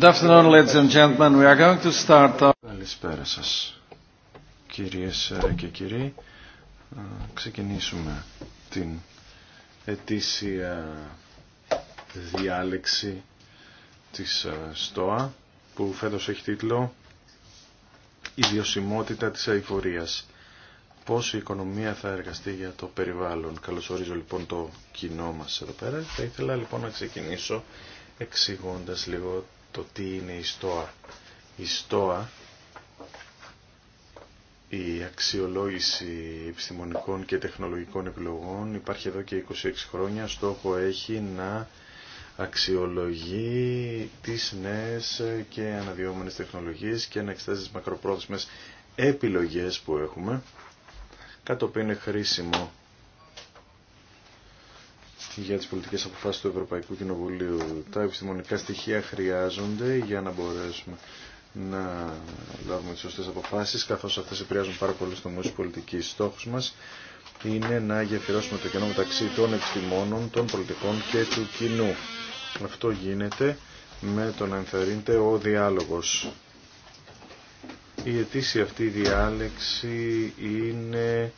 Καλησπέρα σας, κυρίες ε, και κύριοι. Ξεκινήσουμε την ετήσια διάλεξη της ε, ΣΤΟΑ, που φέτος έχει τίτλο «Η βιωσιμότητα της αηφορίας. Πώς η της αηφοριας πως η οικονομια θα εργαστεί για το περιβάλλον». Καλωσορίζω λοιπόν το κοινό μας εδώ πέρα. Θα ήθελα λοιπόν να ξεκινήσω εξηγώντας λίγο το τι είναι η ΣΤΟΑ. Η ΣΤΟΑ, η αξιολόγηση επιστημονικών και τεχνολογικών επιλογών, υπάρχει εδώ και 26 χρόνια. Στόχο έχει να αξιολογεί τις νέες και αναδυόμενες τεχνολογίες και να εξετάζει τις μακροπρόθεσμες επιλογές που έχουμε, κάτω που είναι χρήσιμο για τι πολιτικέ αποφάσει του Ευρωπαϊκού Κοινοβουλίου. Τα επιστημονικά στοιχεία χρειάζονται για να μπορέσουμε να λάβουμε τι σωστέ αποφάσει καθώ αυτέ επηρεάζουν πάρα πολύ στο μέσο πολιτική στόχο μας είναι να γεφυρώσουμε το κενό μεταξύ των επιστημόνων, των πολιτικών και του κοινού. Αυτό γίνεται με το να ενθαρρύνεται ο διάλογο. Η αιτήσια αυτή διάλεξη είναι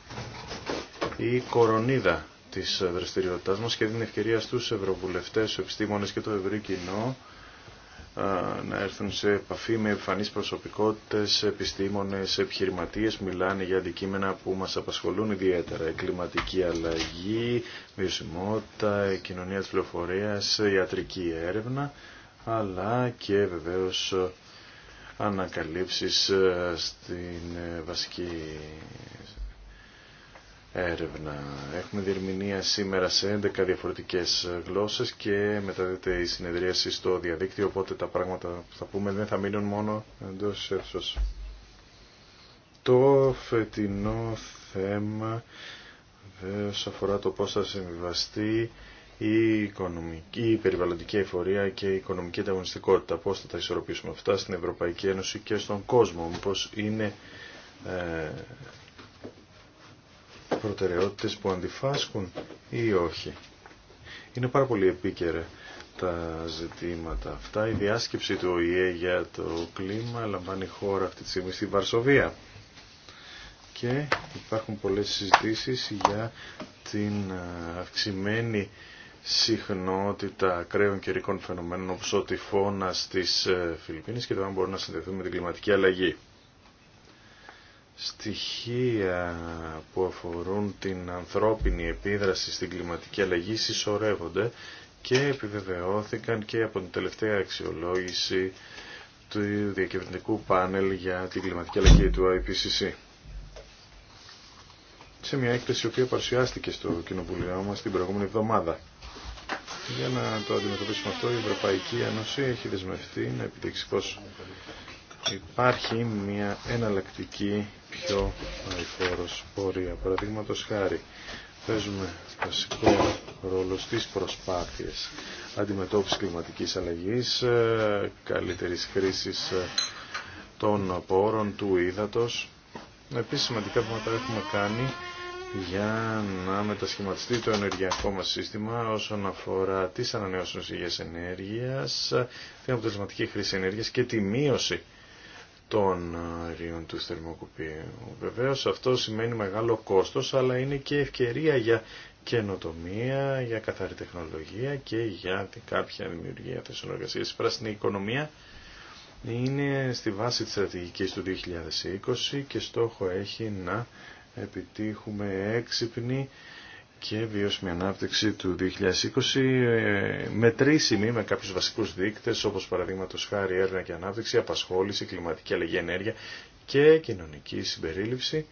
η κορονίδα της δραστηριότητάς μας και δίνει ευκαιρία στους ευρωβουλευτές, στους επιστήμονες και το ευρύ κοινό να έρθουν σε επαφή με εμφανείς προσωπικότητες, επιστήμονες, επιχειρηματίες που μιλάνε για αντικείμενα που μας απασχολούν ιδιαίτερα. Η κλιματική αλλαγή, βιωσιμότητα, η κοινωνία της πληροφορίας, ιατρική έρευνα, αλλά και βεβαίως ανακαλύψεις ε, στην ε, βασική έρευνα. Έχουμε διερμηνία σήμερα σε 11 διαφορετικές γλώσσες και μεταδίδεται η συνεδρίαση στο διαδίκτυο, οπότε τα πράγματα που θα πούμε δεν θα μείνουν μόνο εντός αίθουσας. Το φετινό θέμα βεβαίω αφορά το πώς θα συμβιβαστεί η, οικονομική, η περιβαλλοντική εφορία και η οικονομική ανταγωνιστικότητα. Πώς θα τα ισορροπήσουμε αυτά στην Ευρωπαϊκή Ένωση και στον κόσμο. Μήπως είναι ε, προτεραιότητες που αντιφάσκουν ή όχι. Είναι πάρα πολύ επίκαιρα τα ζητήματα αυτά. Η διάσκεψη του ΟΗΕ για το κλίμα λαμβάνει χώρα αυτή τη στιγμή στη Βαρσοβία. Και υπάρχουν πολλές συζητήσεις για την ε, αυξημένη συχνότητα ακραίων καιρικών φαινομένων όπως ο τυφώνας στις ε, Φιλιππίνες και το αν μπορούν να συνδεθούν με την κλιματική αλλαγή στοιχεία που αφορούν την ανθρώπινη επίδραση στην κλιματική αλλαγή συσσωρεύονται και επιβεβαιώθηκαν και από την τελευταία αξιολόγηση του διακυβερνητικού πάνελ για την κλιματική αλλαγή του IPCC. Σε μια έκθεση η παρουσιάστηκε στο κοινοβουλίο μας την προηγούμενη εβδομάδα. Για να το αντιμετωπίσουμε αυτό, η Ευρωπαϊκή Ένωση έχει δεσμευτεί να επιδείξει πως υπάρχει μια εναλλακτική πιο αηφόρος πορεία. Παραδείγματο χάρη, παίζουμε βασικό ρόλο στις προσπάθειες αντιμετώπισης κλιματικής αλλαγής, ε, καλύτερης χρήσης ε, των πόρων του ύδατος. Επίσης σημαντικά βήματα έχουμε κάνει για να μετασχηματιστεί το ενεργειακό μας σύστημα όσον αφορά τις ανανεώσιμες υγείας ενέργειας, την αποτελεσματική χρήση ενέργειας και τη μείωση των ε, αερίων του θερμοκουπίου. Βεβαίως αυτό σημαίνει μεγάλο κόστος, αλλά είναι και ευκαιρία για καινοτομία, για καθαρή τεχνολογία και για κάποια δημιουργία θέσεων εργασία. Η πράσινη οικονομία είναι στη βάση της στρατηγικής του 2020 και στόχο έχει να επιτύχουμε έξυπνη και βιώσιμη ανάπτυξη του 2020 ε, μετρήσιμη με κάποιους βασικούς δείκτες όπως παραδείγματο χάρη έργα και ανάπτυξη, απασχόληση, κλιματική αλλαγή ενέργεια και κοινωνική συμπερίληψη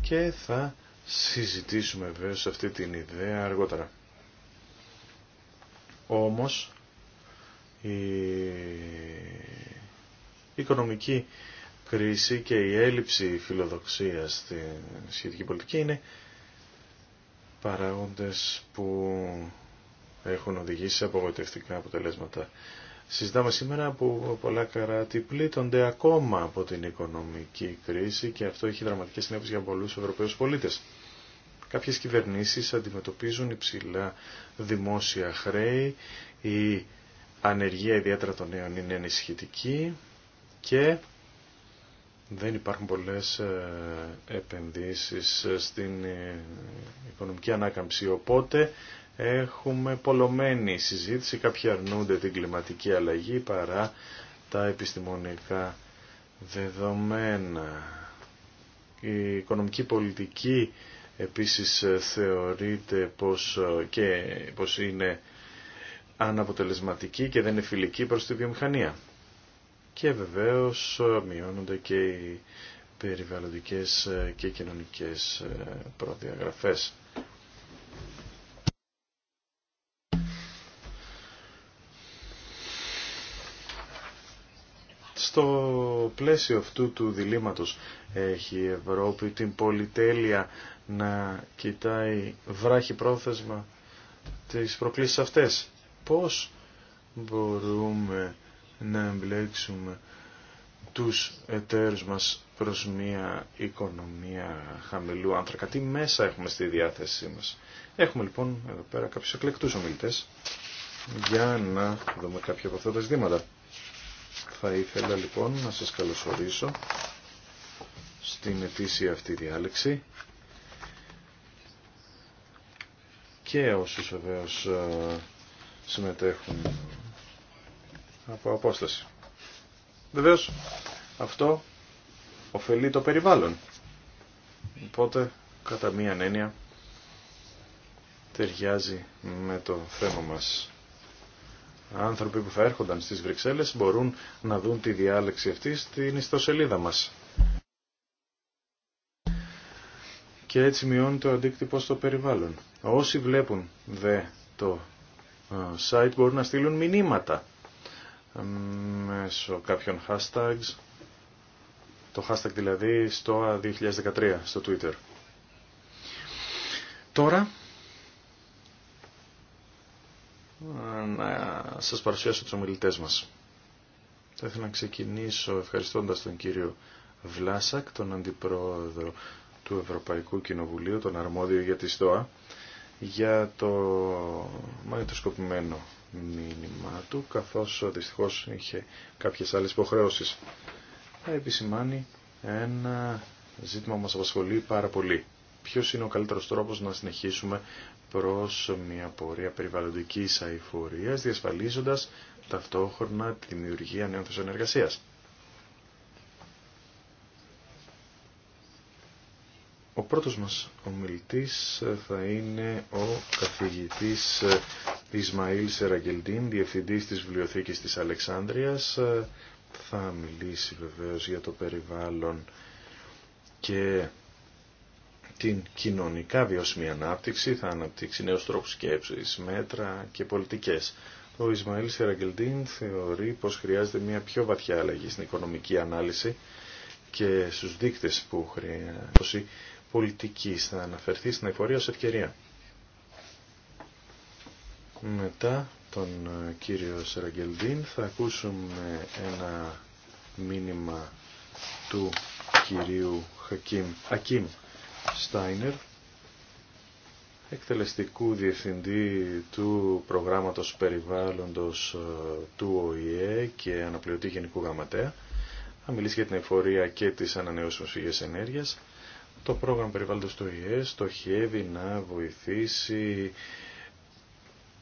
και θα συζητήσουμε βέβαια σε αυτή την ιδέα αργότερα. Όμως η οικονομική κρίση και η έλλειψη φιλοδοξίας στην σχετική πολιτική είναι παράγοντες που έχουν οδηγήσει σε απογοητευτικά αποτελέσματα. Συζητάμε σήμερα που πολλά καράτη πλήττονται ακόμα από την οικονομική κρίση και αυτό έχει δραματικές συνέπειες για πολλούς Ευρωπαίους πολίτες. Κάποιες κυβερνήσεις αντιμετωπίζουν υψηλά δημόσια χρέη, η ανεργία ιδιαίτερα των νέων είναι ενισχυτική και δεν υπάρχουν πολλές ε, επενδύσεις ε, στην ε, οικονομική ανάκαμψη. Οπότε έχουμε πολλωμένη συζήτηση. Κάποιοι αρνούνται την κλιματική αλλαγή παρά τα επιστημονικά δεδομένα. Η οικονομική πολιτική επίσης θεωρείται πως, και, πως είναι αναποτελεσματική και δεν είναι φιλική προς τη βιομηχανία και βεβαίως ε, μειώνονται και οι περιβαλλοντικές ε, και κοινωνικές ε, προδιαγραφές. Στο πλαίσιο αυτού του διλήμματος έχει η Ευρώπη την πολυτέλεια να κοιτάει βράχη πρόθεσμα τις προκλήσεις αυτές. Πώς μπορούμε να εμπλέξουμε τους εταίρους μας προς μια οικονομία χαμηλού άνθρακα. Τι μέσα έχουμε στη διάθεσή μας. Έχουμε λοιπόν εδώ πέρα κάποιους εκλεκτούς ομιλητές για να δούμε κάποια από αυτά τα ζητήματα. Θα ήθελα λοιπόν να σας καλωσορίσω στην ετήσια αυτή διάλεξη και όσους βεβαίως συμμετέχουν από απόσταση. Βεβαίω, αυτό ωφελεί το περιβάλλον. Οπότε κατά μία έννοια ταιριάζει με το θέμα μας. Άνθρωποι που θα έρχονταν στις Βρυξέλλες μπορούν να δουν τη διάλεξη αυτή στην ιστοσελίδα μας. Και έτσι μειώνει το αντίκτυπο στο περιβάλλον. Όσοι βλέπουν δε το ε, site μπορούν να στείλουν μηνύματα μέσω κάποιων hashtags, το hashtag δηλαδή στο 2013 στο Twitter. Τώρα, να σας παρουσιάσω τους ομιλητές μας. Θα ήθελα να ξεκινήσω ευχαριστώντας τον κύριο Βλάσακ, τον Αντιπρόεδρο του Ευρωπαϊκού Κοινοβουλίου, τον αρμόδιο για τη ΣΤΟΑ, για το μαγνητοσκοπημένο μήνυμά του, καθώς δυστυχώς είχε κάποιες άλλες υποχρεώσεις. Θα επισημάνει ένα ζήτημα που μας απασχολεί πάρα πολύ. Ποιος είναι ο καλύτερος τρόπος να συνεχίσουμε προς μια πορεία περιβαλλοντικής αηφορίας, διασφαλίζοντας ταυτόχρονα τη δημιουργία νέων θέσεων εργασίας. Ο πρώτος μας ομιλητής ε, θα είναι ο καθηγητής ε, Ισμαήλ Σεραγγελντίν, διευθυντής της Βιβλιοθήκης της Αλεξάνδρειας. Ε, θα μιλήσει βεβαίως για το περιβάλλον και την κοινωνικά βιώσιμη ανάπτυξη, θα αναπτύξει νέους τρόπους σκέψης, μέτρα και πολιτικές. Ο Ισμαήλ Σεραγγελντίν θεωρεί πως χρειάζεται μια πιο βαθιά αλλαγή στην οικονομική ανάλυση και στους δείκτες που χρειάζεται πολιτικής. Θα αναφερθεί στην εφορία ως ευκαιρία. Μετά τον ε, κύριο Σεραγγελδίν θα ακούσουμε ένα μήνυμα του κυρίου Χακίμ, Ακίμ Στάινερ, εκτελεστικού διευθυντή του προγράμματος περιβάλλοντος ε, του ΟΗΕ και αναπληρωτή γενικού γραμματέα. Θα μιλήσει για την εφορία και τις ανανεώσιμες φυγές ενέργειας. Το πρόγραμμα περιβάλλοντος του ΙΕ στοχεύει να βοηθήσει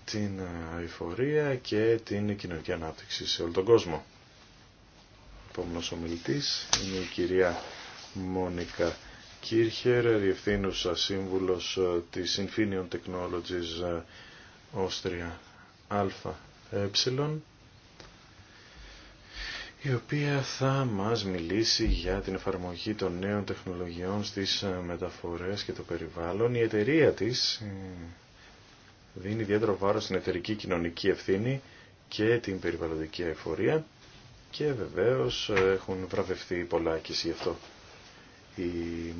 την αηφορία και την κοινωνική ανάπτυξη σε όλο τον κόσμο. Επόμενος ομιλητής είναι η κυρία Μόνικα Κίρχερ, διευθύνουσα σύμβουλος της Infineon Technologies Austria ΑΕ η οποία θα μας μιλήσει για την εφαρμογή των νέων τεχνολογιών στις ε, μεταφορές και το περιβάλλον. Η εταιρεία της ε, δίνει ιδιαίτερο βάρος στην εταιρική κοινωνική ευθύνη και την περιβαλλοντική εφορία και βεβαίως ε, έχουν βραβευτεί πολλά και γι' αυτό. Η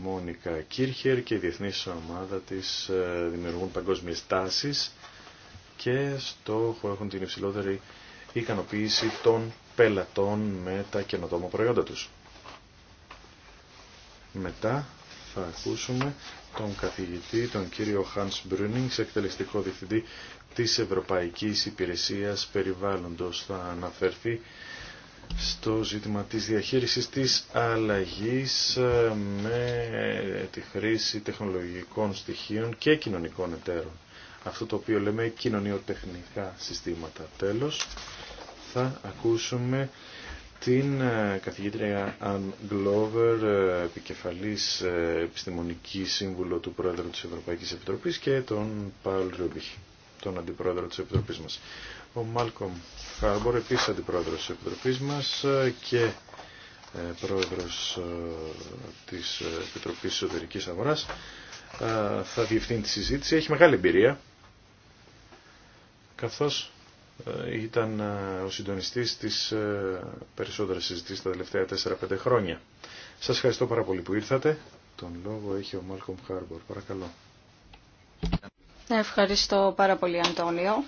Μόνικα Κίρχερ και η διεθνή ομάδα της δημιουργούν παγκόσμιες τάσεις και στόχο έχουν την υψηλότερη ικανοποίηση των πελατών με τα καινοτόμα προϊόντα τους. Μετά θα ακούσουμε τον καθηγητή, τον κύριο Hans Brüning, εκτελεστικό διευθυντή της Ευρωπαϊκής Υπηρεσίας Περιβάλλοντος. Θα αναφερθεί στο ζήτημα της διαχείρισης της αλλαγής ε, με τη χρήση τεχνολογικών στοιχείων και κοινωνικών εταίρων. Αυτό το οποίο λέμε κοινωνιοτεχνικά συστήματα. Τέλος, θα ακούσουμε την ε, καθηγήτρια Αν Γκλόβερ, επικεφαλής ε, επιστημονική σύμβουλο του Πρόεδρου της Ευρωπαϊκής Επιτροπής και τον Παλ Ρούμπιχ, τον Αντιπρόεδρο της Επιτροπής μας. Ο Μάλκομ Χάρμπορ, επίσης Αντιπρόεδρος της Επιτροπής μας ε, και Πρόεδρος της Επιτροπής Εσωτερικής Αγοράς, θα διευθύνει τη συζήτηση. Έχει μεγάλη εμπειρία, καθώς ε, ήταν ε, ο συντονιστής της ε, περισσότερες συζητήσεις τα τελευταία 4-5 χρόνια. Σας ευχαριστώ πάρα πολύ που ήρθατε. Τον λόγο έχει ο Μάλκομ Χάρμπορ. Παρακαλώ. Ευχαριστώ πάρα πολύ Αντώνιο.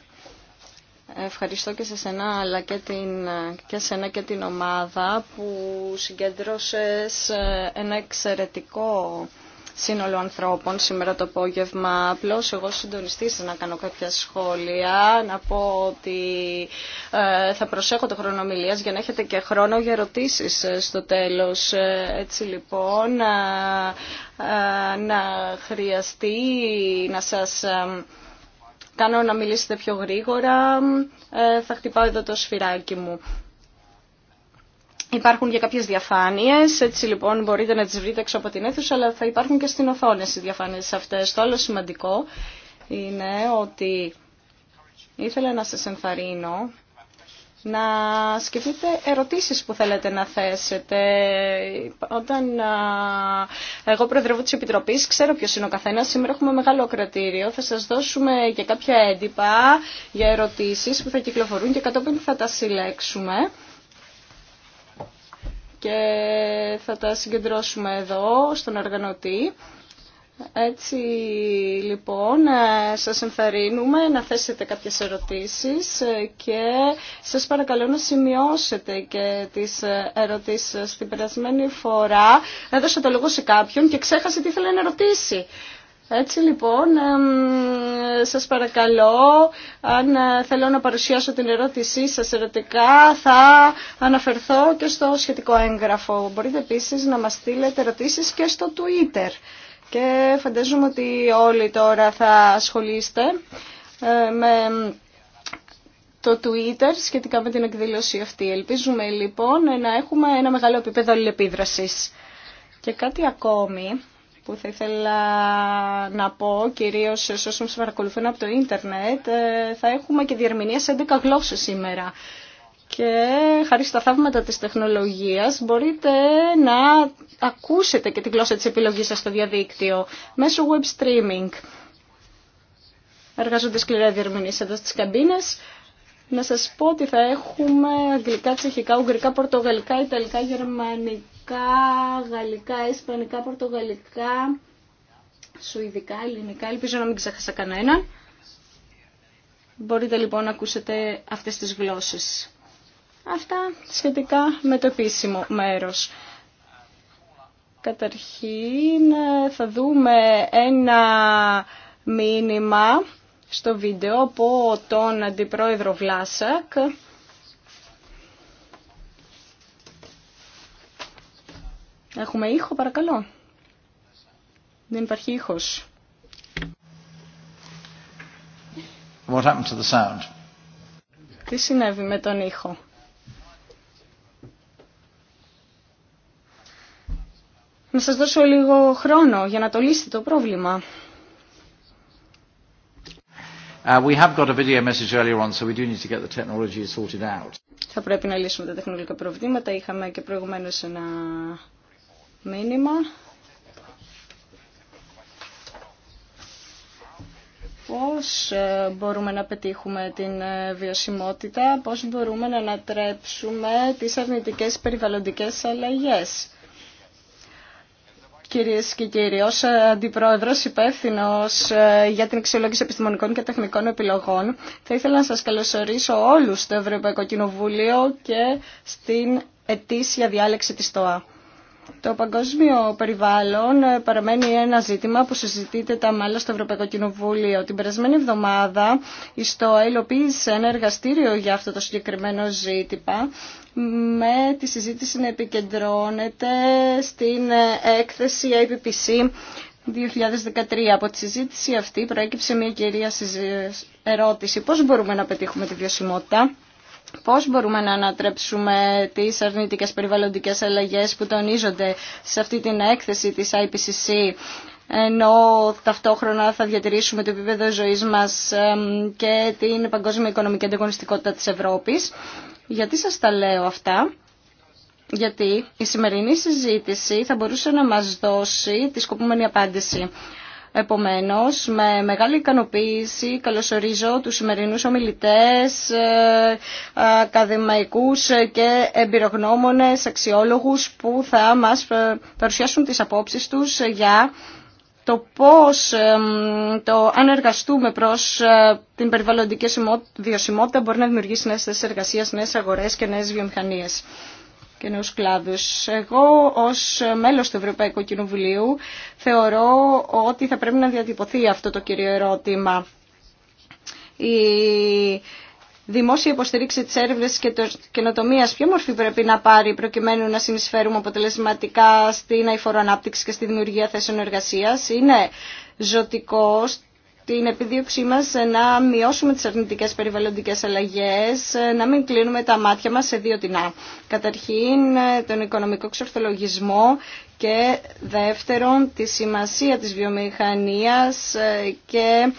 Ευχαριστώ και σε σένα αλλά και, την, και σένα και την ομάδα που συγκέντρωσες ένα εξαιρετικό σύνολο ανθρώπων σήμερα το απόγευμα. Απλώ εγώ συντονιστή να κάνω κάποια σχόλια, να πω ότι ε, θα προσέχω το χρόνο μιλίας για να έχετε και χρόνο για ερωτήσεις ε, στο τέλος. Ε, έτσι λοιπόν, να χρειαστεί να σας κάνω να μιλήσετε πιο γρήγορα, θα χτυπάω εδώ το σφυράκι μου. Υπάρχουν και κάποιες διαφάνειες, έτσι λοιπόν μπορείτε να τις βρείτε έξω από την αίθουσα, αλλά θα υπάρχουν και στην οθόνη οι διαφάνειες αυτές. Το άλλο σημαντικό είναι ότι ήθελα να σας ενθαρρύνω να σκεφτείτε ερωτήσεις που θέλετε να θέσετε. Όταν εγώ προεδρεύω της Επιτροπής, ξέρω ποιος είναι ο καθένας. Σήμερα έχουμε μεγάλο κρατήριο. Θα σας δώσουμε και κάποια έντυπα για ερωτήσεις που θα κυκλοφορούν και κατόπιν θα τα συλλέξουμε και θα τα συγκεντρώσουμε εδώ στον οργανωτή. Έτσι λοιπόν σας ενθαρρύνουμε να θέσετε κάποιες ερωτήσεις και σας παρακαλώ να σημειώσετε και τις ερωτήσεις σας. Την περασμένη φορά έδωσα το λόγο σε κάποιον και ξέχασε τι ήθελε να ρωτήσει. Έτσι λοιπόν, σας παρακαλώ, αν ε, θέλω να παρουσιάσω την ερώτησή σας ερωτικά, θα αναφερθώ και στο σχετικό έγγραφο. Μπορείτε επίσης να μας στείλετε ερωτήσεις και στο Twitter. Και φαντάζομαι ότι όλοι τώρα θα ασχολείστε με το Twitter σχετικά με την εκδήλωση αυτή. Ελπίζουμε λοιπόν να έχουμε ένα μεγάλο επίπεδο αλληλεπίδρασης. Και κάτι ακόμη που θα ήθελα να πω, κυρίως σε όσους μας παρακολουθούν από το ίντερνετ, ε, θα έχουμε και διερμηνία σε 11 γλώσσες σήμερα. Και χάρη στα θαύματα της τεχνολογίας μπορείτε να ακούσετε και τη γλώσσα της επιλογής σας στο διαδίκτυο μέσω web streaming. Εργάζονται σκληρά διερμηνείς εδώ στις καμπίνες. Να σας πω ότι θα έχουμε αγγλικά, τσεχικά, ουγγρικά, πορτογαλικά, ιταλικά, γερμανικά γαλλικά, ισπανικά, πορτογαλικά, σουηδικά, ελληνικά. Ελπίζω να μην ξέχασα κανέναν. Μπορείτε λοιπόν να ακούσετε αυτές τις γλώσσες. Αυτά σχετικά με το επίσημο μέρος. Καταρχήν θα δούμε ένα μήνυμα στο βίντεο από τον Αντιπρόεδρο Βλάσακ Έχουμε ήχο, παρακαλώ. Δεν υπάρχει ήχος. What happened to the sound? Τι συνέβη με τον ήχο. Να σας δώσω λίγο χρόνο για να το λύσετε το πρόβλημα. Θα πρέπει να λύσουμε τα τεχνολογικά προβλήματα. Είχαμε και προηγουμένως ένα μήνυμα πώς ε, μπορούμε να πετύχουμε την ε, βιωσιμότητα, πώς μπορούμε να ανατρέψουμε τις αρνητικές περιβαλλοντικές αλλαγές. κύριε και κύριοι, ως ε, Αντιπρόεδρος υπεύθυνο για την αξιολόγηση επιστημονικών και τεχνικών επιλογών, θα ήθελα να σας καλωσορίσω όλους στο Ευρωπαϊκό Κοινοβούλιο και στην ετήσια διάλεξη της ΤΟΑ. Το παγκόσμιο περιβάλλον ε, παραμένει ένα ζήτημα που συζητείται τα μάλλα στο Ευρωπαϊκό Κοινοβούλιο. Την περασμένη εβδομάδα η ΣΤΟΑ υλοποίησε ένα εργαστήριο για αυτό το συγκεκριμένο ζήτημα με τη συζήτηση να επικεντρώνεται στην ε, έκθεση IPPC 2013. Από τη συζήτηση αυτή προέκυψε μια κυρία ερώτηση πώς μπορούμε να πετύχουμε τη βιωσιμότητα Πώς μπορούμε να ανατρέψουμε τις αρνητικές περιβαλλοντικές αλλαγές που τονίζονται σε αυτή την έκθεση της IPCC ενώ ταυτόχρονα θα διατηρήσουμε το επίπεδο ζωής μας και την παγκόσμια οικονομική ανταγωνιστικότητα της Ευρώπης. Γιατί σας τα λέω αυτά. Γιατί η σημερινή συζήτηση θα μπορούσε να μας δώσει τη σκοπούμενη απάντηση. Επομένως, με μεγάλη ικανοποίηση καλωσορίζω τους σημερινούς ομιλητές, ε, ακαδημαϊκούς και εμπειρογνώμονες, αξιόλογους που θα μας ε, παρουσιάσουν τις απόψεις τους για το πώς το αν εργαστούμε προς ε, την περιβαλλοντική βιωσιμότητα μπορεί να δημιουργήσει νέες θέσεις εργασίας, νέες αγορές και νέες βιομηχανίες και νέους κλάδους. Εγώ ως μέλος του Ευρωπαϊκού Κοινοβουλίου θεωρώ ότι θα πρέπει να διατυπωθεί αυτό το κύριο ερώτημα. Η δημόσια υποστηρίξη της έρευνας και της καινοτομίας ποια μορφή πρέπει να πάρει προκειμένου να συνεισφέρουμε αποτελεσματικά στην αηφοροανάπτυξη και στη δημιουργία θέσεων εργασίας είναι ζωτικό την επιδίωξή μας να μειώσουμε τις αρνητικές περιβαλλοντικές αλλαγές, να μην κλείνουμε τα μάτια μας σε δύο τεινά. Καταρχήν τον οικονομικό ξορθολογισμό και δεύτερον τη σημασία της βιομηχανίας ε, και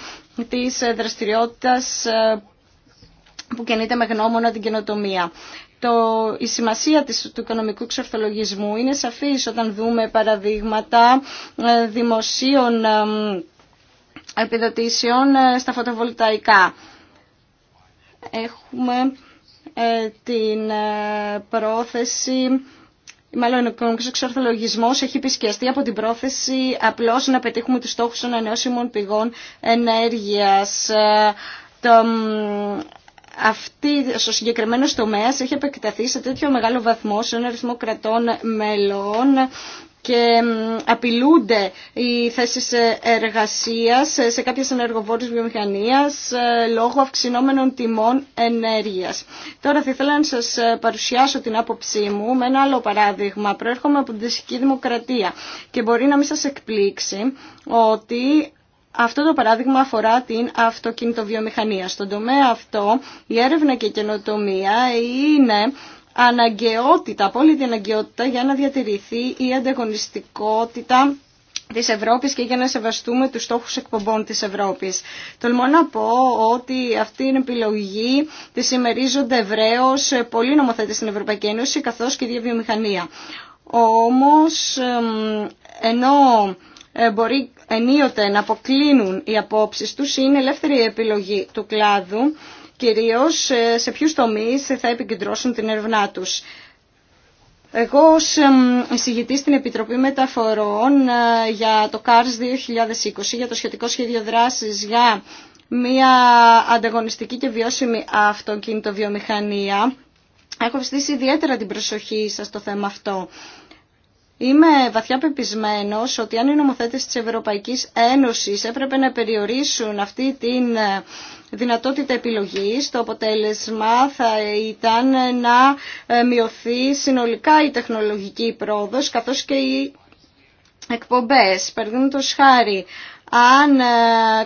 της ε, δραστηριότητας ε, που κινείται με γνώμονα την καινοτομία. Το, η σημασία της, του οικονομικού εξορθολογισμού είναι σαφής όταν δούμε παραδείγματα δημοσίων επιδοτήσεων ε, στα φωτοβολταϊκά. Έχουμε ε, την ε, πρόθεση μάλλον ο οικονομικό έχει επισκιαστεί από την πρόθεση απλώς να πετύχουμε τους στόχους των ανανεώσιμων πηγών ενέργεια. Αυτή, στο συγκεκριμένο τομέα έχει επεκταθεί σε τέτοιο μεγάλο βαθμό σε ένα αριθμό κρατών μελών και απειλούνται οι θέσεις ε, εργασίας ε, σε κάποιες ενεργοβόρες βιομηχανίας ε, λόγω αυξηνόμενων τιμών ενέργειας. Τώρα θα ήθελα να σας παρουσιάσω την άποψή μου με ένα άλλο παράδειγμα. Προέρχομαι από την Δυσική Δημοκρατία και μπορεί να μην σας εκπλήξει ότι αυτό το παράδειγμα αφορά την αυτοκινητοβιομηχανία. Στον τομέα αυτό η έρευνα και η καινοτομία είναι αναγκαιότητα, απόλυτη αναγκαιότητα για να διατηρηθεί η ανταγωνιστικότητα της Ευρώπης και για να σεβαστούμε τους στόχους εκπομπών της Ευρώπης. Τολμώ να πω ότι αυτή είναι επιλογή τη συμμερίζονται ευρέως πολλοί νομοθέτες στην Ευρωπαϊκή Ένωση καθώς και η βιομηχανία. Όμως, ενώ ε, μπορεί ενίοτε να αποκλίνουν οι απόψεις τους, είναι ελεύθερη επιλογή του κλάδου κυρίως ε, σε ποιους τομείς θα επικεντρώσουν την έρευνά τους. Εγώ ως εισηγητής στην Επιτροπή Μεταφορών ε, για το CARS 2020, για το σχετικό σχέδιο δράσης για μια ανταγωνιστική και βιώσιμη αυτοκινητοβιομηχανία, έχω στήσει ιδιαίτερα την προσοχή σας στο θέμα αυτό. Είμαι βαθιά πεπισμένος ότι αν οι νομοθέτες της Ευρωπαϊκής Ένωσης έπρεπε να περιορίσουν αυτή την ε, δυνατότητα επιλογής. Το αποτέλεσμα θα ήταν να ε, μειωθεί συνολικά η τεχνολογική πρόοδος καθώς και οι εκπομπές. Παραδείγματος χάρη, αν ε,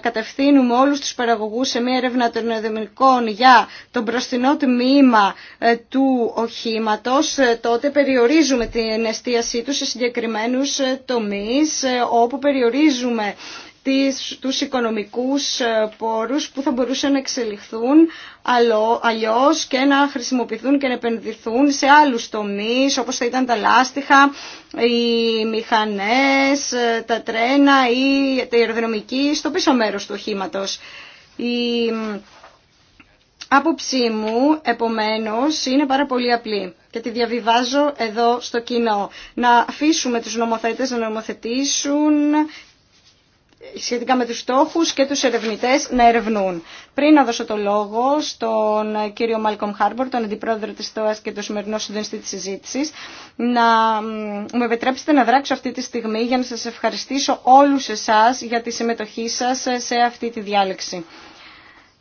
κατευθύνουμε όλους τους παραγωγούς σε μια έρευνα των για τον μπροστινό τμήμα ε, του οχήματος, τότε περιορίζουμε την εστίασή του σε συγκεκριμένους τομείς, όπου περιορίζουμε του τους οικονομικούς ε, πόρους που θα μπορούσαν να εξελιχθούν αλλιώς και να χρησιμοποιηθούν και να επενδυθούν σε άλλους τομείς όπως θα ήταν τα λάστιχα, οι μηχανές, ε, τα τρένα ή τα αεροδρομική στο πίσω μέρος του οχήματο. Η άποψή μου, επομένως, είναι πάρα πολύ απλή και τη διαβιβάζω εδώ στο κοινό. Να αφήσουμε τους νομοθέτες να νομοθετήσουν σχετικά με τους στόχους και τους ερευνητές να ερευνούν. Πριν να δώσω το λόγο στον κύριο Μάλκομ Χάρμπορ, τον αντιπρόεδρο της ΤΟΑΣ και τον σημερινό συντονιστή της συζήτηση, να μου επιτρέψετε να δράξω αυτή τη στιγμή για να σας ευχαριστήσω όλους εσάς για τη συμμετοχή σας σε αυτή τη διάλεξη.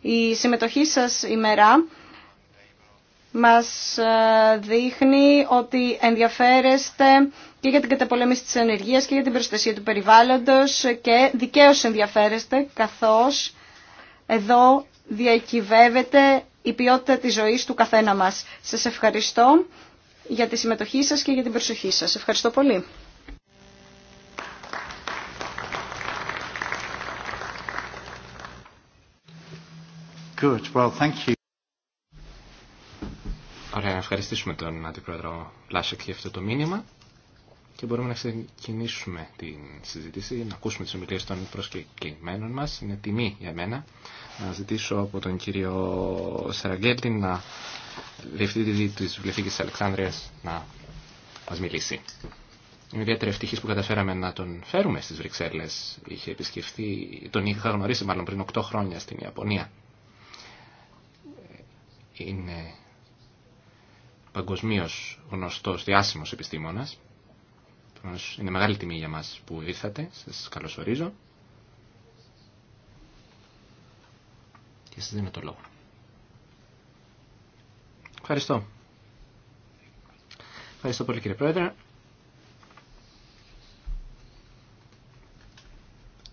Η συμμετοχή σας ημέρα μας ε, δείχνει ότι ενδιαφέρεστε και για την καταπολέμηση της ενεργείας και για την προστασία του περιβάλλοντος και δικαίως ενδιαφέρεστε καθώς εδώ διακυβεύεται η ποιότητα της ζωής του καθένα μας. Σας ευχαριστώ για τη συμμετοχή σας και για την προσοχή σας. Ευχαριστώ πολύ. Ωραία, να ευχαριστήσουμε τον Αντιπρόεδρο Λάσεκ για αυτό το μήνυμα και μπορούμε να ξεκινήσουμε την συζήτηση, να ακούσουμε τις ομιλίες των προσκεκλημένων μας. Είναι τιμή για μένα να ζητήσω από τον κύριο Σαραγγέλτη να διευθύντη της Βιβλιοθήκης της Αλεξάνδρειας να μας μιλήσει. Είμαι ιδιαίτερα ευτυχής που καταφέραμε να τον φέρουμε στις Βρυξέλλες. Είχε επισκεφθεί, τον είχα γνωρίσει μάλλον πριν 8 χρόνια στην Ιαπωνία. Είναι παγκοσμίω γνωστό, διάσημο επιστήμονα. Είναι μεγάλη τιμή για μα που ήρθατε. σα καλωσορίζω. Και σα δίνω το λόγο. Ευχαριστώ. Ευχαριστώ πολύ κύριε Πρόεδρε.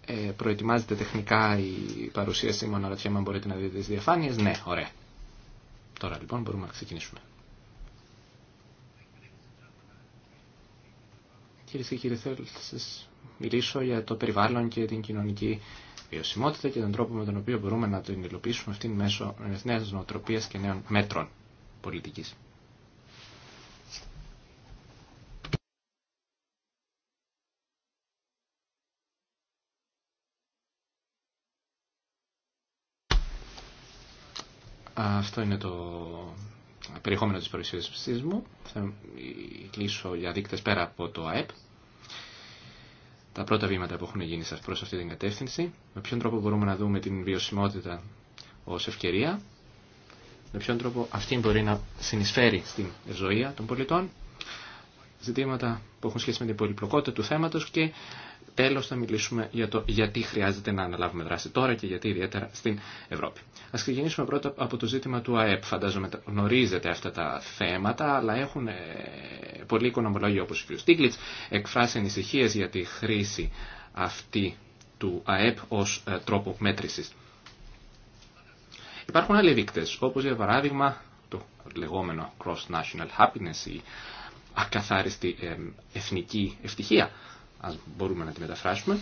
Ε, προετοιμάζεται τεχνικά η παρουσίαση μου αναρωτιέμαι αν μπορείτε να δείτε τις διαφάνειες. Ναι, ωραία. Τώρα λοιπόν μπορούμε να ξεκινήσουμε. Κυρίε και κύριοι, θέλω να σα μιλήσω για το περιβάλλον και την κοινωνική βιωσιμότητα και τον τρόπο με τον οποίο μπορούμε να την υλοποιήσουμε αυτήν μέσω νέα νοοτροπία και νέων μέτρων πολιτική. Αυτό είναι το περιεχόμενο της παρουσίασης μου. Θα κλείσω για δείκτες πέρα από το ΑΕΠ. Τα πρώτα βήματα που έχουν γίνει σας προς αυτή την κατεύθυνση. Με ποιον τρόπο μπορούμε να δούμε την βιωσιμότητα ως ευκαιρία. Με ποιον τρόπο αυτή μπορεί να συνεισφέρει στην ζωή των πολιτών ζητήματα που έχουν σχέση με την πολυπλοκότητα του θέματο και τέλο θα μιλήσουμε για το γιατί χρειάζεται να αναλάβουμε δράση τώρα και γιατί ιδιαίτερα στην Ευρώπη. Α ξεκινήσουμε πρώτα από το ζήτημα του ΑΕΠ. Φαντάζομαι γνωρίζετε αυτά τα θέματα, αλλά έχουν ε, πολλοί οικονομολόγοι όπω ο κ. Στίγκλιτ εκφράσει ανησυχίε για τη χρήση αυτή του ΑΕΠ ω ε, τρόπο μέτρηση. Υπάρχουν άλλοι δείκτε, όπω για παράδειγμα το λεγόμενο Cross National Happiness ακαθάριστη εθνική ευτυχία, ας μπορούμε να τη μεταφράσουμε,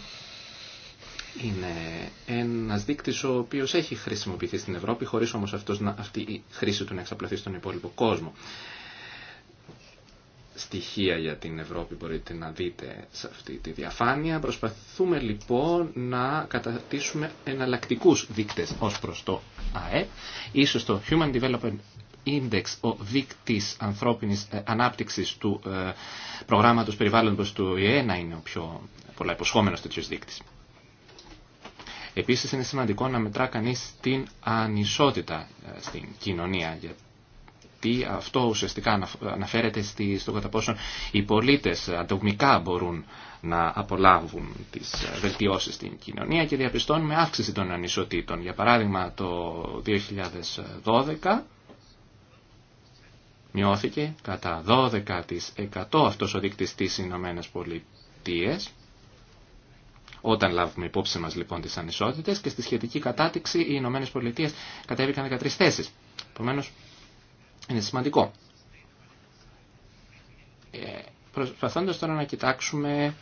είναι ένας δείκτης ο οποίος έχει χρησιμοποιηθεί στην Ευρώπη, χωρίς όμως αυτή η χρήση του να εξαπλωθεί στον υπόλοιπο κόσμο. Στοιχεία για την Ευρώπη μπορείτε να δείτε σε αυτή τη διαφάνεια. Προσπαθούμε λοιπόν να κατατήσουμε εναλλακτικούς δείκτες ως προς το ΑΕΠ. Ίσως το Human Development Index, ο δείκτης ανθρώπινης ε, ανάπτυξης του ε, προγράμματος περιβάλλοντος του ΙΕ, να είναι ο πιο υποσχόμενο τέτοιο δείκτης. Επίσης είναι σημαντικό να μετρά κανείς την ανισότητα ε, στην κοινωνία, γιατί αυτό ουσιαστικά αναφέρεται στο κατά πόσο οι πολίτε ατομικά μπορούν να απολάβουν τις βελτιώσεις στην κοινωνία και διαπιστώνουμε αύξηση των ανισοτήτων. Για παράδειγμα το 2012 μειώθηκε κατά 12% αυτός ο δείκτης στις Ηνωμένες Πολιτείες, όταν λάβουμε υπόψη μας λοιπόν τις ανισότητες και στη σχετική κατάτηξη οι Ηνωμένε Πολιτείες κατέβηκαν 13 θέσεις. Επομένω, είναι σημαντικό. Ε, προσπαθώντας τώρα να κοιτάξουμε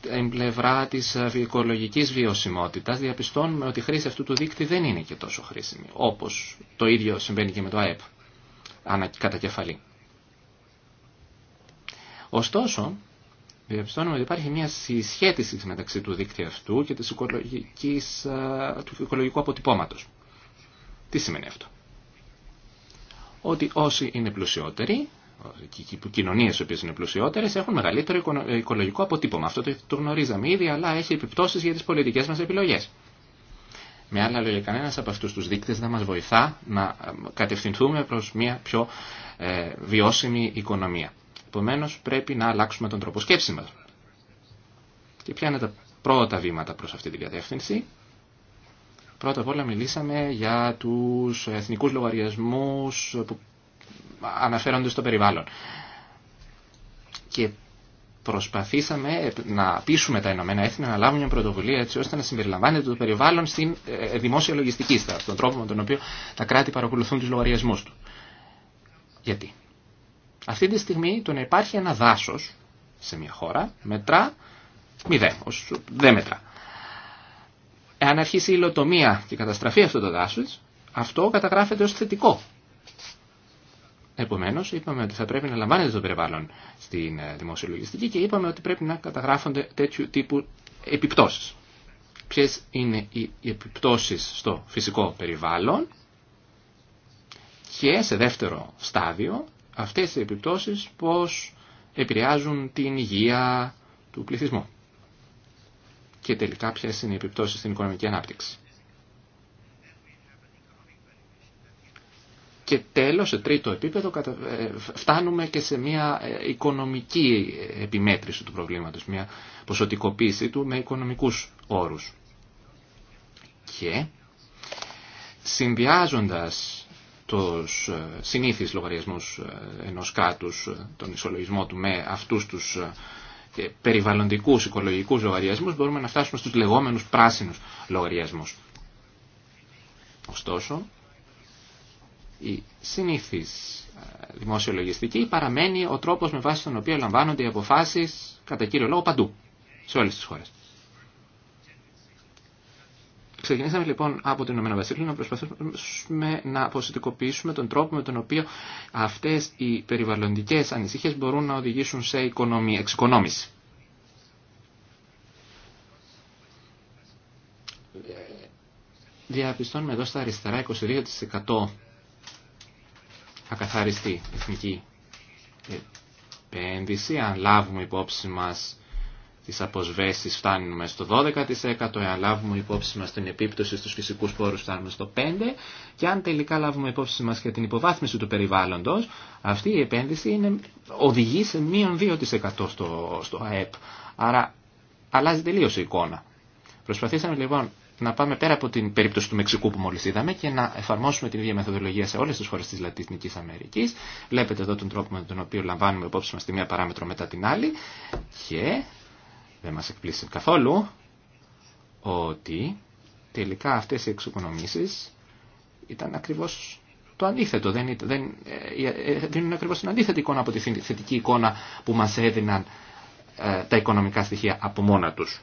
την πλευρά της οικολογικής βιωσιμότητας διαπιστώνουμε ότι η χρήση αυτού του δείκτη δεν είναι και τόσο χρήσιμη όπως το ίδιο συμβαίνει και με το ΑΕΠ ανακατακεφαλή. Ωστόσο, διαπιστώνουμε ότι υπάρχει μια συσχέτιση μεταξύ του δίκτυα αυτού και της οικολογικής, του οικολογικού αποτυπώματος. Τι σημαίνει αυτό. Ότι όσοι είναι πλουσιότεροι, οι κοινωνίε οι οποίε είναι πλουσιότερες έχουν μεγαλύτερο οικολογικό αποτύπωμα. Αυτό το γνωρίζαμε ήδη, αλλά έχει επιπτώσει για τι πολιτικέ μα επιλογέ. Με άλλα λόγια, κανένα από αυτού του δείκτε δεν μα βοηθά να ε, κατευθυνθούμε προ μια πιο ε, βιώσιμη οικονομία. Επομένω, πρέπει να αλλάξουμε τον τρόπο σκέψη μα. Και ποια είναι τα πρώτα βήματα προς αυτή την κατεύθυνση. Πρώτα απ' όλα μιλήσαμε για τους εθνικούς λογαριασμούς που αναφέρονται στο περιβάλλον. Και προσπαθήσαμε να πείσουμε τα Ηνωμένα Έθνη να λάβουν μια πρωτοβουλία έτσι ώστε να συμπεριλαμβάνεται το περιβάλλον στην ε, ε, δημόσια λογιστική, στον τρόπο με τον οποίο τα κράτη παρακολουθούν του λογαριασμού του. Γιατί. Αυτή τη στιγμή το να υπάρχει ένα δάσο σε μια χώρα μετρά μηδέν, δεν μετρά. Εάν αρχίσει η υλοτομία και καταστραφεί αυτό το δάσο, αυτό καταγράφεται ω θετικό Επομένω, είπαμε ότι θα πρέπει να λαμβάνεται το περιβάλλον στην ε, δημοσιολογιστική και είπαμε ότι πρέπει να καταγράφονται τέτοιου τύπου επιπτώσει. Ποιε είναι οι επιπτώσει στο φυσικό περιβάλλον και σε δεύτερο στάδιο αυτές οι επιπτώσεις πώς επηρεάζουν την υγεία του πληθυσμού. Και τελικά ποιε είναι οι επιπτώσει στην οικονομική ανάπτυξη. Και τέλος, σε τρίτο επίπεδο, ε, φτάνουμε και σε μια ε, οικονομική επιμέτρηση του προβλήματος, μια ποσοτικοποίηση του με οικονομικούς όρους. Και συνδυάζοντας τους ε, συνήθεις λογαριασμούς ενός κράτους τον ισολογισμό του με αυτούς τους περιβαλλοντικούς οικολογικούς λογαριασμούς, μπορούμε να φτάσουμε στους λεγόμενους πράσινους λογαριασμούς. Ωστόσο, η συνήθις ε, δημοσιολογιστική παραμένει ο τρόπος με βάση τον οποίο λαμβάνονται οι αποφάσεις κατά κύριο λόγο παντού, σε όλες τις χώρες. Ξεκινήσαμε λοιπόν από την Ηνωμένα Βασίλεια να προσπαθήσουμε να αποσυντικοποιήσουμε τον τρόπο με τον οποίο αυτές οι περιβαλλοντικές ανησυχίες μπορούν να οδηγήσουν σε οικονομία, εξοικονόμηση. Ε, διαπιστώνουμε εδώ στα αριστερά 22% ακαθαριστή εθνική επένδυση. Αν λάβουμε υπόψη μας τις αποσβέσεις φτάνουμε στο 12%, εάν λάβουμε υπόψη μας την επίπτωση στους φυσικούς πόρους φτάνουμε στο 5% και αν τελικά λάβουμε υπόψη μας και την υποβάθμιση του περιβάλλοντος, αυτή η επένδυση είναι, οδηγεί σε μείον 2% στο, στο ΑΕΠ. Άρα αλλάζει τελείως η εικόνα. Προσπαθήσαμε λοιπόν να πάμε πέρα από την περίπτωση του Μεξικού που μόλι είδαμε και να εφαρμόσουμε την ίδια μεθοδολογία σε όλε τι χώρε τη Λατινική Αμερική. Βλέπετε εδώ τον τρόπο με τον οποίο λαμβάνουμε υπόψη μα τη μία παράμετρο μετά την άλλη και δεν μα εκπλήσει καθόλου ότι τελικά αυτέ οι εξοικονομήσει ήταν ακριβώ το αντίθετο. Δεν, δεν, ε, ε, δίνουν ακριβώς την αντίθετη εικόνα από τη θετική εικόνα που μα έδιναν ε, τα οικονομικά στοιχεία από μόνα τους.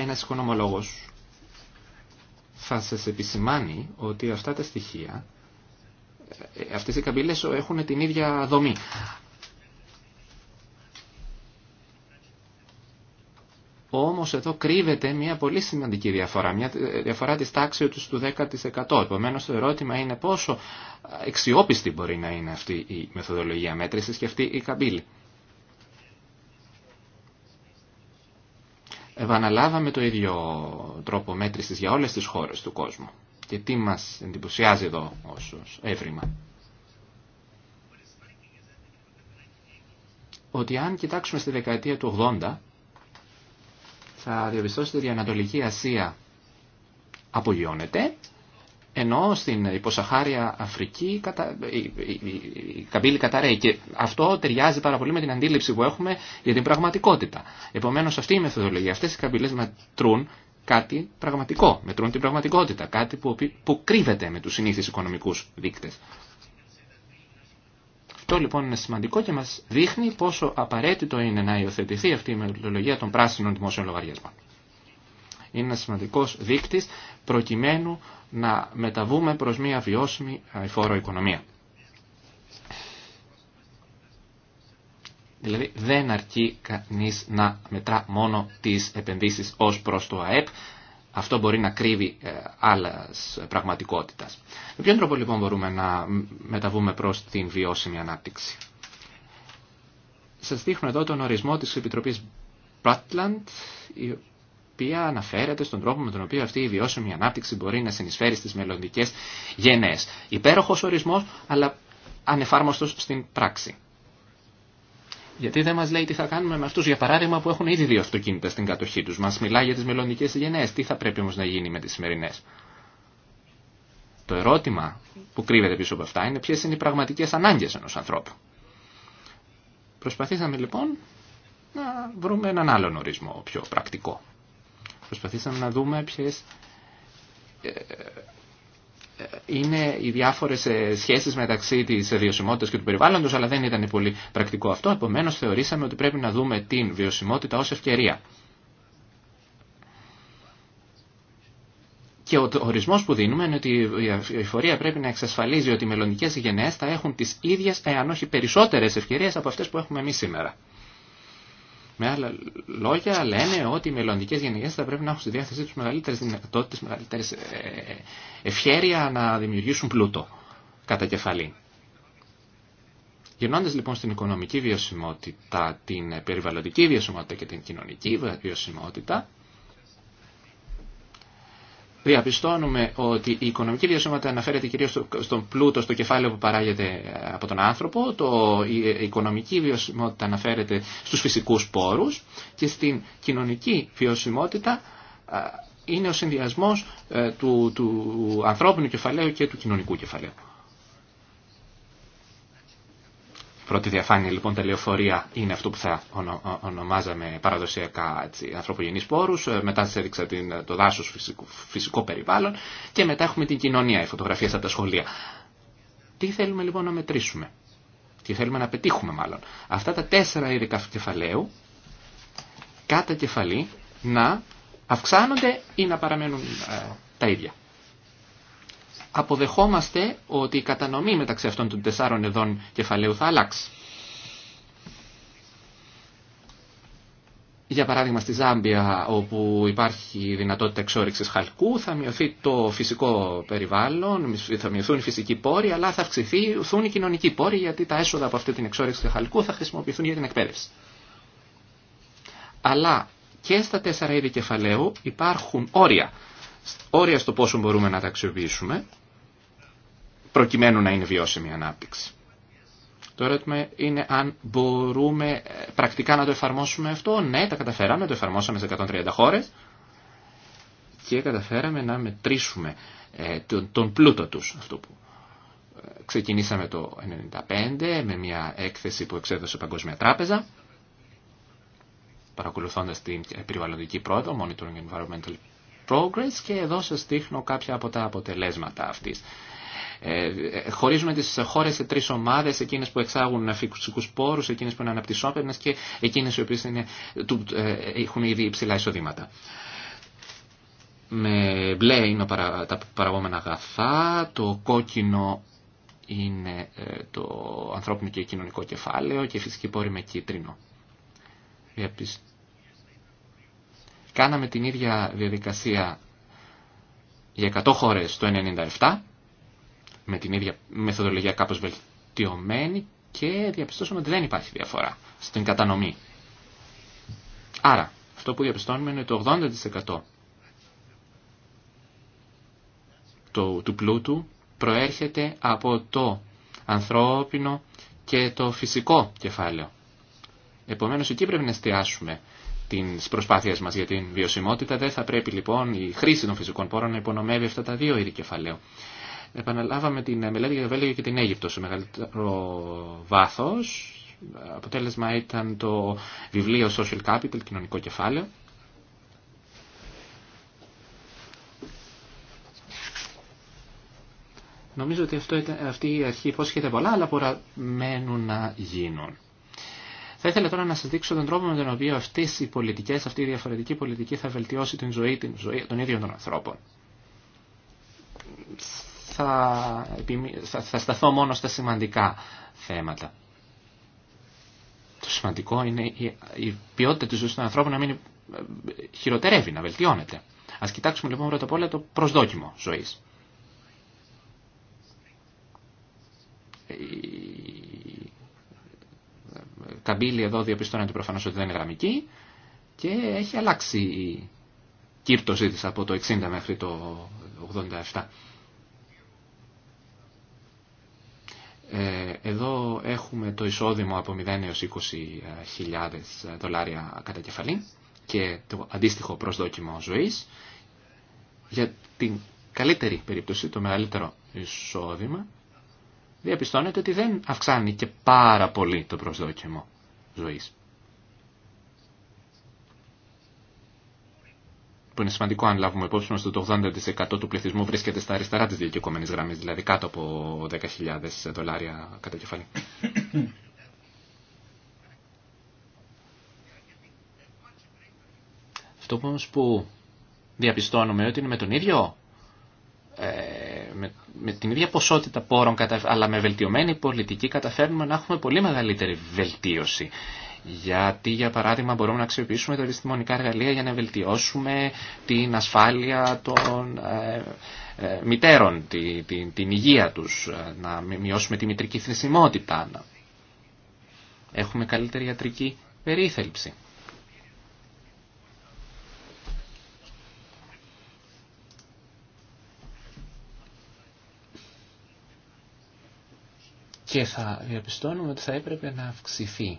ένας οικονομολόγος θα σας επισημάνει ότι αυτά τα στοιχεία, ε, αυτές οι καμπύλες έχουν την ίδια δομή. Όμως εδώ κρύβεται μια πολύ σημαντική διαφορά, μια ε, διαφορά της τάξης του 10%. Επομένω το ερώτημα είναι πόσο εξιόπιστη μπορεί να είναι αυτή η μεθοδολογία μέτρησης και αυτή η καμπύλη. επαναλάβαμε το ίδιο τρόπο μέτρησης για όλες τις χώρες του κόσμου. Και τι μας εντυπωσιάζει εδώ ως έβριμα. Ότι αν κοιτάξουμε στη δεκαετία του 80, θα διαπιστώσετε ότι η Ανατολική Ασία απογειώνεται ενώ στην υποσαχάρια Αφρική η καμπύλη καταραίει και αυτό ταιριάζει πάρα πολύ με την αντίληψη που έχουμε για την πραγματικότητα. Επομένως αυτή η μεθοδολογία, αυτές οι καμπύλες μετρούν κάτι πραγματικό, μετρούν την πραγματικότητα, κάτι που, που κρύβεται με τους συνήθεις οικονομικούς δείκτες. Αυτό λοιπόν είναι σημαντικό και μας δείχνει πόσο απαραίτητο είναι να υιοθετηθεί αυτή η μεθοδολογία των πράσινων δημόσιων λογαριασμών είναι ένα σημαντικός δείκτης προκειμένου να μεταβούμε προς μια βιώσιμη αηφόρο οικονομία. Δηλαδή δεν αρκεί κανείς να μετρά μόνο τις επενδύσεις ως προς το ΑΕΠ. Αυτό μπορεί να κρύβει ε, άλλας πραγματικότητας. Με ποιον τρόπο λοιπόν μπορούμε να μεταβούμε προς την βιώσιμη ανάπτυξη. Σας δείχνω εδώ τον ορισμό της Επιτροπής Bratland, οποία αναφέρεται στον τρόπο με τον οποίο αυτή η βιώσιμη ανάπτυξη μπορεί να συνεισφέρει στις μελλοντικέ γενναίε. Υπέροχο ορισμό, αλλά ανεφάρμοστο στην πράξη. Γιατί δεν μα λέει τι θα κάνουμε με αυτού, για παράδειγμα, που έχουν ήδη δύο αυτοκίνητα στην κατοχή του. Μα μιλάει για τι μελλοντικέ γενναίε. Τι θα πρέπει όμω να γίνει με τι σημερινέ. Το ερώτημα που κρύβεται πίσω από αυτά είναι ποιε είναι οι πραγματικέ ανάγκε ενό ανθρώπου. Προσπαθήσαμε λοιπόν να βρούμε έναν άλλον ορισμό, πιο πρακτικό. Προσπαθήσαμε να δούμε ποιες ε, ε, είναι οι διάφορε ε, σχέσεις μεταξύ τη βιωσιμότητα και του περιβάλλοντος, αλλά δεν ήταν πολύ πρακτικό αυτό. Επομένως θεωρήσαμε ότι πρέπει να δούμε την βιωσιμότητα ως ευκαιρία. Και ο ορισμό που δίνουμε είναι ότι η εφορία πρέπει να εξασφαλίζει ότι οι μελλοντικέ γενναίε θα έχουν τι ίδιε, εάν όχι περισσότερε ευκαιρίε από αυτέ που έχουμε εμεί σήμερα. Με άλλα λόγια, λένε ότι οι μελλοντικέ γενιέ θα πρέπει να έχουν στη διάθεσή του μεγαλύτερε δυνατότητε, μεγαλύτερε ε, ευχέρεια να δημιουργήσουν πλούτο κατά κεφαλή. Γυρνώντα λοιπόν στην οικονομική βιωσιμότητα, την περιβαλλοντική βιωσιμότητα και την κοινωνική βιωσιμότητα, διαπιστώνουμε ότι η οικονομική βιωσιμότητα αναφέρεται κυρίως στον πλούτο, στο κεφάλαιο που παράγεται από τον άνθρωπο, το, η οικονομική βιωσιμότητα αναφέρεται στους φυσικούς πόρους και στην κοινωνική βιωσιμότητα είναι ο συνδυασμός ε, του, του ανθρώπινου κεφαλαίου και του κοινωνικού κεφαλαίου. Πρώτη διαφάνεια λοιπόν τα λεωφορεία είναι αυτό που θα ονομάζαμε παραδοσιακά έτσι, ανθρωπογενείς πόρους, ε, μετά σας έδειξα την, το δάσος φυσικό, φυσικό περιβάλλον και μετά έχουμε την κοινωνία, οι φωτογραφίες από τα σχολεία. Τι θέλουμε λοιπόν να μετρήσουμε, τι θέλουμε να πετύχουμε μάλλον. Αυτά τα τέσσερα είδη κεφαλαίου, κατά κεφαλή, να αυξάνονται ή να παραμένουν ε, τα ίδια αποδεχόμαστε ότι η κατανομή μεταξύ αυτών των τεσσάρων εδών κεφαλαίου θα αλλάξει. Για παράδειγμα στη Ζάμπια όπου υπάρχει δυνατότητα εξόριξης χαλκού θα μειωθεί το φυσικό περιβάλλον, θα μειωθούν οι φυσικοί πόροι αλλά θα αυξηθούν οι κοινωνικοί πόροι γιατί τα έσοδα από αυτή την εξόριξη χαλκού θα χρησιμοποιηθούν για την εκπαίδευση. Αλλά και στα τέσσερα είδη κεφαλαίου υπάρχουν όρια. Όρια στο πόσο μπορούμε να τα αξιοποιήσουμε προκειμένου να είναι βιώσιμη η ανάπτυξη. Το ερώτημα είναι αν μπορούμε ε, πρακτικά να το εφαρμόσουμε αυτό. Ναι, τα καταφέραμε, το εφαρμόσαμε σε 130 χώρες και καταφέραμε να μετρήσουμε ε, τον πλούτο τους. Αυτό που ε, ξεκινήσαμε το 1995 με μια έκθεση που εξέδωσε η Παγκόσμια Τράπεζα παρακολουθώντας την περιβαλλοντική πρόοδο, Monitoring Environmental Progress και εδώ σας δείχνω κάποια από τα αποτελέσματα αυτής ε, ε, χωρίζουμε τις χώρες σε τρεις ομάδες, εκείνες που εξάγουν φυσικούς πόρους, εκείνες που είναι αναπτυσσόμενε και εκείνες οι οποίε ε, έχουν ήδη υψηλά εισοδήματα με μπλε είναι τα παραγόμενα αγαθά, το κόκκινο είναι το ανθρώπινο και κοινωνικό κεφάλαιο και φυσική πόρη με κίτρινο. Κάναμε την ίδια διαδικασία για 100 χώρες το 1997 με την ίδια μεθοδολογία κάπως βελτιωμένη και διαπιστώσαμε ότι δεν υπάρχει διαφορά στην κατανομή. Άρα, αυτό που διαπιστώνουμε είναι το 80% του, του πλούτου προέρχεται από το ανθρώπινο και το φυσικό κεφάλαιο. Επομένως, εκεί πρέπει να εστιάσουμε τις προσπάθειες μας για την βιωσιμότητα. Δεν θα πρέπει λοιπόν η χρήση των φυσικών πόρων να υπονομεύει αυτά τα δύο είδη κεφαλαίου. Επαναλάβαμε την μελέτη για το Βέλγιο και την Αίγυπτο σε μεγαλύτερο βάθος. Αποτέλεσμα ήταν το βιβλίο Social Capital, κοινωνικό κεφάλαιο. Νομίζω ότι αυτό, αυτή η αρχή υπόσχεται πολλά, αλλά να γίνουν. Θα ήθελα τώρα να σα δείξω τον τρόπο με τον οποίο αυτέ οι πολιτικέ, αυτή η διαφορετική πολιτική θα βελτιώσει την ζωή, την ζωή των ίδιων των ανθρώπων θα, θα σταθώ μόνο στα σημαντικά θέματα. Το σημαντικό είναι η ποιότητα της ζωής των ανθρώπων να μην ε, χειροτερεύει, να βελτιώνεται. Ας κοιτάξουμε λοιπόν πρώτα απ' όλα το προσδόκιμο ζωής. Η καμπύλη εδώ ότι προφανώς ότι δεν είναι γραμμική και έχει αλλάξει η κύρτωσή της από το 60 μέχρι το 87. Ε, εδώ έχουμε το εισόδημα από 0 έως 20.000 ε, δολάρια κατά κεφαλή και το αντίστοιχο προσδόκιμο ζωής. Για την καλύτερη περίπτωση, το μεγαλύτερο εισόδημα, διαπιστώνεται ότι δεν αυξάνει και πάρα πολύ το προσδόκιμο ζωής. που είναι σημαντικό αν λάβουμε υπόψη μας ότι το 80% του πληθυσμού βρίσκεται στα αριστερά της διοικημένης γραμμής, δηλαδή κάτω από 10.000 δολάρια κατά κεφάλι. Αυτό όμως που διαπιστώνουμε ότι είναι με τον ίδιο ε, με, με την ίδια ποσότητα πόρων αλλά με βελτιωμένη πολιτική καταφέρνουμε να έχουμε πολύ μεγαλύτερη βελτίωση γιατί, για παράδειγμα, μπορούμε να αξιοποιήσουμε τα επιστημονικά εργαλεία για να βελτιώσουμε την ασφάλεια των ε, ε, μητέρων, την υγεία τους, ε, να μειώσουμε τη μητρική θνησιμότητα, έχουμε καλύτερη ιατρική περίθελψη. Και θα διαπιστώνουμε ότι θα έπρεπε να αυξηθεί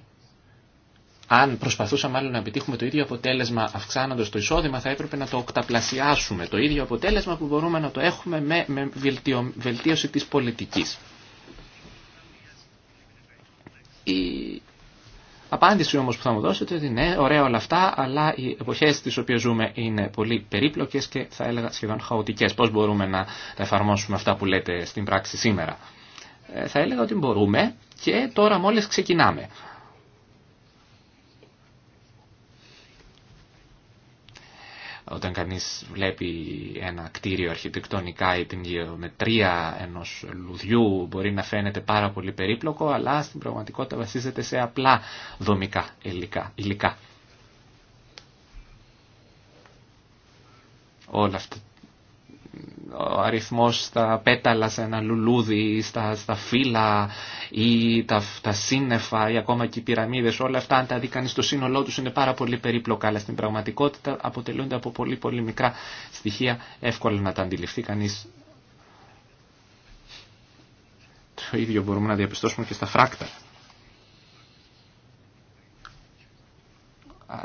αν προσπαθούσαμε άλλο να επιτύχουμε το ίδιο αποτέλεσμα αυξάνοντας το εισόδημα θα έπρεπε να το οκταπλασιάσουμε. Το ίδιο αποτέλεσμα που μπορούμε να το έχουμε με, με βελτιω, βελτίωση της πολιτικής. Η απάντηση όμως που θα μου δώσετε είναι ναι, ωραία όλα αυτά, αλλά οι εποχές τις οποίες ζούμε είναι πολύ περίπλοκες και θα έλεγα σχεδόν χαοτικές. Πώς μπορούμε να τα εφαρμόσουμε αυτά που λέτε στην πράξη σήμερα. Ε, θα έλεγα ότι μπορούμε και τώρα μόλις ξεκινάμε. Όταν κανείς βλέπει ένα κτίριο αρχιτεκτονικά ή την γεωμετρία ενός λουδιού μπορεί να φαίνεται πάρα πολύ περίπλοκο, αλλά στην πραγματικότητα βασίζεται σε απλά δομικά υλικά. Όλα αυτά ο αριθμός στα πέταλα σε ένα λουλούδι, στα, στα φύλλα ή τα, σύννεφα ή ακόμα και οι πυραμίδες, όλα αυτά αν τα δει κανείς στο σύνολό τους είναι πάρα πολύ περίπλοκα, αλλά στην πραγματικότητα αποτελούνται από πολύ πολύ μικρά στοιχεία, εύκολα να τα αντιληφθεί κανείς. Το ίδιο μπορούμε να διαπιστώσουμε και στα φράκτα.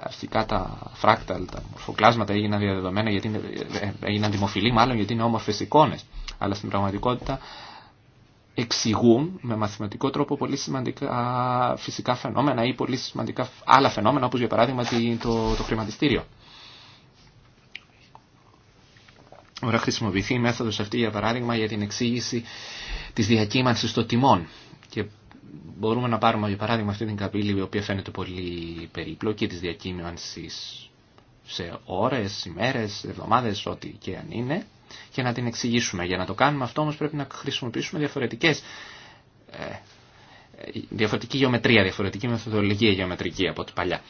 αρχικά τα φράκταλ, τα μορφοκλάσματα έγιναν διαδεδομένα, γιατί είναι, ε, έγιναν δημοφιλή μάλλον γιατί είναι όμορφες εικόνες. Αλλά στην πραγματικότητα εξηγούν με μαθηματικό τρόπο πολύ σημαντικά φυσικά φαινόμενα ή πολύ σημαντικά άλλα φαινόμενα όπως για παράδειγμα το, το χρηματιστήριο. Ωραία χρησιμοποιηθεί η μέθοδος αυτή για παράδειγμα για την εξήγηση της διακύμανσης των τιμών μπορούμε να πάρουμε για παράδειγμα αυτή την καπήλη η οποία φαίνεται πολύ περίπλοκη της διακίνησης σε ώρες, ημέρες, εβδομάδες, ό,τι και αν είναι και να την εξηγήσουμε. Για να το κάνουμε αυτό όμως πρέπει να χρησιμοποιήσουμε διαφορετικές ε, ε, διαφορετική γεωμετρία, διαφορετική μεθοδολογία γεωμετρική από την παλιά.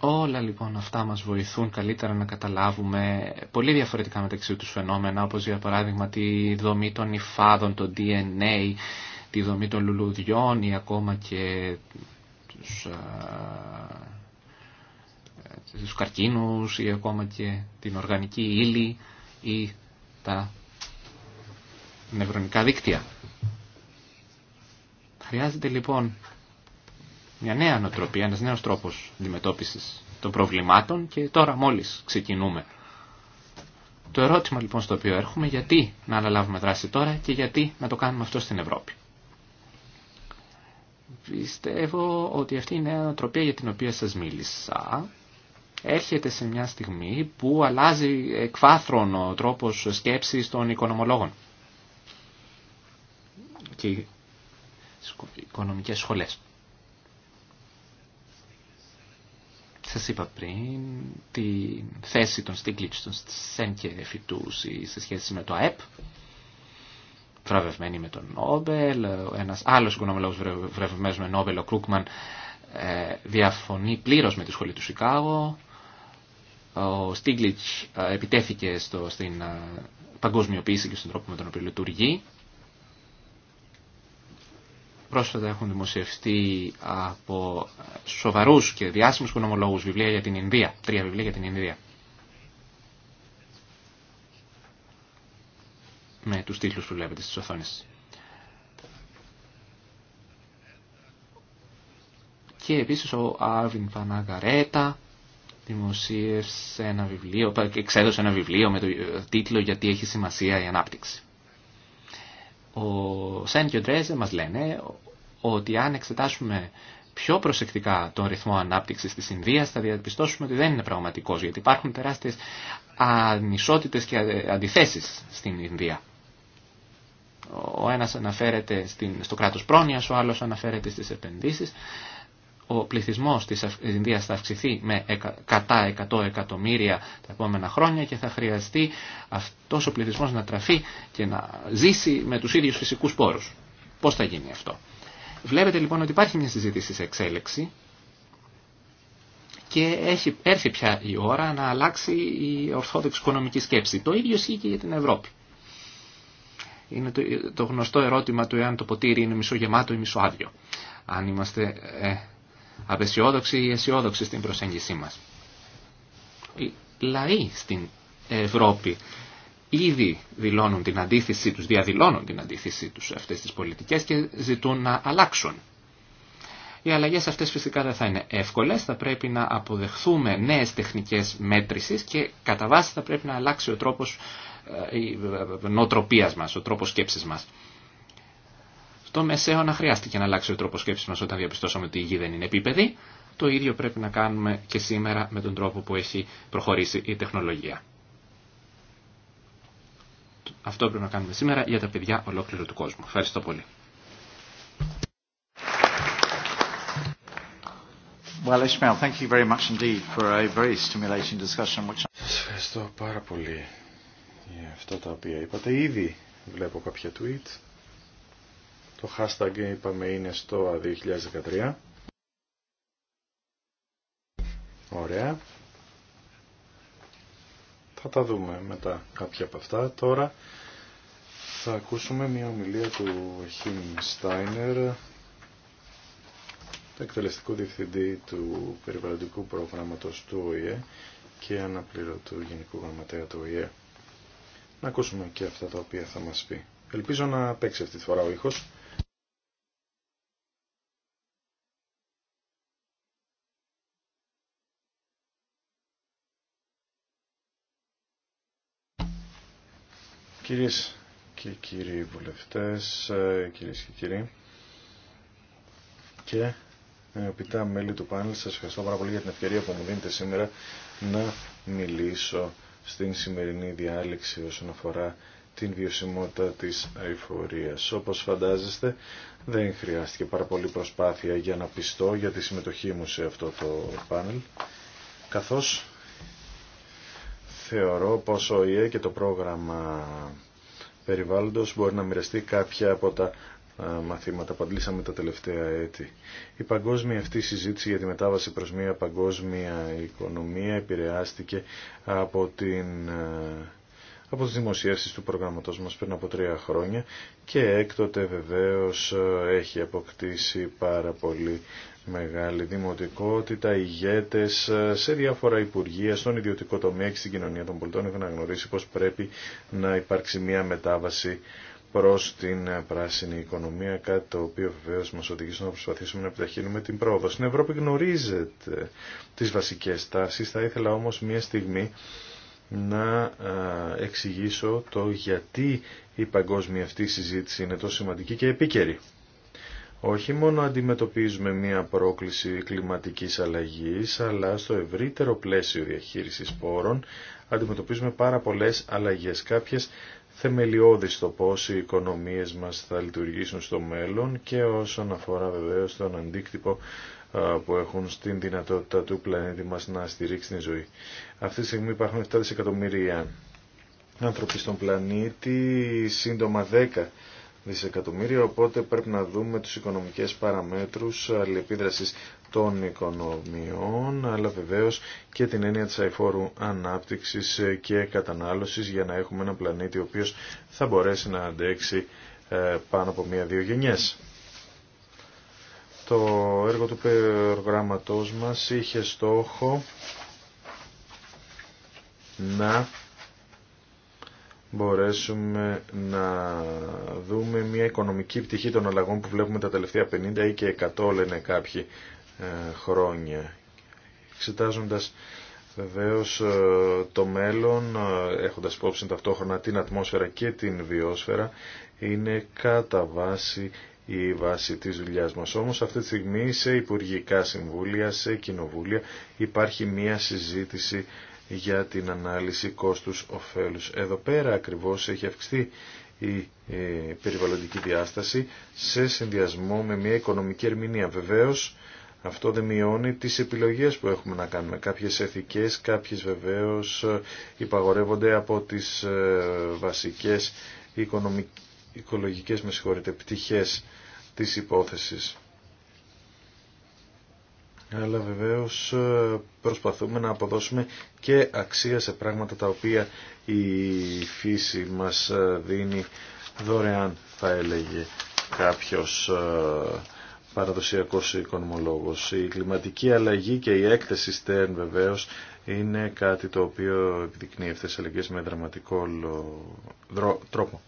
Όλα λοιπόν αυτά μας βοηθούν καλύτερα να καταλάβουμε πολύ διαφορετικά μεταξύ τους φαινόμενα, όπως για παράδειγμα τη δομή των υφάδων, το DNA, τη δομή των λουλουδιών ή ακόμα και τους, τους καρκίνους ή ακόμα και την οργανική ύλη ή τα νευρονικά δίκτυα. Χρειάζεται λοιπόν μια νέα νοοτροπία, ένας νέος τρόπος αντιμετώπισης των προβλημάτων και τώρα μόλις ξεκινούμε. Το ερώτημα λοιπόν στο οποίο έρχομαι, γιατί να αναλάβουμε δράση τώρα και γιατί να το κάνουμε αυτό στην Ευρώπη. Πιστεύω ότι αυτή η νέα νοοτροπία για την οποία σας μίλησα έρχεται σε μια στιγμή που αλλάζει εκφάθρον ο τρόπος σκέψης των οικονομολόγων και οι οικονομικές σχολές. σα είπα πριν τη θέση των Στίγκλιτς, των Σεν και σε σχέση με το ΑΕΠ, βραβευμένοι με τον Νόμπελ, ένας άλλος οικονομολόγος βραβευμένος με Νόμπελ, ο Κρούκμαν, ε, διαφωνεί πλήρως με τη σχολή του Σικάγο. Ο Στίγκλιτς ε, επιτέθηκε στο, στην ε, παγκοσμιοποίηση και στον τρόπο με τον οποίο λειτουργεί Πρόσφατα έχουν δημοσιευτεί από σοβαρούς και διάσημους κονομολόγους βιβλία για την Ινδία, τρία βιβλία για την Ινδία. Με τους τίτλους που βλέπετε στις οθόνες. Και επίσης ο Άρβιν Παναγαρέτα δημοσίευσε ένα βιβλίο, εξέδωσε ένα βιβλίο με το τίτλο «Γιατί έχει σημασία η ανάπτυξη». Ο Σεν και ο Ντρέζε μας λένε ότι αν εξετάσουμε πιο προσεκτικά τον ρυθμό ανάπτυξης της Ινδίας θα διαπιστώσουμε ότι δεν είναι πραγματικός γιατί υπάρχουν τεράστιες ανισότητες και αντιθέσεις στην Ινδία. Ο ένας αναφέρεται στο κράτος πρόνοιας, ο άλλος αναφέρεται στις επενδύσεις ο πληθυσμός της Ινδίας θα αυξηθεί με κατά 100 εκατομμύρια τα επόμενα χρόνια και θα χρειαστεί αυτός ο πληθυσμός να τραφεί και να ζήσει με τους ίδιους φυσικούς πόρους. Πώς θα γίνει αυτό. Βλέπετε λοιπόν ότι υπάρχει μια συζήτηση σε εξέλιξη και έχει έρθει πια η ώρα να αλλάξει η ορθόδοξη οικονομική σκέψη. Το ίδιο ισχύει και για την Ευρώπη. Είναι το, γνωστό ερώτημα του εάν το ποτήρι είναι μισογεμάτο ή μισοάδιο. Αν είμαστε ε, απεσιόδοξοι ή αισιόδοξοι στην προσέγγιση μας. Οι λαοί στην Ευρώπη ήδη δηλώνουν την αντίθεσή τους, διαδηλώνουν την αντίθεσή τους σε αυτές τις πολιτικές και ζητούν να αλλάξουν. Οι αλλαγές αυτές φυσικά δεν θα είναι εύκολες, θα πρέπει να αποδεχθούμε νέες τεχνικές μέτρησης και κατά βάση θα πρέπει να αλλάξει ο τρόπος νοοτροπίας μας, ο τρόπος σκέψης μας το μεσαίωνα χρειάστηκε να αλλάξει ο τρόπο σκέψη μα όταν διαπιστώσαμε ότι η γη δεν είναι επίπεδη. Το ίδιο πρέπει να κάνουμε και σήμερα με τον τρόπο που έχει προχωρήσει η τεχνολογία. Αυτό πρέπει να κάνουμε σήμερα για τα παιδιά ολόκληρου του κόσμου. Ευχαριστώ πολύ. Well, thank you very much indeed for a very stimulating discussion. Which... Ευχαριστώ πάρα πολύ για αυτά τα οποία είπατε. Ήδη βλέπω κάποια tweet. Το hashtag είπαμε είναι στο 2013. Ωραία. Θα τα δούμε μετά κάποια από αυτά. Τώρα θα ακούσουμε μια ομιλία του Χιμ Στάινερ, το εκτελεστικού διευθυντή του περιβαλλοντικού προγράμματος του ΟΗΕ και αναπληρωτού Γενικού Γραμματέα του ΟΗΕ. Να ακούσουμε και αυτά τα οποία θα μας πει. Ελπίζω να παίξει αυτή τη φορά ο ήχος. Κυρίες και κύριοι βουλευτές, ε, κυρίες και κύριοι και επιτά μέλη του πάνελ, σας ευχαριστώ πάρα πολύ για την ευκαιρία που μου δίνετε σήμερα να μιλήσω στην σημερινή διάλεξη όσον αφορά την βιωσιμότητα της αηφορίας. Όπως φαντάζεστε δεν χρειάστηκε πάρα πολύ προσπάθεια για να πιστώ για τη συμμετοχή μου σε αυτό το πάνελ καθώς θεωρώ πως ο ΙΕ και το πρόγραμμα περιβάλλοντος μπορεί να μοιραστεί κάποια από τα ε, μαθήματα που αντλήσαμε τα τελευταία έτη. Η παγκόσμια αυτή συζήτηση για τη μετάβαση προς μια παγκόσμια οικονομία επηρεάστηκε από την ε, από τις δημοσίευσεις του προγράμματος μας πριν από τρία χρόνια και έκτοτε βεβαίως ε, έχει αποκτήσει πάρα πολύ μεγάλη δημοτικότητα, ηγέτες ε, σε διάφορα υπουργεία, στον ιδιωτικό τομέα και στην κοινωνία των πολιτών έχουν αναγνωρίσει πως πρέπει να υπάρξει μια μετάβαση προς την πράσινη οικονομία, κάτι το οποίο βεβαίω μας οδηγήσει να προσπαθήσουμε να επιταχύνουμε την πρόοδο. Στην Ευρώπη γνωρίζετε τις βασικές τάσεις, θα ήθελα όμως μια στιγμή να εξηγήσω το γιατί η παγκόσμια αυτή συζήτηση είναι τόσο σημαντική και επίκαιρη. Όχι μόνο αντιμετωπίζουμε μία πρόκληση κλιματικής αλλαγής, αλλά στο ευρύτερο πλαίσιο διαχείρισης πόρων αντιμετωπίζουμε πάρα πολλές αλλαγές, κάποιες θεμελιώδεις στο πώς οι οικονομίες μας θα λειτουργήσουν στο μέλλον και όσον αφορά βεβαίως τον αντίκτυπο που έχουν στην δυνατότητα του πλανήτη μας να στηρίξει την ζωή. Αυτή τη στιγμή υπάρχουν 7 δισεκατομμύρια άνθρωποι στον πλανήτη, σύντομα 10 δισεκατομμύρια, οπότε πρέπει να δούμε τους οικονομικές παραμέτρους αλληλεπίδρασης των οικονομιών, αλλά βεβαίως και την έννοια της αηφόρου ανάπτυξης και κατανάλωσης για να έχουμε έναν πλανήτη ο οποίος θα μπορέσει να αντέξει ε, πάνω από μία-δύο γενιές. Το έργο του προγράμματός μας είχε στόχο να μπορέσουμε να δούμε μια οικονομική πτυχή των αλλαγών που βλέπουμε τα τελευταία 50 ή και 100 λένε κάποιοι ε, χρόνια. Εξετάζοντας βεβαίως ε, το μέλλον, ε, έχοντας υπόψη ταυτόχρονα την ατμόσφαιρα και την βιόσφαιρα, είναι κατά βάση η βάση της δουλειάς μας. Όμως αυτή τη στιγμή σε υπουργικά συμβούλια, σε κοινοβούλια υπάρχει μία συζήτηση για την ανάλυση κόστους οφέλους. Εδώ πέρα ακριβώς έχει αυξηθεί η ε, περιβαλλοντική διάσταση σε συνδυασμό με μια οικονομική ερμηνεία. Βεβαίως αυτό δεν μειώνει τις επιλογές που έχουμε να κάνουμε. Κάποιες εθικές, κάποιες βεβαίως ε, υπαγορεύονται από τις ε, βασικές οικονομικές οικολογικές με συγχωρείτε, πτυχές της υπόθεσης. Αλλά βεβαίως ε, προσπαθούμε να αποδώσουμε και αξία σε πράγματα τα οποία η φύση μας ε, δίνει δωρεάν θα έλεγε κάποιος ε, παραδοσιακός οικονομολόγος. Η κλιματική αλλαγή και η έκθεση στέρν βεβαίως είναι κάτι το οποίο επιδεικνύει αυτές τις αλλαγές με δραματικό τρόπο.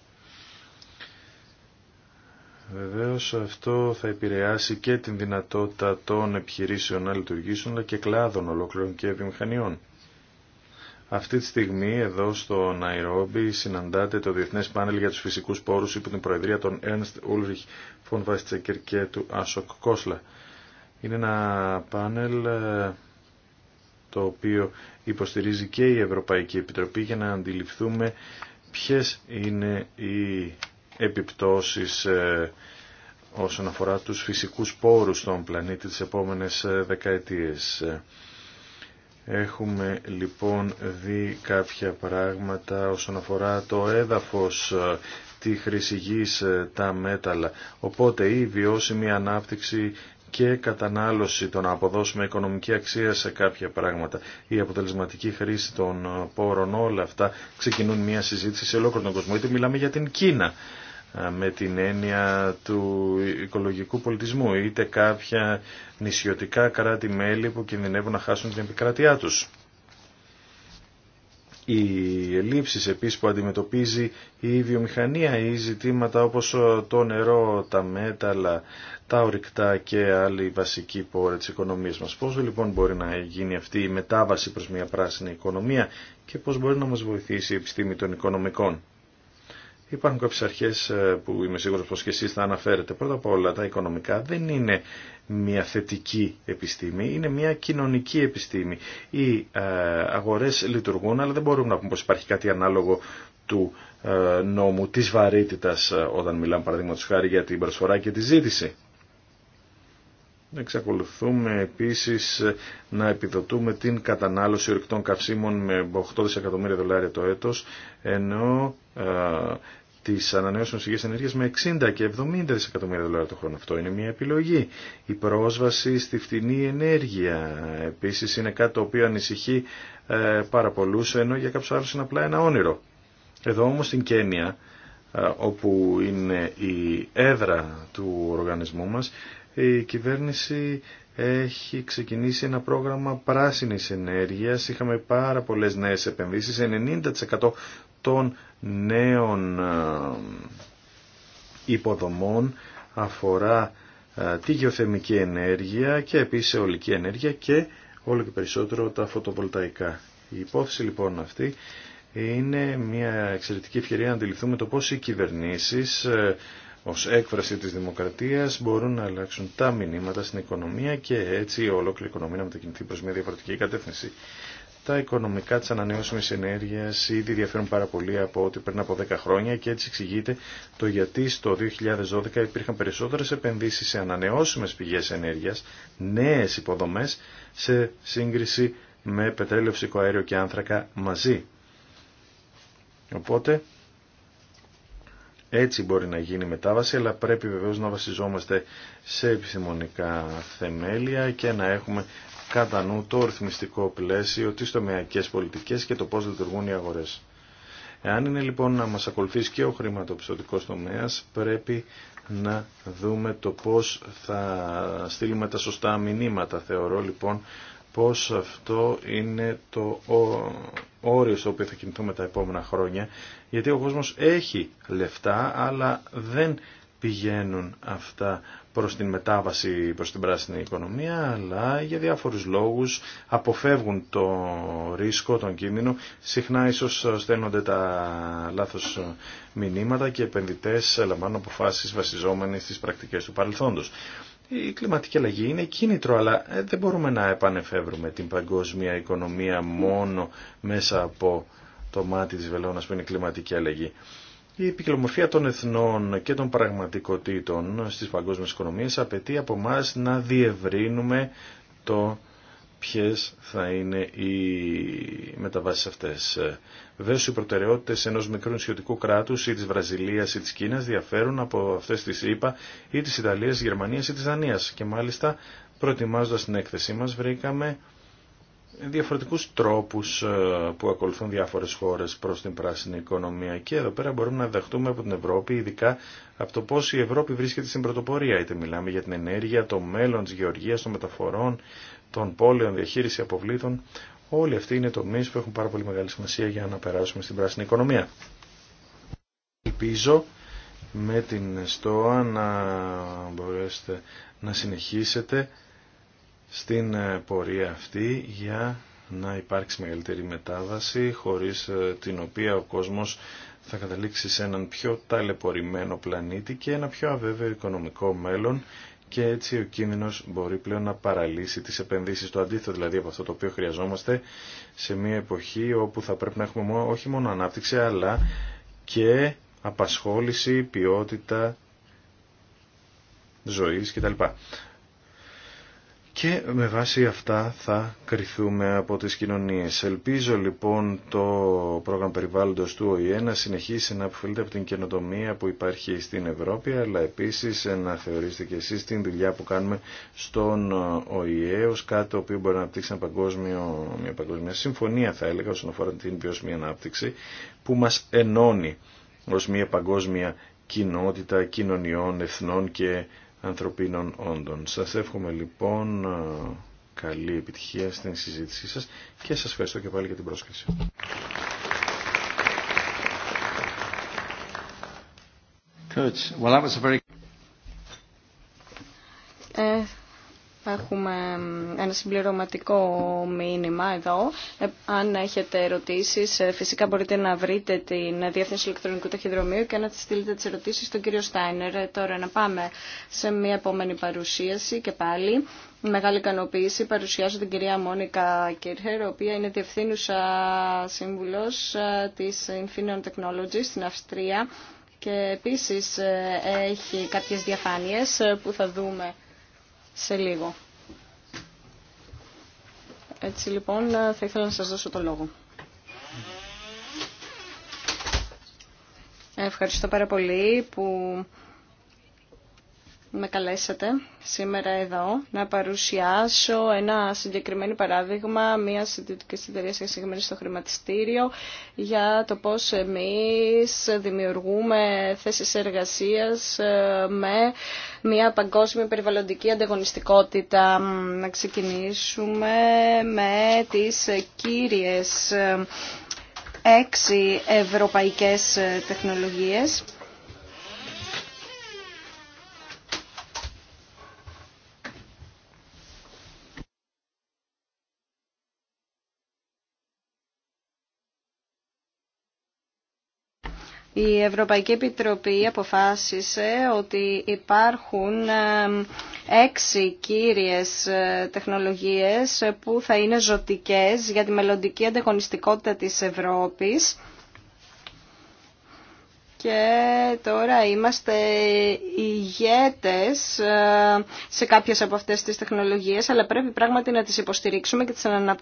Βεβαίως αυτό θα επηρεάσει και την δυνατότητα των επιχειρήσεων να λειτουργήσουν αλλά και κλάδων ολόκληρων και βιομηχανιών. Αυτή τη στιγμή εδώ στο Ναϊρόμπι συναντάται το Διεθνές Πάνελ για τους Φυσικούς Πόρους υπό την Προεδρία των Ernst Ulrich von Weizsäcker και του Ασοκ Κόσλα. Είναι ένα πάνελ ε, το οποίο υποστηρίζει και η Ευρωπαϊκή Επιτροπή για να αντιληφθούμε ποιες είναι οι επιπτώσεις ε, όσον αφορά τους φυσικούς πόρους στον πλανήτη τις επόμενες ε, δεκαετίες. Έχουμε λοιπόν δει κάποια πράγματα όσον αφορά το έδαφος, ε, τη χρήση γης, τα μέταλλα. Οπότε η βιώσιμη ανάπτυξη και κατανάλωση, το να αποδώσουμε οικονομική αξία σε κάποια πράγματα, η αποτελεσματική χρήση των πόρων, όλα αυτά ξεκινούν μια συζήτηση σε ολόκληρο τον κόσμο. Είτε μιλάμε για την Κίνα με την έννοια του οικολογικού πολιτισμού, είτε κάποια νησιωτικά κράτη-μέλη που κινδυνεύουν να χάσουν την επικράτειά τους. Οι ελλείψεις επίσης που αντιμετωπίζει η βιομηχανία ή ζητήματα όπως το νερό, τα μέταλλα, τα ορυκτά και άλλοι βασικοί πόροι της οικονομίας μας. Πώς λοιπόν μπορεί να γίνει αυτή η μετάβαση προς μια πράσινη οικονομία και πώς μπορεί να μας βοηθήσει η επιστήμη των οικονομικών. Υπάρχουν κάποιες αρχές ε, που είμαι σίγουρος πως και εσείς θα αναφέρετε. Πρώτα απ' όλα τα οικονομικά δεν είναι μια θετική επιστήμη, είναι μια κοινωνική επιστήμη. Οι ε, αγορές λειτουργούν αλλά δεν μπορούμε να πούμε πως υπάρχει κάτι ανάλογο του ε, νόμου της βαρύτητας όταν μιλάμε παραδείγματος χάρη για την προσφορά και τη ζήτηση. Να εξακολουθούμε επίσης να επιδοτούμε την κατανάλωση ορυκτών καυσίμων με 8 δισεκατομμύρια δολάρια το έτος, ενώ τι τις ανανεώσιμες πηγές ενέργειας με 60 και 70 δισεκατομμύρια δολάρια το χρόνο. Αυτό είναι μια επιλογή. Η πρόσβαση στη φτηνή ενέργεια επίσης είναι κάτι το οποίο ανησυχεί ε, πάρα πολλούς, ενώ για κάποιους άλλους είναι απλά ένα όνειρο. Εδώ όμως στην Κένια, ε, όπου είναι η έδρα του οργανισμού μας, η κυβέρνηση έχει ξεκινήσει ένα πρόγραμμα πράσινης ενέργειας. Είχαμε πάρα πολλές νέες επενδύσεις. 90% των νέων ε, υποδομών αφορά ε, τη γεωθερμική ενέργεια και επίσης ολική ενέργεια και όλο και περισσότερο τα φωτοβολταϊκά. Η υπόθεση λοιπόν αυτή είναι μια εξαιρετική ευκαιρία να αντιληφθούμε το πώς οι κυβερνήσεις ε, ως έκφραση της δημοκρατίας μπορούν να αλλάξουν τα μηνύματα στην οικονομία και έτσι η ολόκληρη οικονομία να μετακινηθεί προς μια διαφορετική κατεύθυνση. Τα οικονομικά της ανανεώσιμης ενέργειας ήδη διαφέρουν πάρα πολύ από ό,τι πριν από 10 χρόνια και έτσι εξηγείται το γιατί στο 2012 υπήρχαν περισσότερες επενδύσεις σε ανανεώσιμες πηγές ενέργειας, νέες υποδομές, σε σύγκριση με πετρέλαιο, φυσικό αέριο και άνθρακα μαζί. Οπότε έτσι μπορεί να γίνει η μετάβαση, αλλά πρέπει βεβαίως να βασιζόμαστε σε επιστημονικά θεμέλια και να έχουμε κατά νου το ρυθμιστικό πλαίσιο, τι τομεακές πολιτικέ και το πώς λειτουργούν οι αγορές. Εάν είναι λοιπόν να μας ακολουθήσει και ο χρηματοπιστωτικός τομέας, πρέπει να δούμε το πώς θα στείλουμε τα σωστά μηνύματα. Θεωρώ λοιπόν πως αυτό είναι το όριο στο οποίο θα κινηθούμε τα επόμενα χρόνια, γιατί ο κόσμος έχει λεφτά, αλλά δεν πηγαίνουν αυτά προς την μετάβαση προς την πράσινη οικονομία, αλλά για διάφορους λόγους αποφεύγουν το ρίσκο, τον κίνδυνο. Συχνά ίσως στέλνονται τα λάθος μηνύματα και επενδυτές λαμβάνουν αποφάσεις βασιζόμενοι στις πρακτικές του παρελθόντος. Η κλιματική αλλαγή είναι κίνητρο, αλλά ε, δεν μπορούμε να επανεφεύρουμε την παγκόσμια οικονομία μόνο μέσα από το μάτι της βελόνας που είναι η κλιματική αλλαγή. Η επικοινωνία των εθνών και των πραγματικοτήτων στις παγκόσμιες οικονομίες απαιτεί από εμά να διευρύνουμε το ποιες θα είναι οι μεταβάσεις αυτές. Βέβαια, οι προτεραιότητε ενό μικρού νησιωτικού κράτου ή τη Βραζιλία ή τη Κίνα διαφέρουν από αυτέ τη ΗΠΑ ή τη Ιταλία, τη Γερμανία ή τη Δανία. Και μάλιστα, προετοιμάζοντα την έκθεσή μα, βρήκαμε διαφορετικού τρόπου ε, που ακολουθούν διάφορε χώρε προ την πράσινη οικονομία και εδώ πέρα μπορούμε να δεχτούμε από την Ευρώπη ειδικά από το πώ η Ευρώπη βρίσκεται στην πρωτοπορία είτε μιλάμε για την ενέργεια, το μέλλον τη γεωργία, των μεταφορών, των πόλεων, διαχείριση αποβλήτων Όλοι αυτοί είναι τομεί που έχουν πάρα πολύ μεγάλη σημασία για να περάσουμε στην πράσινη οικονομία. Ελπίζω με την ΣΤΟΑ να μπορέσετε να συνεχίσετε στην ε, πορεία αυτή για να υπάρξει μεγαλύτερη μετάβαση χωρίς ε, την οποία ο κόσμος θα καταλήξει σε έναν πιο ταλαιπωρημένο πλανήτη και ένα πιο αβέβαιο οικονομικό μέλλον και έτσι ο κίνδυνος μπορεί πλέον να παραλύσει τις επενδύσεις του αντίθετο δηλαδή από αυτό το οποίο χρειαζόμαστε σε μια εποχή όπου θα πρέπει να έχουμε όχι μόνο ανάπτυξη αλλά και απασχόληση, ποιότητα ζωής κτλ. Και με βάση αυτά θα κριθούμε από τις κοινωνίες. Ελπίζω λοιπόν το πρόγραμμα περιβάλλοντος του ΟΗΕ να συνεχίσει να αποφελείται από την καινοτομία που υπάρχει στην Ευρώπη, αλλά επίσης να θεωρήσετε και εσείς την δουλειά που κάνουμε στον ΟΗΕ ως κάτι το οποίο μπορεί να αναπτύξει ένα παγκόσμιο, μια παγκόσμια συμφωνία θα έλεγα όσον αφορά την βιώσιμη ανάπτυξη που μας ενώνει ως μια παγκόσμια κοινότητα κοινωνιών, εθνών και ανθρωπίνων όντων. Σας εύχομαι λοιπόν καλή επιτυχία στην συζήτησή σας και σας ευχαριστώ και πάλι για την πρόσκληση. Ε, Έχουμε ένα συμπληρωματικό μήνυμα εδώ. Ε, αν έχετε ερωτήσεις, ε, φυσικά μπορείτε να βρείτε την Διεύθυνση Ελεκτρονικού Ταχυδρομείου και να στείλετε τις ερωτήσεις στον κύριο Στάινερ. Ε, τώρα να πάμε σε μια επόμενη παρουσίαση και πάλι. Μεγάλη ικανοποίηση παρουσιάζω την κυρία Μόνικα Κίρχερ, η οποία είναι διευθύνουσα σύμβουλος της Infineon Technologies στην Αυστρία και επίσης έχει κάποιες διαφάνειες που θα δούμε σε λίγο. Έτσι λοιπόν θα ήθελα να σας δώσω το λόγο. Ευχαριστώ πάρα πολύ που με καλέσατε σήμερα εδώ να παρουσιάσω ένα συγκεκριμένο παράδειγμα μια ιδιωτική εταιρεία συγκεκριμένη στο χρηματιστήριο για το πώς εμείς δημιουργούμε θέσεις εργασίας ε, με μια παγκόσμια περιβαλλοντική ανταγωνιστικότητα. Να ξεκινήσουμε με τις κύριες ε, έξι ευρωπαϊκές τεχνολογίες Η Ευρωπαϊκή Επιτροπή αποφάσισε ότι υπάρχουν έξι κύριες ε, τεχνολογίες που θα είναι ζωτικές για τη μελλοντική ανταγωνιστικότητα της Ευρώπης και τώρα είμαστε ηγέτες ε, σε κάποιες από αυτές τις τεχνολογίες, αλλά πρέπει πράγματι να τις υποστηρίξουμε και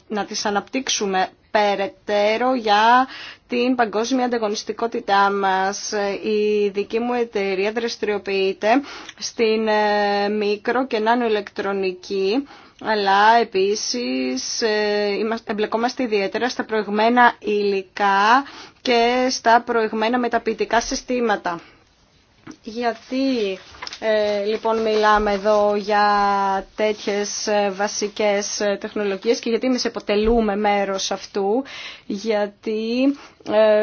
να τις αναπτύξουμε περαιτέρω για την παγκόσμια ανταγωνιστικότητά μας. Η δική μου εταιρεία δραστηριοποιείται στην ε, μικρο- και νανοηλεκτρονική αλλά επίσης ε, εμπλεκόμαστε ιδιαίτερα στα προηγμένα υλικά και στα προηγμένα μεταποιητικά συστήματα. Γιατί ε, λοιπόν, μιλάμε εδώ για τέτοιες ε, βασικές ε, τεχνολογίες και γιατί εμείς αποτελούμε μέρος αυτού, γιατί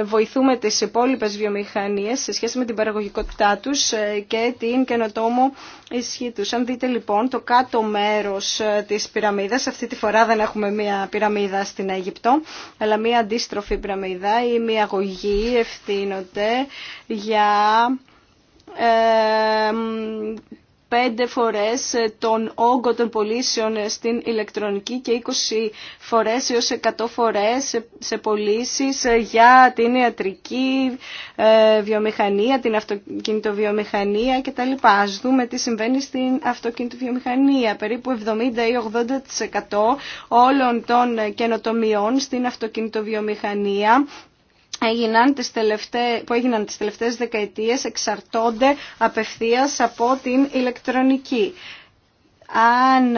βοηθούμε τις υπόλοιπες βιομηχανίες σε σχέση με την παραγωγικότητά τους και την καινοτόμο ισχύ τους. Αν δείτε λοιπόν το κάτω μέρος της πυραμίδας, αυτή τη φορά δεν έχουμε μία πυραμίδα στην Αίγυπτο, αλλά μία αντίστροφη πυραμίδα ή μία αγωγή ευθύνονται για πέντε φορές τον όγκο των πωλήσεων στην ηλεκτρονική και 20 φορές έως 100 φορές σε πωλήσει για την ιατρική ε, βιομηχανία, την αυτοκινητοβιομηχανία κτλ. Ας δούμε τι συμβαίνει στην αυτοκινητοβιομηχανία. Περίπου 70 ή 80% όλων των καινοτομιών στην αυτοκινητοβιομηχανία έγιναν τις που έγιναν τις τελευταίες δεκαετίες εξαρτώνται απευθείας από την ηλεκτρονική. Αν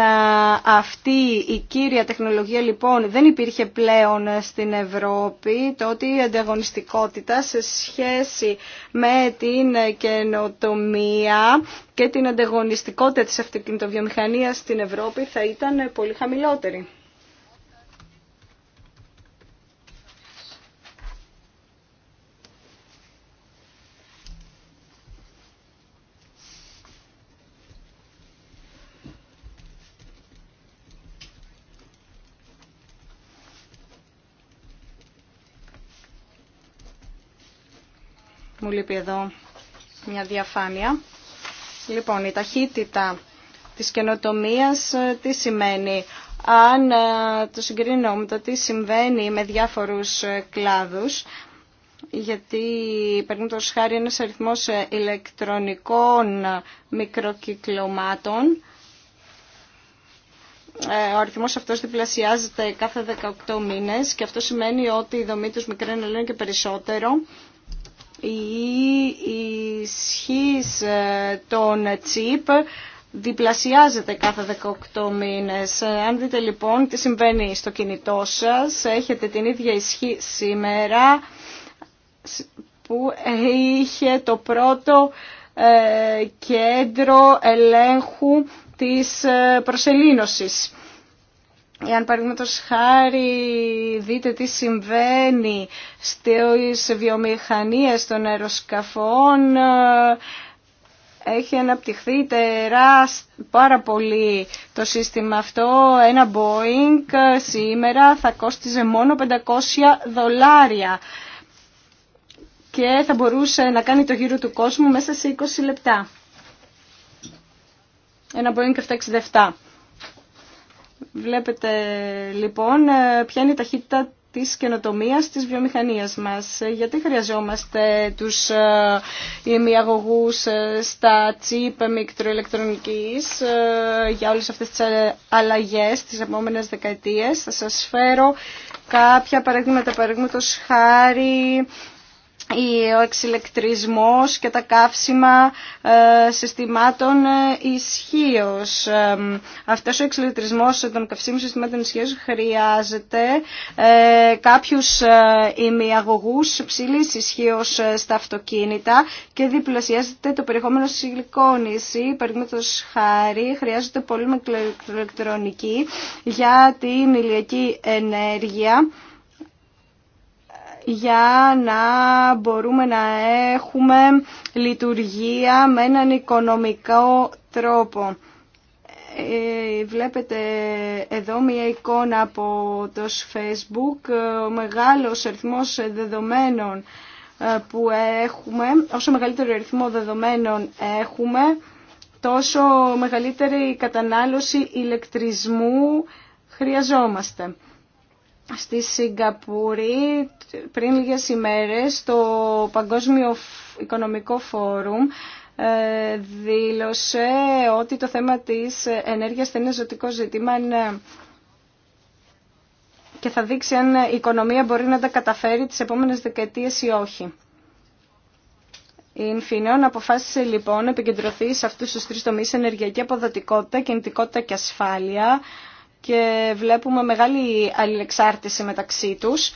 αυτή η κύρια τεχνολογία λοιπόν δεν υπήρχε πλέον στην Ευρώπη, τότε η ανταγωνιστικότητα σε σχέση με την καινοτομία και την ανταγωνιστικότητα της αυτοκινητοβιομηχανίας στην Ευρώπη θα ήταν πολύ χαμηλότερη. Μου λείπει εδώ μια διαφάνεια. Λοιπόν, η ταχύτητα της καινοτομίας ε, τι σημαίνει. Αν ε, το συγκρίνω με το τι συμβαίνει με διάφορους ε, κλάδους, γιατί παίρνει το χάρη ένας αριθμός ηλεκτρονικών μικροκυκλωμάτων, ο αριθμός αυτός διπλασιάζεται κάθε 18 μήνες και αυτό σημαίνει ότι η δομή τους μικραίνει είναι και περισσότερο η ισχύ ε, των τσίπ διπλασιάζεται κάθε 18 μήνες. Ε, αν δείτε λοιπόν τι συμβαίνει στο κινητό σας, έχετε την ίδια ισχύ σήμερα που είχε το πρώτο ε, κέντρο ελέγχου της προσελήνωσης. Εάν παραδείγματο χάρη δείτε τι συμβαίνει στις βιομηχανίες των αεροσκαφών, έχει αναπτυχθεί τεράσ... πάρα πολύ το σύστημα αυτό. Ένα Boeing σήμερα θα κόστιζε μόνο 500 δολάρια και θα μπορούσε να κάνει το γύρο του κόσμου μέσα σε 20 λεπτά. Ένα Boeing 767. Βλέπετε λοιπόν ε, ποια είναι η ταχύτητα της καινοτομίας της βιομηχανίας μας. Ε, γιατί χρειαζόμαστε τους ε, ημιαγωγούς στα τσίπ μικροελεκτρονικής για όλες αυτές τις αλλαγές τις επόμενες δεκαετίες. Θα σας φέρω κάποια παραδείγματα, παραδείγματος χάρη ο εξηλεκτρισμός και τα καύσιμα ε, συστημάτων ε, ισχύω. Ε, αυτός ο εξηλεκτρισμός των καυσίμων συστημάτων ισχύω χρειάζεται κάποιους ημιαγωγούς ψηλής ισχύω στα αυτοκίνητα και διπλασιάζεται το περιεχόμενο σιλικόνης ή παραδείγματος χάρη χρειάζεται πολύ μικροελεκτρονική για την ηλιακή ενέργεια για να μπορούμε να έχουμε λειτουργία με έναν οικονομικό τρόπο. Ε, βλέπετε εδώ μία εικόνα από το Facebook, ε, ο μεγάλος αριθμός δεδομένων ε, που έχουμε, όσο μεγαλύτερο αριθμό δεδομένων έχουμε, τόσο μεγαλύτερη κατανάλωση ηλεκτρισμού χρειαζόμαστε. Στη Σιγκαπούρη πριν λίγες ημέρες το Παγκόσμιο Οικονομικό Φόρουμ ε, δήλωσε ότι το θέμα της ενέργειας θα είναι ζωτικό ζήτημα ε, και θα δείξει αν η οικονομία μπορεί να τα καταφέρει τις επόμενες δεκαετίες ή όχι. Η Infineon αποφάσισε λοιπόν να επικεντρωθεί σε αυτούς τους τρεις τομείς ενεργειακή αποδοτικότητα, κινητικότητα και ασφάλεια και βλέπουμε μεγάλη αλληλεξάρτηση μεταξύ τους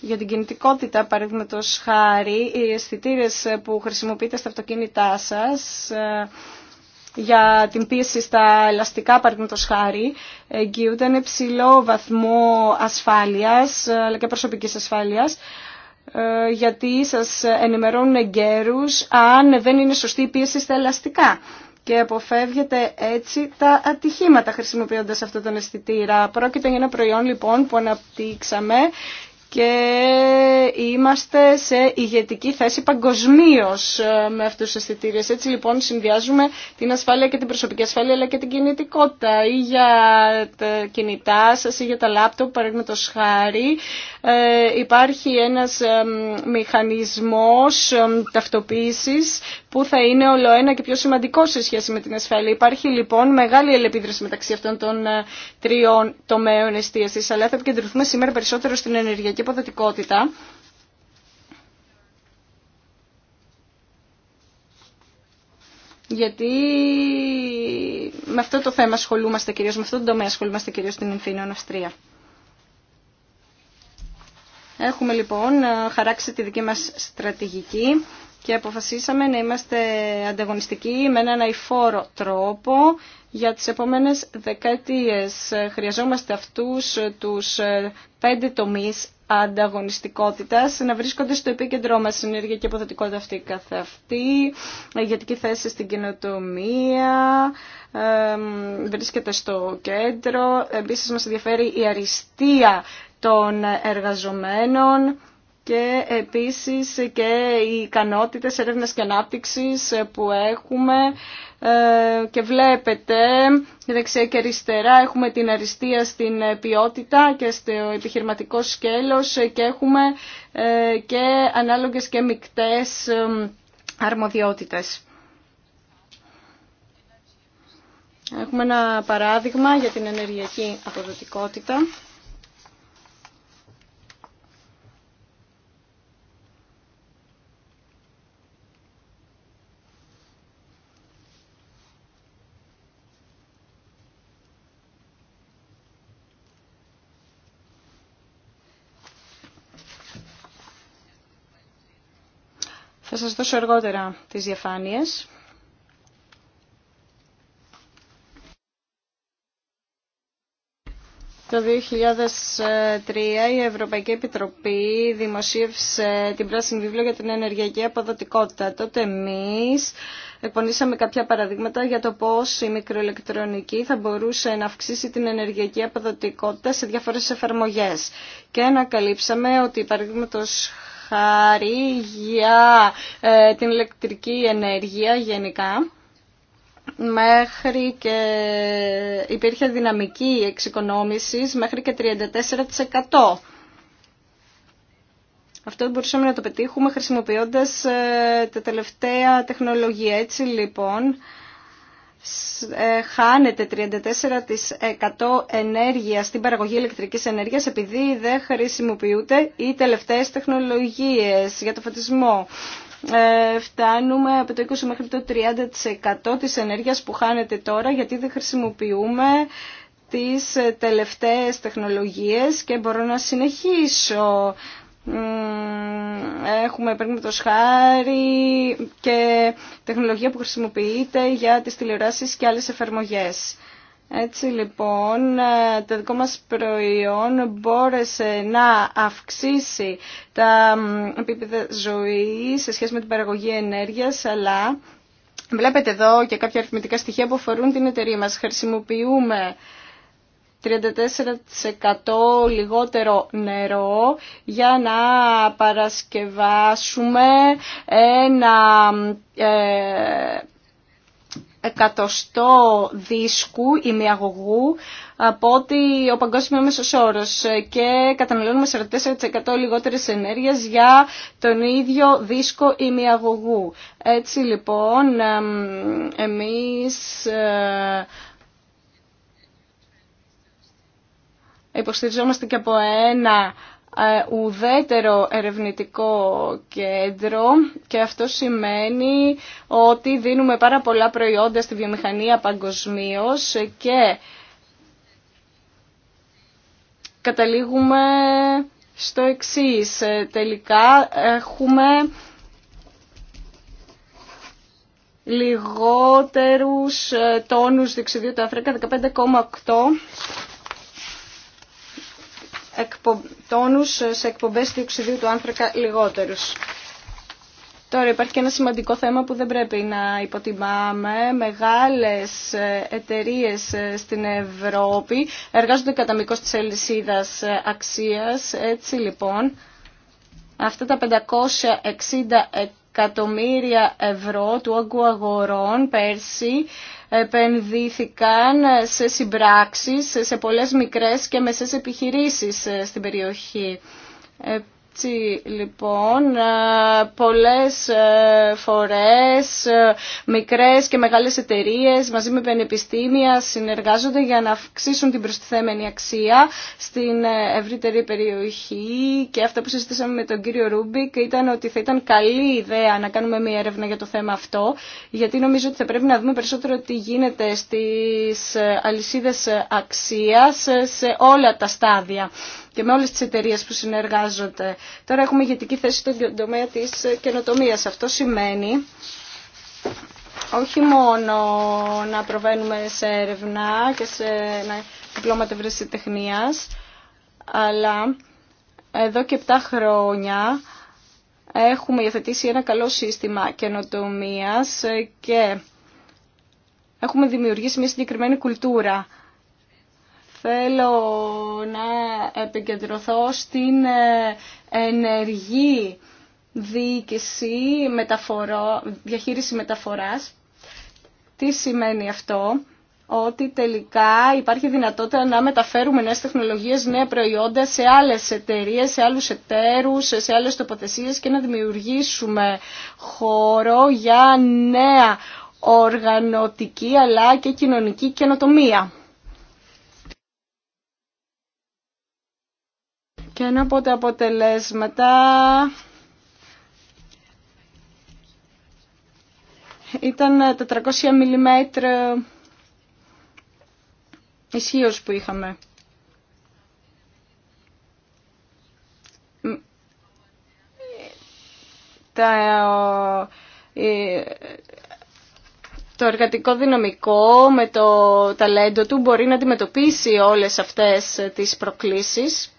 για την κινητικότητα, παραδείγματο χάρη, οι αισθητήρε που χρησιμοποιείτε στα αυτοκίνητά σας ε, για την πίεση στα ελαστικά, παραδείγματο χάρη, εγγύονται ένα υψηλό βαθμό ασφάλειας, ε, αλλά και προσωπικής ασφάλειας, ε, γιατί σας ενημερώνουν εγκαίρου αν δεν είναι σωστή η πίεση στα ελαστικά και αποφεύγεται έτσι τα ατυχήματα χρησιμοποιώντας αυτόν τον αισθητήρα. Πρόκειται για ένα προϊόν λοιπόν που αναπτύξαμε και είμαστε σε ηγετική θέση παγκοσμίω ε, με αυτού του αισθητήρε. Έτσι λοιπόν συνδυάζουμε την ασφάλεια και την προσωπική ασφάλεια αλλά και την κινητικότητα ή για τα κινητά σα ή για τα λάπτοπ παραδείγματο χάρη. Ε, υπάρχει ένας ε, μηχανισμός ε, ταυτοποίησης που θα είναι όλο ένα και πιο σημαντικό σε σχέση με την ασφάλεια. Υπάρχει λοιπόν μεγάλη ελεπίδραση μεταξύ αυτών των τριών τομέων εστίασης, αλλά θα επικεντρωθούμε σήμερα περισσότερο στην ενεργειακή αποδοτικότητα. γιατί με αυτό το θέμα ασχολούμαστε κυρίως, με αυτό το τομέα ασχολούμαστε κυρίως στην Ινφίνων Αυστρία. Έχουμε λοιπόν χαράξει τη δική μας στρατηγική και αποφασίσαμε να είμαστε ανταγωνιστικοί με έναν αηφόρο τρόπο για τις επόμενες δεκαετίες. Χρειαζόμαστε αυτούς τους πέντε τομείς ανταγωνιστικότητας να βρίσκονται στο επίκεντρό μας συνέργεια και αυτή καθ' αυτή, ηγετική θέση στην κοινοτομία, βρίσκεται στο κέντρο. Επίσης μας ενδιαφέρει η αριστεία των εργαζομένων και επίσης και οι ικανότητες έρευνας και ανάπτυξης που έχουμε ε, και βλέπετε δεξιά και αριστερά έχουμε την αριστεία στην ποιότητα και στο επιχειρηματικό σκέλος και έχουμε ε, και ανάλογες και μικτές ε, αρμοδιότητες. Έχουμε ένα παράδειγμα για την ενεργειακή αποδοτικότητα. Θα σας δώσω αργότερα τις διαφάνειες. Το 2003 η Ευρωπαϊκή Επιτροπή δημοσίευσε την Πράσινη βιβλία για την ενεργειακή αποδοτικότητα. Τότε εμείς εκπονήσαμε κάποια παραδείγματα για το πώς η μικροελεκτρονική θα μπορούσε να αυξήσει την ενεργειακή αποδοτικότητα σε διάφορες εφαρμογές. Και ανακαλύψαμε ότι παραδείγματο χάρη για ε, την ηλεκτρική ενέργεια γενικά μέχρι και υπήρχε δυναμική εξοικονόμηση μέχρι και 34%. Αυτό μπορούσαμε να το πετύχουμε χρησιμοποιώντας ε, τα τελευταία τεχνολογία. Έτσι λοιπόν, ε, χάνεται 34% ενέργεια στην παραγωγή ηλεκτρικής ενέργειας επειδή δεν χρησιμοποιούνται οι τελευταίες τεχνολογίες για το φωτισμό. Ε, φτάνουμε από το 20 μέχρι το 30% της ενέργειας που χάνεται τώρα γιατί δεν χρησιμοποιούμε τις τελευταίες τεχνολογίες και μπορώ να συνεχίσω έχουμε το χάρη και τεχνολογία που χρησιμοποιείται για τις τηλεοράσεις και άλλες εφαρμογές. Έτσι λοιπόν ε, το δικό μας προϊόν μπόρεσε να αυξήσει τα επίπεδα ζωής σε σχέση με την παραγωγή ενέργειας αλλά βλέπετε εδώ και κάποια αριθμητικά στοιχεία που αφορούν την εταιρεία μας. Χρησιμοποιούμε 34% λιγότερο νερό για να παρασκευάσουμε ένα ε, εκατοστό δίσκου ημιαγωγού από ότι ο παγκόσμιο μέσος όρος και καταναλώνουμε 44% λιγότερες ενέργειες για τον ίδιο δίσκο ημιαγωγού. Έτσι λοιπόν εμείς ε, υποστηριζόμαστε και από ένα ε, ουδέτερο ερευνητικό κέντρο και αυτό σημαίνει ότι δίνουμε πάρα πολλά προϊόντα στη βιομηχανία παγκοσμίω και καταλήγουμε στο εξής. Ε, τελικά έχουμε λιγότερους ε, τόνους διεξιδίου του Αφρικά 15,8 εκπο... τόνους σε εκπομπές διοξιδίου του άνθρακα λιγότερους. Τώρα υπάρχει και ένα σημαντικό θέμα που δεν πρέπει να υποτιμάμε. Μεγάλες ε, εταιρείες ε, στην Ευρώπη εργάζονται κατά μήκος της ελισίδας ε, αξίας. Έτσι λοιπόν, αυτά τα 560 εκατομμύρια ευρώ του όγκου αγορών πέρσι επενδύθηκαν σε συμπράξεις, σε πολλές μικρές και μεσές επιχειρήσεις ε, στην περιοχή. Ε, έτσι λοιπόν ε, πολλές ε, φορές ε, μικρές και μεγάλες εταιρείες μαζί με πενεπιστήμια συνεργάζονται για να αυξήσουν την προστιθέμενη αξία στην ευρύτερη περιοχή και αυτό που συζητήσαμε με τον κύριο Ρούμπικ ήταν ότι θα ήταν καλή ιδέα να κάνουμε μια έρευνα για το θέμα αυτό γιατί νομίζω ότι θα πρέπει να δούμε περισσότερο τι γίνεται στις αλυσίδες αξίας σε όλα τα στάδια και με όλες τις εταιρείες που συνεργάζονται. Τώρα έχουμε ηγετική θέση στον τομέα της ε, καινοτομίας. Αυτό σημαίνει όχι μόνο να προβαίνουμε σε έρευνα και σε διπλώματα ευρεσιτεχνίας, αλλά εδώ και 7 χρόνια έχουμε υιοθετήσει ένα καλό σύστημα καινοτομίας ε, και έχουμε δημιουργήσει μια συγκεκριμένη κουλτούρα Θέλω να επικεντρωθώ στην ε, ενεργή διοίκηση, μεταφορό, διαχείριση μεταφοράς. Τι σημαίνει αυτό, ότι τελικά υπάρχει δυνατότητα να μεταφέρουμε νέες τεχνολογίες, νέα προϊόντα σε άλλες εταιρείες, σε άλλους εταίρους, σε άλλες τοποθεσίες και να δημιουργήσουμε χώρο για νέα οργανωτική αλλά και κοινωνική καινοτομία. και να πω τα αποτελέσματα ήταν 400 mm ισχύω που είχαμε. Τα, ε, το εργατικό δυναμικό με το ταλέντο του μπορεί να αντιμετωπίσει όλες αυτές τις προκλήσεις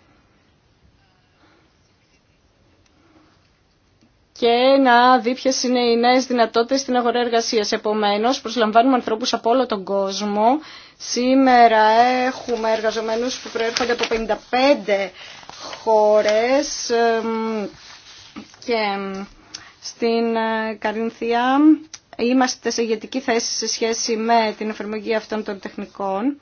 και να δει ποιε είναι οι νέε δυνατότητε στην αγορά εργασία. Επομένω, προσλαμβάνουμε ανθρώπου από όλο τον κόσμο. Σήμερα έχουμε εργαζομένους που προέρχονται από 55 χώρες και στην ε, Καρινθία είμαστε σε ηγετική θέση σε σχέση με την εφαρμογή αυτών των τεχνικών.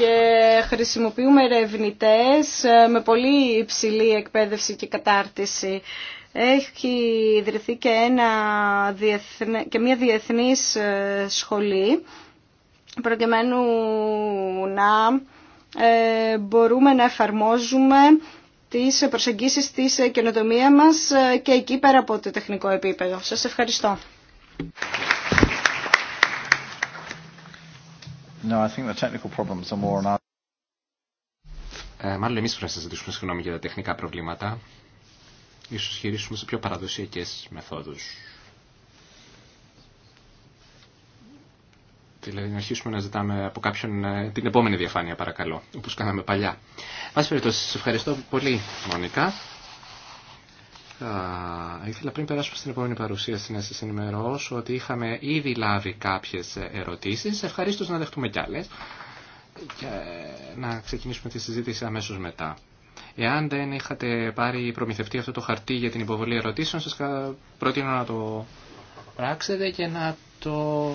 και χρησιμοποιούμε ερευνητέ ε, με πολύ υψηλή εκπαίδευση και κατάρτιση. Έχει ιδρυθεί και, ένα και μια διεθνής ε, σχολή προκειμένου να ε, μπορούμε να εφαρμόζουμε τις προσεγγίσεις της καινοτομία μας και εκεί πέρα από το τεχνικό επίπεδο. Σας ευχαριστώ. No, I think the technical problems are more on ε, μάλλον εμείς πρέπει να σας ζητήσουμε συγγνώμη για τα τεχνικά προβλήματα. Ίσως χειρίσουμε σε πιο παραδοσιακές μεθόδους. Δηλαδή να αρχίσουμε να ζητάμε από κάποιον ε, την επόμενη διαφάνεια παρακαλώ, όπως κάναμε παλιά. Μας περιπτώσει, σας ευχαριστώ πολύ Μονικά. Θα ήθελα πριν περάσουμε στην επόμενη παρουσίαση να σας ενημερώσω ότι είχαμε ήδη λάβει κάποιες ερωτήσεις. Ευχαρίστως να δεχτούμε κι άλλες και να ξεκινήσουμε τη συζήτηση αμέσως μετά. Εάν δεν είχατε πάρει προμηθευτεί αυτό το χαρτί για την υποβολή ερωτήσεων, σας προτείνω να το πράξετε και να το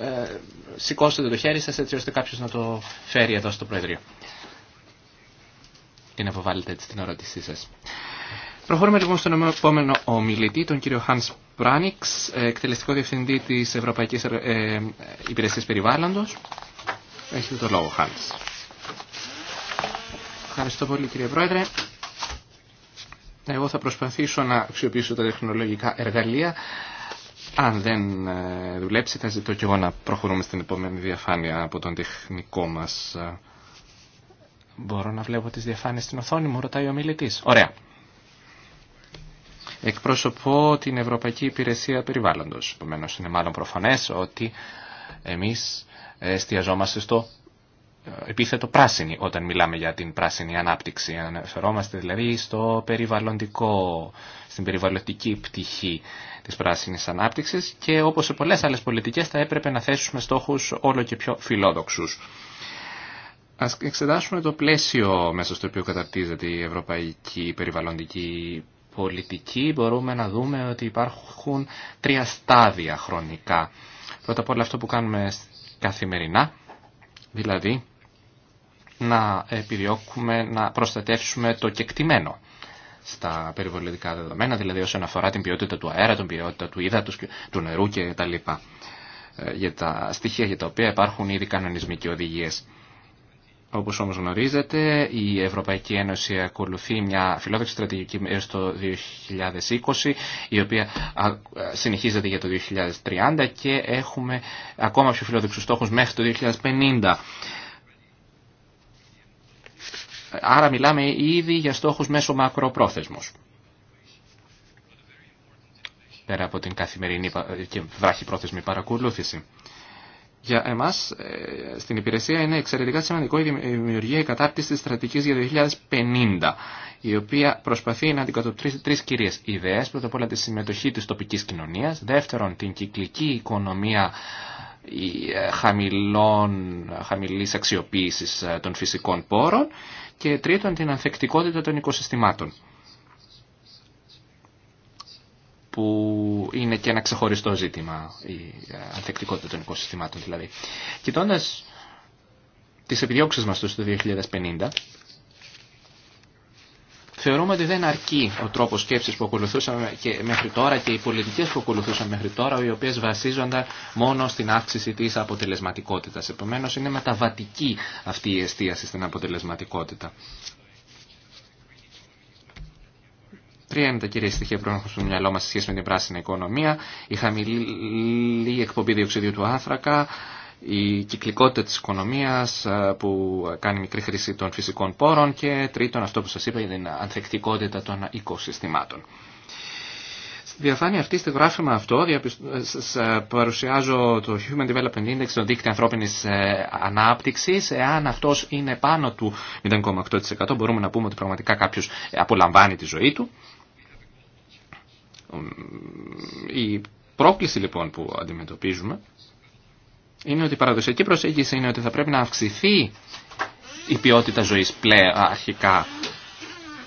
ε, σηκώσετε το χέρι σας έτσι ώστε κάποιος να το φέρει εδώ στο Προεδρείο. Και να αποβάλλετε έτσι την ερώτησή σας. Προχωρούμε λοιπόν στον επόμενο ομιλητή, τον κύριο Hans Πράνιξ, εκτελεστικό διευθυντή της Ευρωπαϊκής ε, Υπηρεσίας Περιβάλλοντος. Έχετε το λόγο, Hans. Ευχαριστώ πολύ κύριε Πρόεδρε. Εγώ θα προσπαθήσω να αξιοποιήσω τα τεχνολογικά εργαλεία. Αν δεν ε, δουλέψει θα ζητώ και εγώ να προχωρούμε στην επόμενη διαφάνεια από τον τεχνικό μας. Μπορώ να βλέπω τις διαφάνειες στην οθόνη μου, ρωτάει ο μιλητής. Ωραία. Εκπροσωπώ την Ευρωπαϊκή Υπηρεσία Περιβάλλοντος. Επομένω είναι μάλλον προφανές ότι εμείς εστιαζόμαστε στο ε, επίθετο πράσινη όταν μιλάμε για την πράσινη ανάπτυξη. Αναφερόμαστε δηλαδή στο περιβαλλοντικό, στην περιβαλλοντική πτυχή της πράσινης ανάπτυξης και όπως σε πολλές άλλες πολιτικές θα έπρεπε να θέσουμε στόχους όλο και πιο φιλόδοξους. Ας εξετάσουμε το πλαίσιο μέσα στο οποίο καταρτίζεται η Ευρωπαϊκή Περιβαλλοντική πολιτική μπορούμε να δούμε ότι υπάρχουν τρία στάδια χρονικά. Πρώτα απ' όλα αυτό που κάνουμε καθημερινά, δηλαδή να επιδιώκουμε να προστατεύσουμε το κεκτημένο στα περιβολικά δεδομένα, δηλαδή όσον αφορά την ποιότητα του αέρα, την ποιότητα του ύδατος, του νερού κτλ. Ε, για τα στοιχεία για τα οποία υπάρχουν ήδη κανονισμοί και οδηγίες. Όπως όμως γνωρίζετε, η Ευρωπαϊκή Ένωση ακολουθεί μια φιλόδοξη στρατηγική έως το 2020, η οποία συνεχίζεται για το 2030 και έχουμε ακόμα πιο φιλόδοξους στόχους μέχρι το 2050. Άρα μιλάμε ήδη για στόχους μέσω μακροπρόθεσμος, Πέρα από την καθημερινή και βράχη πρόθεσμη παρακολούθηση. Για εμά ε, στην υπηρεσία είναι εξαιρετικά σημαντικό η δημιουργία η κατάρτιση τη στρατηγική για το 2050, η οποία προσπαθεί να αντικατοπτρίσει τρει κυρίε ιδέε. Πρώτα απ' όλα τη συμμετοχή τη τοπική κοινωνία, δεύτερον την κυκλική οικονομία ε, χαμηλών, χαμηλής αξιοποίησης ε, των φυσικών πόρων και τρίτον την ανθεκτικότητα των οικοσυστημάτων. που είναι και ένα ξεχωριστό ζήτημα, η ε, ανθεκτικότητα των οικοσυστημάτων δηλαδή. Κοιτώντα τις επιδιώξεις μας το 2050, θεωρούμε ότι δεν αρκεί ο τρόπος σκέψης που ακολουθούσαμε και μέχρι τώρα και οι πολιτικές που ακολουθούσαμε μέχρι τώρα, οι οποίες βασίζονταν μόνο στην αύξηση της αποτελεσματικότητας. Επομένως είναι μεταβατική αυτή η εστίαση στην αποτελεσματικότητα. Τρία είναι τα κύρια στοιχεία που έχουμε στο μυαλό μα σε σχέση με την πράσινη οικονομία. Η χαμηλή εκπομπή διοξιδίου του άνθρακα, η κυκλικότητα της οικονομίας ε, που κάνει μικρή χρήση των φυσικών πόρων και τρίτον αυτό που σας είπα για την ανθεκτικότητα των οικοσυστημάτων. Στη διαφάνεια αυτή, στη γράφημα αυτό, ε, σας ε, παρουσιάζω το Human Development Index, το δίκτυο ανθρώπινης ανάπτυξης. Εάν αυτός είναι πάνω του 0,8% μπορούμε να πούμε ότι πραγματικά κάποιο απολαμβάνει τη ζωή του. Η πρόκληση λοιπόν που αντιμετωπίζουμε είναι ότι η παραδοσιακή προσέγγιση είναι ότι θα πρέπει να αυξηθεί η ποιότητα ζωής πλέον αρχικά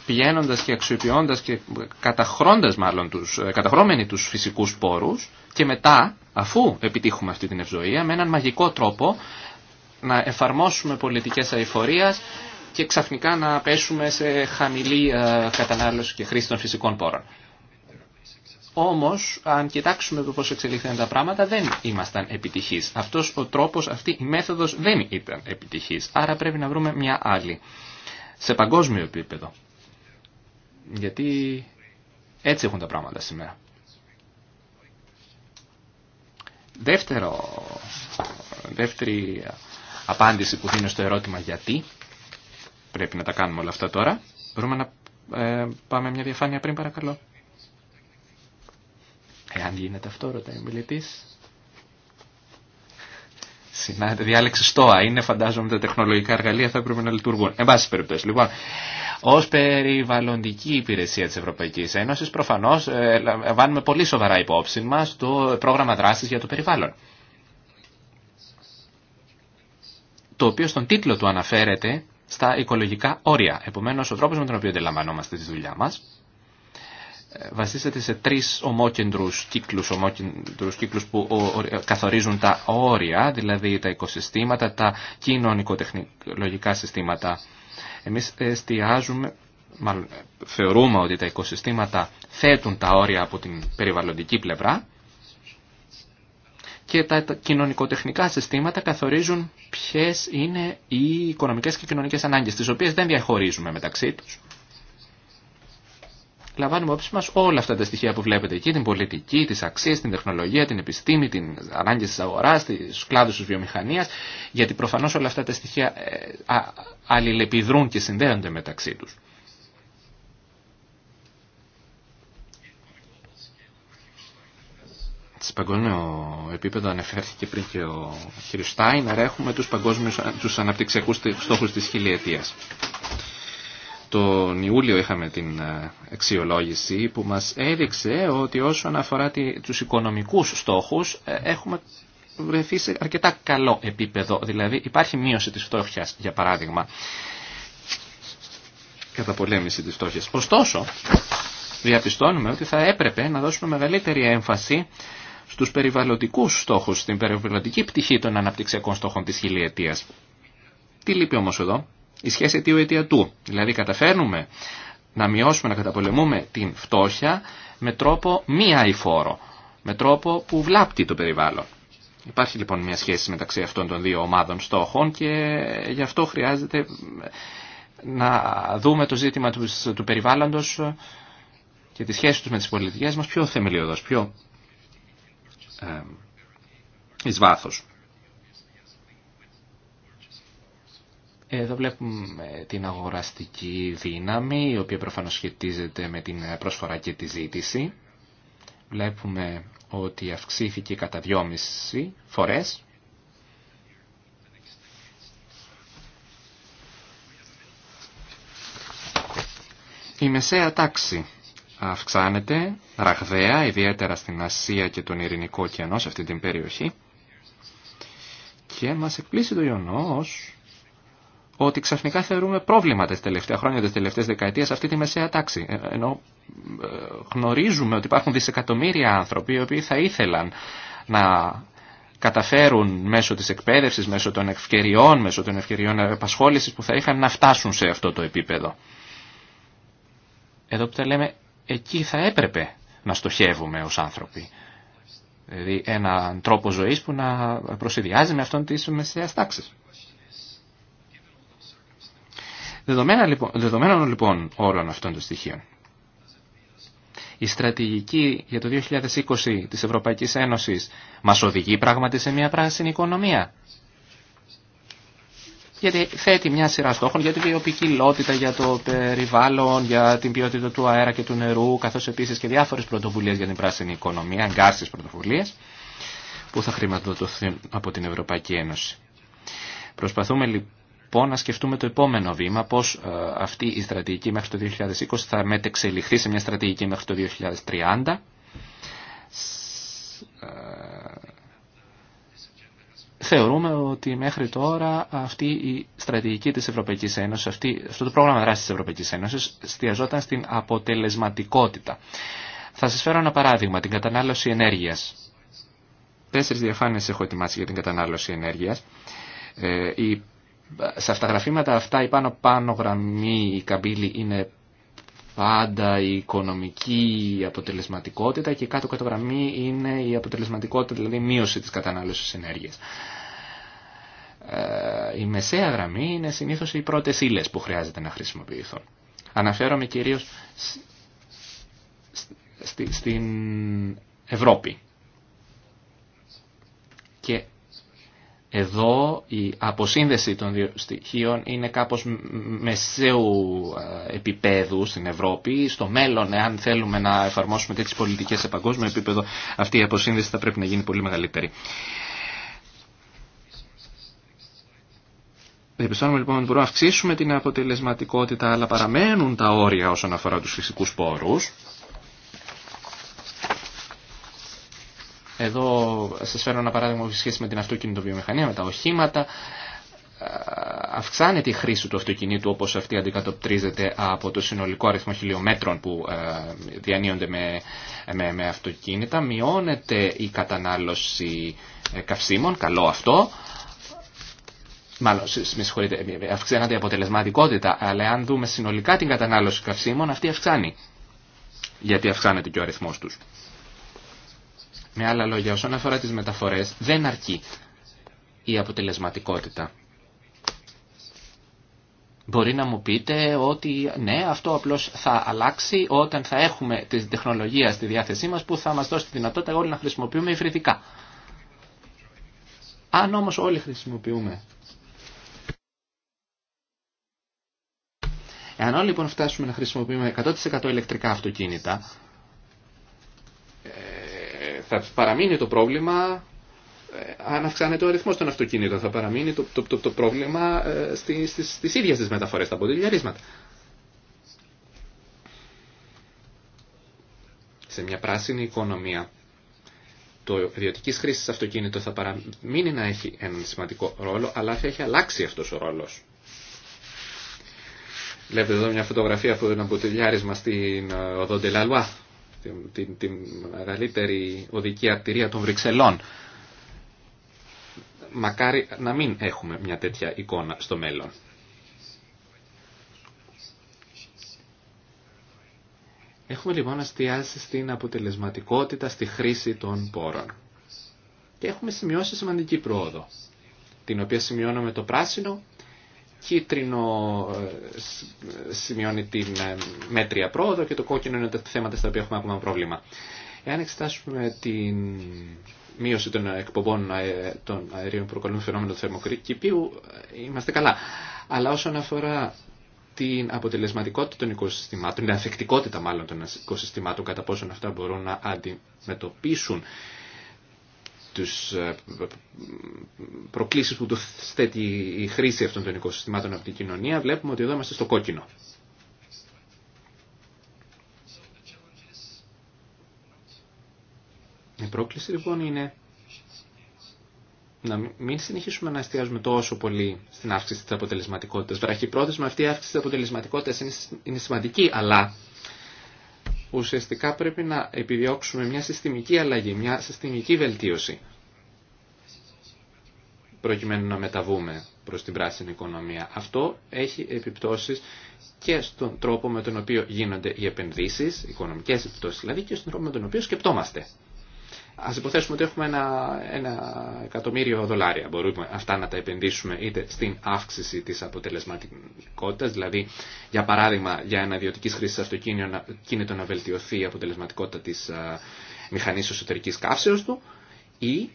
πηγαίνοντα και αξιοποιώντα και καταχρώντας μάλλον τους, ε, καταχρώμενοι τους φυσικούς πόρους και μετά αφού επιτύχουμε αυτή την ευζοία με έναν μαγικό τρόπο να εφαρμόσουμε πολιτικές αηφορίας και ξαφνικά να πέσουμε σε χαμηλή ε, κατανάλωση και χρήση των φυσικών πόρων. Όμως, αν κοιτάξουμε το πώς εξελίχθηκαν τα πράγματα, δεν ήμασταν επιτυχείς. Αυτός ο τρόπος, αυτή η μέθοδος δεν ήταν επιτυχής. Άρα πρέπει να βρούμε μια άλλη. Σε παγκόσμιο επίπεδο. Γιατί έτσι έχουν τα πράγματα σήμερα. Δεύτερο, δεύτερη απάντηση που δίνω στο ερώτημα γιατί πρέπει να τα κάνουμε όλα αυτά τώρα. Μπορούμε να ε, πάμε μια διαφάνεια πριν παρακαλώ. Εάν γίνεται αυτό, ρωτάει ο μιλητή. διάλεξε στόα. Είναι φαντάζομαι τα τεχνολογικά εργαλεία θα έπρεπε να λειτουργούν. Εν πάση περιπτώσει. Λοιπόν, ω περιβαλλοντική υπηρεσία τη Ευρωπαϊκή Ένωση, προφανώ ε, λαμβάνουμε πολύ σοβαρά υπόψη μα το πρόγραμμα δράση για το περιβάλλον. Το οποίο στον τίτλο του αναφέρεται στα οικολογικά όρια. Επομένω, ο τρόπο με τον οποίο αντιλαμβανόμαστε τη δουλειά μα βασίζεται σε τρεις ομόκεντρους κύκλους, ομόκεντρους κύκλους που καθορίζουν τα όρια, δηλαδή τα οικοσυστήματα, τα κοινωνικοτεχνολογικά συστήματα. Εμείς εστιάζουμε, μάλλον, θεωρούμε ότι τα οικοσυστήματα θέτουν τα όρια από την περιβαλλοντική πλευρά και τα κοινωνικοτεχνικά συστήματα καθορίζουν ποιες είναι οι οικονομικές και κοινωνικές ανάγκες, τις οποίες δεν διαχωρίζουμε μεταξύ τους λαμβάνουμε όψη μας όλα αυτά τα στοιχεία που βλέπετε εκεί, την πολιτική, τις αξίες, την τεχνολογία, την επιστήμη, την ανάγκη της αγοράς, τους κλάδου της βιομηχανίας, γιατί προφανώς όλα αυτά τα στοιχεία ε, αλληλεπιδρούν και συνδέονται μεταξύ τους. σε παγκόσμιο επίπεδο αναφέρθηκε πριν και ο κ. να έχουμε τους, τους αναπτυξιακούς στόχους της χιλιετίας. Τον Ιούλιο είχαμε την ε, αξιολόγηση που μας έδειξε ότι όσον αφορά τους οικονομικούς στόχους ε, έχουμε βρεθεί σε αρκετά καλό επίπεδο. Δηλαδή υπάρχει μείωση της φτώχειας, για παράδειγμα, πολέμηση της φτώχειας. Ωστόσο, διαπιστώνουμε ότι θα έπρεπε να δώσουμε μεγαλύτερη έμφαση στους περιβαλλοντικούς στόχους, στην περιβαλλοντική πτυχή των αναπτυξιακών στόχων της χιλιετίας. Τι λείπει όμως εδώ, η σχέση αιτίου αιτιατού. Δηλαδή καταφέρνουμε να μειώσουμε, να καταπολεμούμε την φτώχεια με τρόπο μη αηφόρο, με τρόπο που βλάπτει το περιβάλλον. Υπάρχει λοιπόν μια σχέση μεταξύ αυτών των δύο ομάδων στόχων και γι' αυτό χρειάζεται να δούμε το ζήτημα του περιβάλλοντος και τη σχέση τους με τις πολιτικές μας πιο θεμελιωδώς, πιο ε, εις βάθος. Εδώ βλέπουμε την αγοραστική δύναμη, η οποία προφανώς σχετίζεται με την προσφορά και τη ζήτηση. Βλέπουμε ότι αυξήθηκε κατά 2,5 φορές. Η μεσαία τάξη αυξάνεται ραγδαία, ιδιαίτερα στην Ασία και τον Ειρηνικό ωκεανό, σε αυτή την περιοχή. Και μας εκπλήσει το γεγονό ότι ξαφνικά θεωρούμε πρόβλημα τα τελευταία χρόνια, τι τελευταίες δεκαετίες αυτή τη μεσαία τάξη. Ε, ενώ ε, γνωρίζουμε ότι υπάρχουν δισεκατομμύρια άνθρωποι οι οποίοι θα ήθελαν να καταφέρουν μέσω της εκπαίδευσης, μέσω των ευκαιριών, μέσω των ευκαιριών επασχόλησης που θα είχαν να φτάσουν σε αυτό το επίπεδο. Εδώ που τα λέμε, εκεί θα έπρεπε να στοχεύουμε ως άνθρωποι. Δηλαδή έναν τρόπο ζωής που να προσυδειάζει με αυτόν της μεσαίας Δεδομένα, λοιπόν, δεδομένων λοιπόν όλων αυτών των στοιχείων, η στρατηγική για το 2020 της Ευρωπαϊκής Ένωσης μας οδηγεί πράγματι σε μια πράσινη οικονομία. Γιατί θέτει μια σειρά στόχων για την βιοπικιλότητα, για το περιβάλλον, για την ποιότητα του αέρα και του νερού, καθώς επίσης και διάφορες πρωτοβουλίες για την πράσινη οικονομία, εγκάρσεις πρωτοβουλίες, που θα χρηματοδοτηθούν από την Ευρωπαϊκή Ένωση. Προσπαθούμε λοιπόν λοιπόν να σκεφτούμε το επόμενο βήμα, πώς ε, αυτή η στρατηγική μέχρι το 2020 θα μετεξελιχθεί σε μια στρατηγική μέχρι το 2030. Ε, θεωρούμε ότι μέχρι τώρα αυτή η στρατηγική της Ευρωπαϊκής Ένωσης, αυτή, αυτό το πρόγραμμα δράσης της Ευρωπαϊκής Ένωσης στιαζόταν στην αποτελεσματικότητα. Θα σας φέρω ένα παράδειγμα, την κατανάλωση ενέργειας. Τέσσερις διαφάνειες έχω ετοιμάσει για την κατανάλωση ενέργειας. Ε, η σε αυτά τα γραφήματα αυτά η πάνω πάνω γραμμή, η καμπύλη είναι πάντα η οικονομική αποτελεσματικότητα και η κάτω κάτω γραμμή είναι η αποτελεσματικότητα, δηλαδή η μείωση της κατανάλωσης ενέργειας. Ε, η μεσαία γραμμή είναι συνήθως οι πρώτες ύλες που χρειάζεται να χρησιμοποιηθούν. Αναφέρομαι κυρίως στην Ευρώπη. Εδώ η αποσύνδεση των δύο στοιχείων είναι κάπως μεσαίου ε, επίπεδου στην Ευρώπη. Στο μέλλον, εάν θέλουμε να εφαρμόσουμε τέτοιες πολιτικές σε παγκόσμιο επίπεδο, αυτή η αποσύνδεση θα πρέπει να γίνει πολύ μεγαλύτερη. Διαπιστώνουμε λοιπόν ότι μπορούμε να αυξήσουμε την αποτελεσματικότητα, αλλά παραμένουν τα όρια όσον αφορά τους φυσικούς πόρους. Εδώ σα φέρω ένα παράδειγμα σε σχέση με την αυτοκίνητο βιομηχανία με τα οχήματα. Ε, αυξάνεται η χρήση του αυτοκινήτου όπω αυτή αντικατοπτρίζεται από το συνολικό αριθμό χιλιόμετρων που ε, διανύονται με, με, με αυτοκίνητα. Μειώνεται η κατανάλωση ε, καυσίμων, καλό αυτό. Μάλλον, με συγχωρείτε, αυξάνεται η αποτελεσματικότητα, αλλά αν δούμε συνολικά την κατανάλωση καυσίμων, αυτή αυξάνει. Γιατί αυξάνεται και ο αριθμό του. Με άλλα λόγια, όσον αφορά τις μεταφορές, δεν αρκεί η αποτελεσματικότητα. Μπορεί να μου πείτε ότι ναι, αυτό απλώς θα αλλάξει όταν θα έχουμε τη τεχνολογία στη διάθεσή μας που θα μας δώσει τη δυνατότητα όλοι να χρησιμοποιούμε υφρυτικά. Αν όμως όλοι χρησιμοποιούμε. Εάν όλοι λοιπόν φτάσουμε να χρησιμοποιούμε 100% ηλεκτρικά αυτοκίνητα, θα παραμείνει το πρόβλημα ε, αν αυξάνεται ο αριθμό των αυτοκινήτων. Θα παραμείνει το, πρόβλημα ε, στις, στι ίδιε ίδιες τις μεταφορές, τα ποντιλιαρίσματα. Σε μια πράσινη οικονομία το ιδιωτική χρήση αυτοκίνητο θα παραμείνει να έχει έναν σημαντικό ρόλο, αλλά θα έχει αλλάξει αυτό ο ρόλο. Βλέπετε εδώ μια φωτογραφία από ένα μποτιλιάρισμα στην ε, Οδόντε Λαλουά την, την μεγαλύτερη οδική αρτηρία των Βρυξελών. Μακάρι να μην έχουμε μια τέτοια εικόνα στο μέλλον. Έχουμε λοιπόν αστιάσει στην αποτελεσματικότητα στη χρήση των πόρων. Και έχουμε σημειώσει σημαντική πρόοδο, την οποία σημειώνουμε το πράσινο κίτρινο ε, σημειώνει την ε, μέτρια πρόοδο και το κόκκινο είναι τα θέματα στα οποία έχουμε ακόμα πρόβλημα. Εάν εξετάσουμε την μείωση των εκπομπών ε, των αερίων που προκαλούν φαινόμενο του είμαστε καλά. Αλλά όσον αφορά την αποτελεσματικότητα των οικοσυστημάτων, την ανθεκτικότητα μάλλον των οικοσυστημάτων, κατά πόσον αυτά μπορούν να αντιμετωπίσουν τις ε, προκλήσεις που του θέτει η χρήση αυτών των οικοσυστημάτων από την κοινωνία, βλέπουμε ότι εδώ είμαστε στο κόκκινο. Η πρόκληση λοιπόν είναι να μην συνεχίσουμε να εστιάζουμε τόσο πολύ στην αύξηση της αποτελεσματικότητας. με αυτή η αύξηση της αποτελεσματικότητας είναι σημαντική, αλλά ουσιαστικά πρέπει να επιδιώξουμε μια συστημική αλλαγή, μια συστημική βελτίωση προκειμένου να μεταβούμε προς την πράσινη οικονομία. Αυτό έχει επιπτώσεις και στον τρόπο με τον οποίο γίνονται οι επενδύσεις, οι οικονομικές επιπτώσεις δηλαδή, και στον τρόπο με τον οποίο σκεπτόμαστε Ας υποθέσουμε ότι έχουμε ένα, ένα εκατομμύριο δολάρια. Μπορούμε αυτά να τα επενδύσουμε είτε στην αύξηση της αποτελεσματικότητας, δηλαδή για παράδειγμα για ένα ιδιωτική χρήση αυτοκίνητο να βελτιωθεί η αποτελεσματικότητα της μηχανής εσωτερικής καύσεως του ή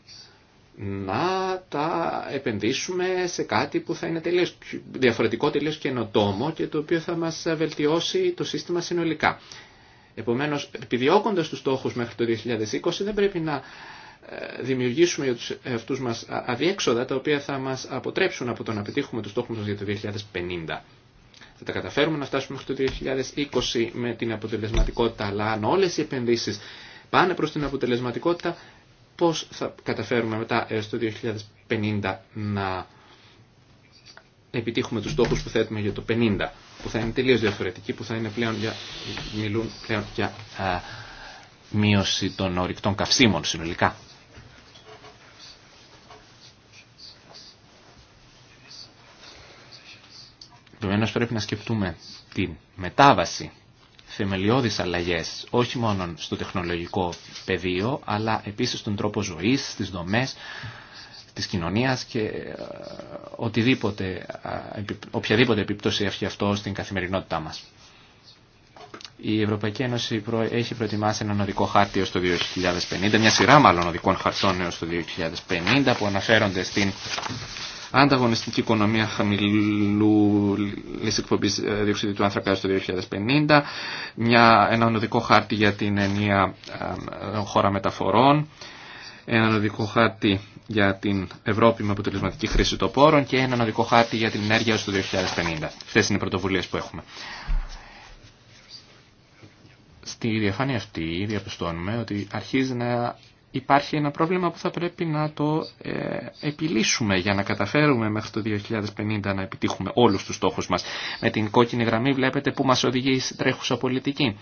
να τα επενδύσουμε σε κάτι που θα είναι τελείως, διαφορετικό, τελείως καινοτόμο και το οποίο θα μας βελτιώσει το σύστημα συνολικά. Επομένως, επιδιώκοντας τους στόχους μέχρι το 2020 δεν πρέπει να ε, δημιουργήσουμε για τους μας αδιέξοδα τα οποία θα μας αποτρέψουν από το να πετύχουμε τους στόχους μας για το 2050. Θα τα καταφέρουμε να φτάσουμε μέχρι το 2020 με την αποτελεσματικότητα, αλλά αν όλες οι επενδύσεις πάνε προς την αποτελεσματικότητα, πώς θα καταφέρουμε μετά έως το 2050 να επιτύχουμε τους στόχους που θέτουμε για το 50 που θα είναι τελείως διαφορετική, που θα είναι πλέον για, μιλούν πλέον για μείωση των ορυκτών καυσίμων συνολικά. Επομένω πρέπει να σκεφτούμε την μετάβαση θεμελιώδεις αλλαγές όχι μόνο στο τεχνολογικό πεδίο αλλά επίσης στον τρόπο ζωής, στις δομές, της κοινωνίας και ε, οτιδήποτε, οποιαδήποτε επίπτωση έχει αυτό στην καθημερινότητά μας. Η Ευρωπαϊκή Ένωση έχει προετοιμάσει έναν οδικό χάρτη έως το 2050, μια σειρά μάλλον οδικών χαρτών έως το 2050 που αναφέρονται στην ανταγωνιστική οικονομία χαμηλού εκπομπής ε, διοξιδίου του άνθρακα το 2050, μια, ένα οδικό χάρτη για την ενία ε, χώρα μεταφορών, έναν οδικό χάρτη για την Ευρώπη με αποτελεσματική χρήση των πόρων και έναν οδικό χάρτη για την ενέργεια ως το 2050. Αυτές είναι οι πρωτοβουλίες που έχουμε. Στη διαφάνεια αυτή διαπιστώνουμε ότι αρχίζει να υπάρχει ένα πρόβλημα που θα πρέπει να το ε, επιλύσουμε για να καταφέρουμε μέχρι το 2050 να επιτύχουμε όλους τους στόχους μας. Με την κόκκινη γραμμή βλέπετε που μας οδηγεί η τρέχουσα πολιτική.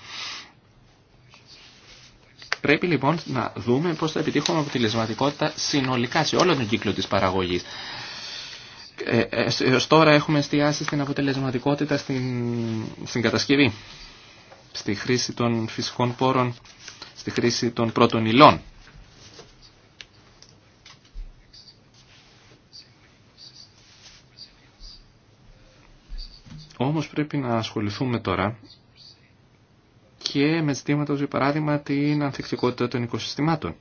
Πρέπει λοιπόν να δούμε πώς θα επιτύχουμε αποτελεσματικότητα συνολικά σε όλο τον κύκλο της παραγωγής. Ε, ε τώρα έχουμε εστιάσει στην αποτελεσματικότητα στην, στην κατασκευή, στη χρήση των φυσικών πόρων, στη χρήση των πρώτων υλών. Όμως πρέπει να ασχοληθούμε τώρα και με ζητήματα για παράδειγμα την ανθεκτικότητα των οικοσυστημάτων.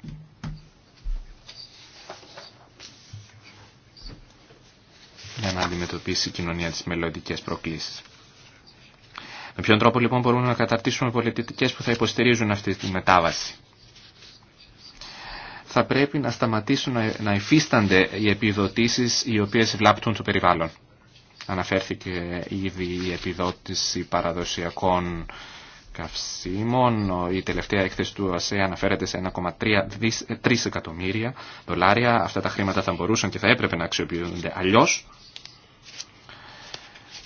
για να αντιμετωπίσει η κοινωνία τις μελλοντικές προκλήσεις. Με ποιον τρόπο λοιπόν μπορούμε να καταρτήσουμε πολιτικές που θα υποστηρίζουν αυτή τη μετάβαση. Θα πρέπει να σταματήσουν να υφίστανται οι επιδοτήσεις οι οποίες βλάπτουν το περιβάλλον. Αναφέρθηκε ήδη η επιδότηση παραδοσιακών καυσίμων. Η τελευταία έκθεση του ΑΣΕ αναφέρεται σε 1,3 ε, εκατομμύρια δολάρια. Αυτά τα χρήματα θα μπορούσαν και θα έπρεπε να αξιοποιούνται αλλιώ.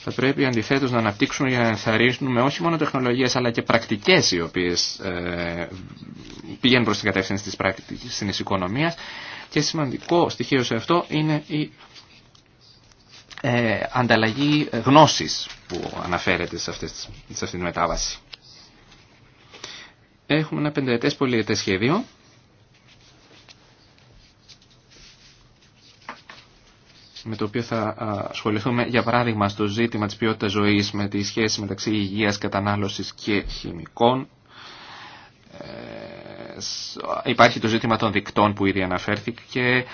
Θα πρέπει αντιθέτως να αναπτύξουμε για να ενθαρρύνουμε όχι μόνο τεχνολογίες αλλά και πρακτικές οι οποίες ε, πηγαίνουν προς την κατεύθυνση της πρακτικής οικονομίας και σημαντικό στοιχείο σε αυτό είναι η ε, ανταλλαγή γνώσης που αναφέρεται σε, αυτές, σε αυτή τη μετάβαση έχουμε ένα πενταετές πολυετές σχέδιο με το οποίο θα ασχοληθούμε για παράδειγμα στο ζήτημα της ποιότητας ζωής με τη σχέση μεταξύ υγείας, κατανάλωσης και χημικών. Ε, υπάρχει το ζήτημα των δικτών που ήδη αναφέρθηκε.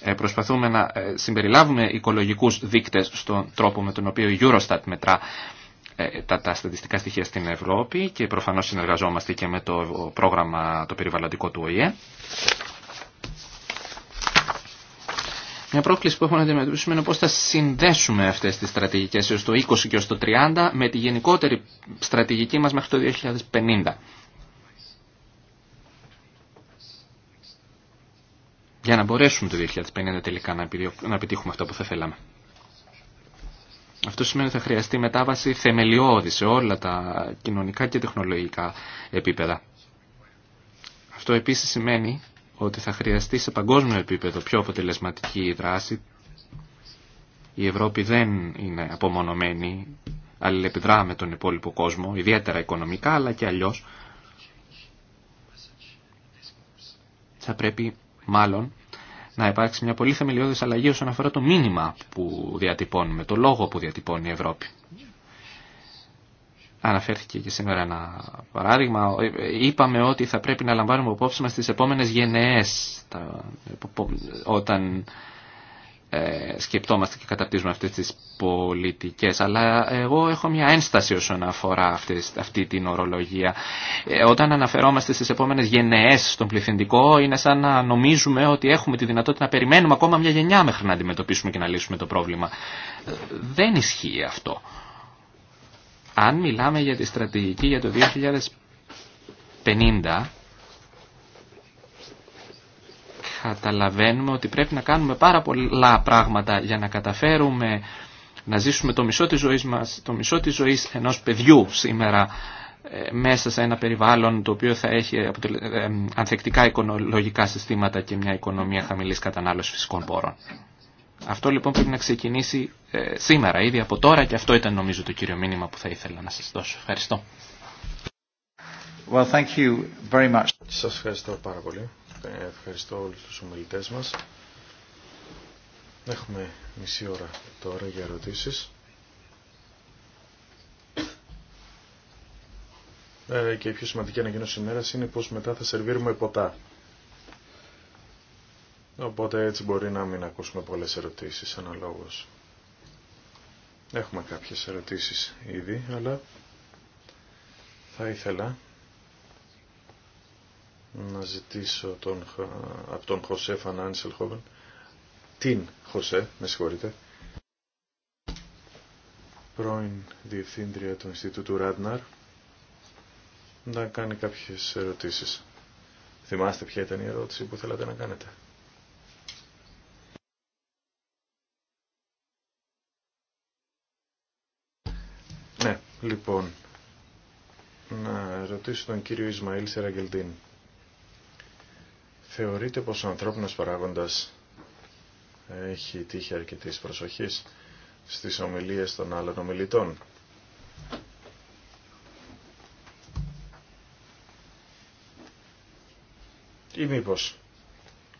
Ε, προσπαθούμε να ε, συμπεριλάβουμε οικολογικούς δείκτες στον τρόπο με τον οποίο η Eurostat μετρά ε, τα, τα στατιστικά στοιχεία στην Ευρώπη και προφανώς συνεργαζόμαστε και με το πρόγραμμα το περιβαλλοντικό του ΟΗΕ. Μια πρόκληση που έχουμε να αντιμετωπίσουμε είναι πώς θα συνδέσουμε αυτές τις στρατηγικές έως το 20 και έως το 30 με τη γενικότερη στρατηγική μας μέχρι το 2050. Για να μπορέσουμε το 2050 τελικά να επιτύχουμε αυτό που θα θέλαμε. Αυτό σημαίνει ότι θα χρειαστεί μετάβαση θεμελιώδη σε όλα τα κοινωνικά και τεχνολογικά επίπεδα. Αυτό επίσης σημαίνει ότι θα χρειαστεί σε παγκόσμιο επίπεδο πιο αποτελεσματική δράση. Η Ευρώπη δεν είναι απομονωμένη, αλληλεπιδρά με τον υπόλοιπο κόσμο, ιδιαίτερα οικονομικά αλλά και αλλιώς. Θα πρέπει μάλλον να υπάρξει μια πολύ θεμελιώδης αλλαγή όσον αφορά το μήνυμα που διατυπώνουμε, το λόγο που διατυπώνει η Ευρώπη. Αναφέρθηκε και σήμερα ένα παράδειγμα. Είπαμε ότι θα πρέπει να λαμβάνουμε υπόψη μας τις επόμενες γενναίες όταν ε, σκεπτόμαστε και καταπτύσσουμε αυτές τις πολιτικές. Αλλά εγώ έχω μια ένσταση όσον αφορά αυτές, αυτή την ορολογία. Ε, όταν αναφερόμαστε στις επόμενες γενναίες στον πληθυντικό είναι σαν να νομίζουμε ότι έχουμε τη δυνατότητα να περιμένουμε ακόμα μια γενιά μέχρι να αντιμετωπίσουμε και να λύσουμε το πρόβλημα. Ε, δεν ισχύει αυτό. Αν μιλάμε για τη στρατηγική για το 2050 καταλαβαίνουμε ότι πρέπει να κάνουμε πάρα πολλά πράγματα για να καταφέρουμε να ζήσουμε το μισό της ζωής μας, το μισό της ζωής ενός παιδιού σήμερα ε, μέσα σε ένα περιβάλλον το οποίο θα έχει ε, ε, ανθεκτικά οικονολογικά συστήματα και μια οικονομία χαμηλής κατανάλωσης φυσικών πόρων. Αυτό λοιπόν πρέπει να ξεκινήσει σήμερα, ήδη από τώρα και αυτό ήταν νομίζω το κύριο μήνυμα που θα ήθελα να σας δώσω. Ευχαριστώ. Well, thank you very much. Σας ευχαριστώ πάρα πολύ. Ευχαριστώ όλους τους ομιλητές μας. Έχουμε μισή ώρα τώρα για ερωτήσεις. και η πιο σημαντική ανακοίνωση σήμερα είναι πως μετά θα σερβίρουμε ποτά. Οπότε έτσι μπορεί να μην ακούσουμε πολλές ερωτήσεις αναλόγως. Έχουμε κάποιες ερωτήσεις ήδη, αλλά θα ήθελα να ζητήσω από τον Χωσέ Φανάνισελ Χόβεν, την Χωσέ, με συγχωρείτε, πρώην Διευθύντρια του Ινστιτούτου Ράντναρ, να κάνει κάποιες ερωτήσεις. Θυμάστε ποια ήταν η ερώτηση που θέλατε να κάνετε. Ναι, λοιπόν, να ρωτήσω τον κύριο Ισμαήλ Σεραγγελτίν. Θεωρείτε πως ο ανθρώπινος παράγοντας έχει τύχει αρκετής προσοχής στις ομιλίες των άλλων ομιλητών. Ή μήπως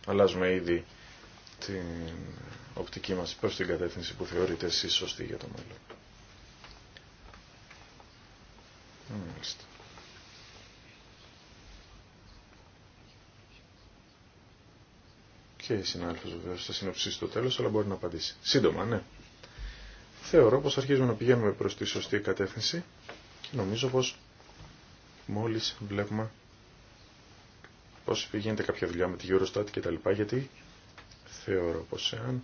αλλάζουμε ήδη την οπτική μας προς την κατεύθυνση που θεωρείτε εσείς σωστή για το μέλλον. Και η συνάδελφος βεβαίως θα συνοψίσει στο τέλος, αλλά μπορεί να απαντήσει. Σύντομα, ναι. Θεωρώ πως αρχίζουμε να πηγαίνουμε προς τη σωστή κατεύθυνση και νομίζω πως μόλις βλέπουμε πως γίνεται κάποια δουλειά με τη Eurostat και τα λοιπά, γιατί θεωρώ πως εάν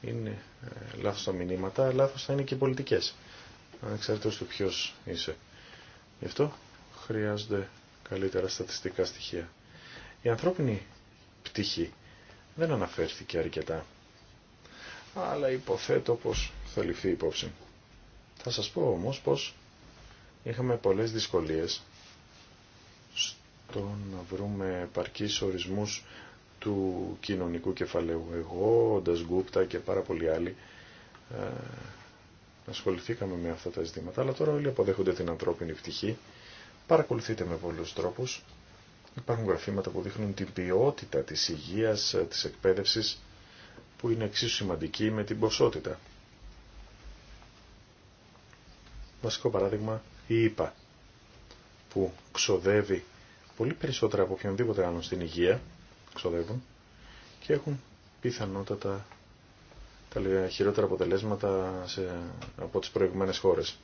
είναι ε, λάθος τα μηνύματα, λάθος θα είναι και οι πολιτικές. Ανεξαρτήτως του ποιος είσαι. Γι' αυτό χρειάζονται καλύτερα στατιστικά στοιχεία. Η ανθρώπινη πτυχή δεν αναφέρθηκε αρκετά. Αλλά υποθέτω πως θα ληφθεί υπόψη. Θα σας πω όμως πως είχαμε πολλές δυσκολίες στο να βρούμε παρκείς ορισμούς του κοινωνικού κεφαλαίου. Εγώ, ο Ντασγκούπτα και πάρα πολλοί άλλοι ε, ασχοληθήκαμε με αυτά τα ζητήματα, αλλά τώρα όλοι αποδέχονται την ανθρώπινη πτυχή. Παρακολουθείτε με πολλούς τρόπους Υπάρχουν γραφήματα που δείχνουν την ποιότητα της υγείας, ε, της εκπαίδευσης, που είναι εξίσου σημαντική με την ποσότητα. Βασικό παράδειγμα, η που ξοδεύει πολύ περισσότερα από οποιονδήποτε άλλον στην υγεία, ξοδεύουν, και έχουν πιθανότατα τα χειρότερα αποτελέσματα σε, από τις προηγουμένες χώρες.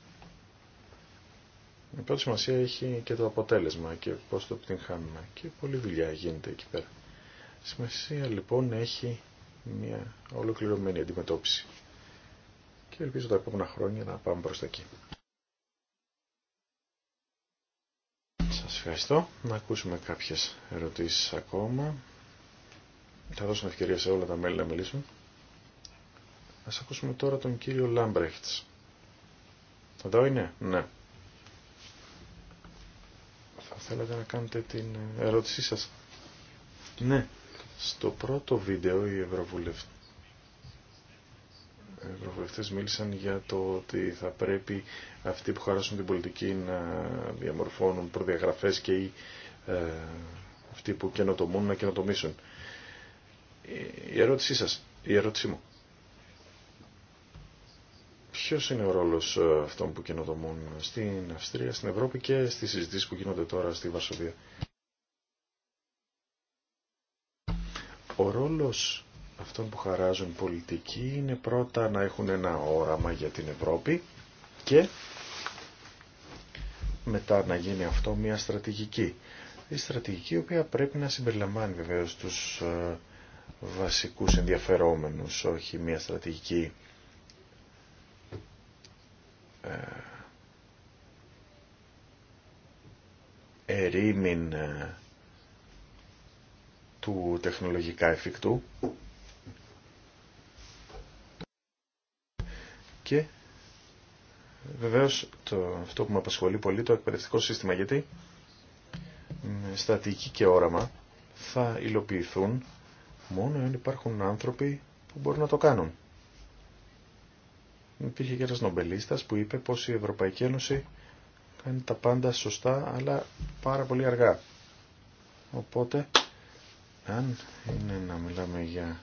Η πρώτη σημασία έχει και το αποτέλεσμα και πώς το επιτυγχάνουμε. Και πολλή δουλειά γίνεται εκεί πέρα. Σημασία λοιπόν έχει μια ολοκληρωμένη αντιμετώπιση. Και ελπίζω τα επόμενα χρόνια να πάμε προς τα εκεί. Σας ευχαριστώ. Να ακούσουμε κάποιες ερωτήσεις ακόμα. Θα δώσουμε ευκαιρία σε όλα τα μέλη να μιλήσουν. Ας ακούσουμε τώρα τον κύριο Λάμπρεχτς. Εδώ είναι? Ναι. Θέλετε να κάνετε την ερώτησή σας. Ναι, στο πρώτο βίντεο οι ευρωβουλευτές μίλησαν για το ότι θα πρέπει αυτοί που χαράσουν την πολιτική να διαμορφώνουν προδιαγραφές και οι, ε, αυτοί που καινοτομούν να καινοτομήσουν. Η ερώτησή σας, η ερώτησή μου ποιος είναι ο ρόλος ε, αυτών που καινοτομούν στην Αυστρία, στην Ευρώπη και στις συζητήσεις που γίνονται τώρα στη Βαρσοβία. Ο ρόλος αυτών που χαράζουν πολιτική είναι πρώτα να έχουν ένα όραμα για την Ευρώπη και μετά να γίνει αυτό μια στρατηγική. Η στρατηγική η οποία πρέπει να συμπεριλαμβάνει βεβαίως τους ε, βασικού ενδιαφερόμενους, όχι μια στρατηγική ε, ερήμην ε, του τεχνολογικά εφικτού και βεβαίως το, αυτό που με απασχολεί πολύ το εκπαιδευτικό σύστημα γιατί στατική και όραμα θα υλοποιηθούν μόνο αν υπάρχουν άνθρωποι που μπορούν να το κάνουν. Υπήρχε και ένας νομπελίστας που είπε πως η Ευρωπαϊκή Ένωση κάνει τα πάντα σωστά αλλά πάρα πολύ αργά. Οπότε, αν είναι να μιλάμε για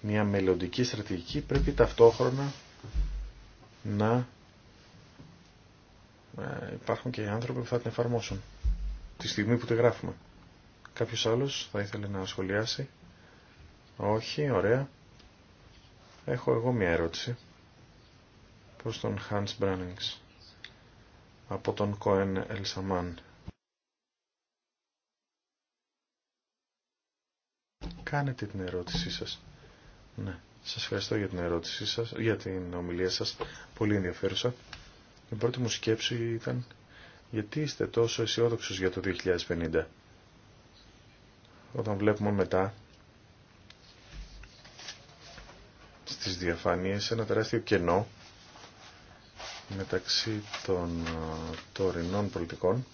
μια μελλοντική στρατηγική πρέπει ταυτόχρονα να ε, υπάρχουν και οι άνθρωποι που θα την εφαρμόσουν τη στιγμή που τη γράφουμε. Κάποιος άλλος θα ήθελε να σχολιάσει. Όχι, ωραία. Έχω εγώ μια ερώτηση προς τον Hans Μπράνινγκς από τον Κόεν Ελσαμάν. Κάνετε την ερώτησή σας. Ναι. Σας ευχαριστώ για την ερώτησή σας, για την ομιλία σας. Πολύ ενδιαφέρουσα. Η πρώτη μου σκέψη ήταν γιατί είστε τόσο αισιόδοξο για το 2050. Όταν βλέπουμε μετά στις διαφάνειες ένα τεράστιο κενό μεταξύ των ε, τωρινών πολιτικών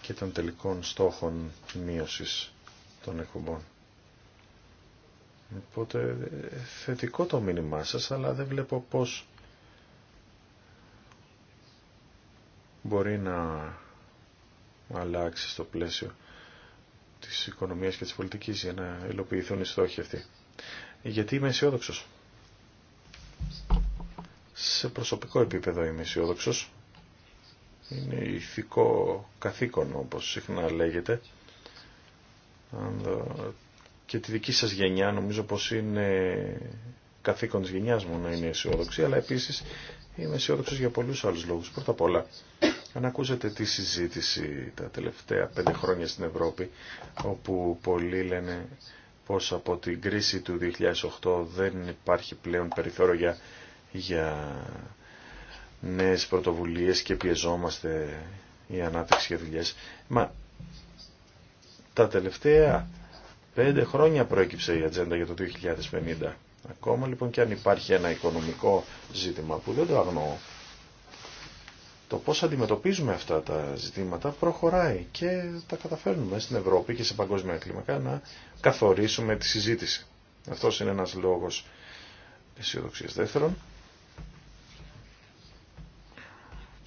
και των τελικών στόχων μείωσης των εκπομπών. Οπότε ε, θετικό το μήνυμά σας, αλλά δεν βλέπω πώς μπορεί να αλλάξει στο πλαίσιο της οικονομίας και της πολιτικής για να υλοποιηθούν οι στόχοι αυτοί. Γιατί είμαι αισιόδοξο. Σε προσωπικό επίπεδο είμαι αισιόδοξο. Είναι ηθικό καθήκον όπως συχνά λέγεται. Και τη δική σας γενιά νομίζω πως είναι καθήκον της γενιάς μου να είναι αισιόδοξη, αλλά επίσης είμαι αισιόδοξο για πολλούς άλλους λόγους. Πρώτα απ' όλα, αν ακούσετε τη συζήτηση τα τελευταία πέντε χρόνια στην Ευρώπη, όπου πολλοί λένε πως από την κρίση του 2008 δεν υπάρχει πλέον περιθώριο για για νέες πρωτοβουλίες και πιεζόμαστε η ανάπτυξη για δουλειές. Μα τα τελευταία πέντε χρόνια προέκυψε η ατζέντα για το 2050. Ακόμα λοιπόν και αν υπάρχει ένα οικονομικό ζήτημα που δεν το αγνοώ, το πώς αντιμετωπίζουμε αυτά τα ζητήματα προχωράει και τα καταφέρνουμε στην Ευρώπη και σε παγκόσμια κλίμακα να καθορίσουμε τη συζήτηση. Αυτός είναι ένας λόγος αισιοδοξίας δεύτερον.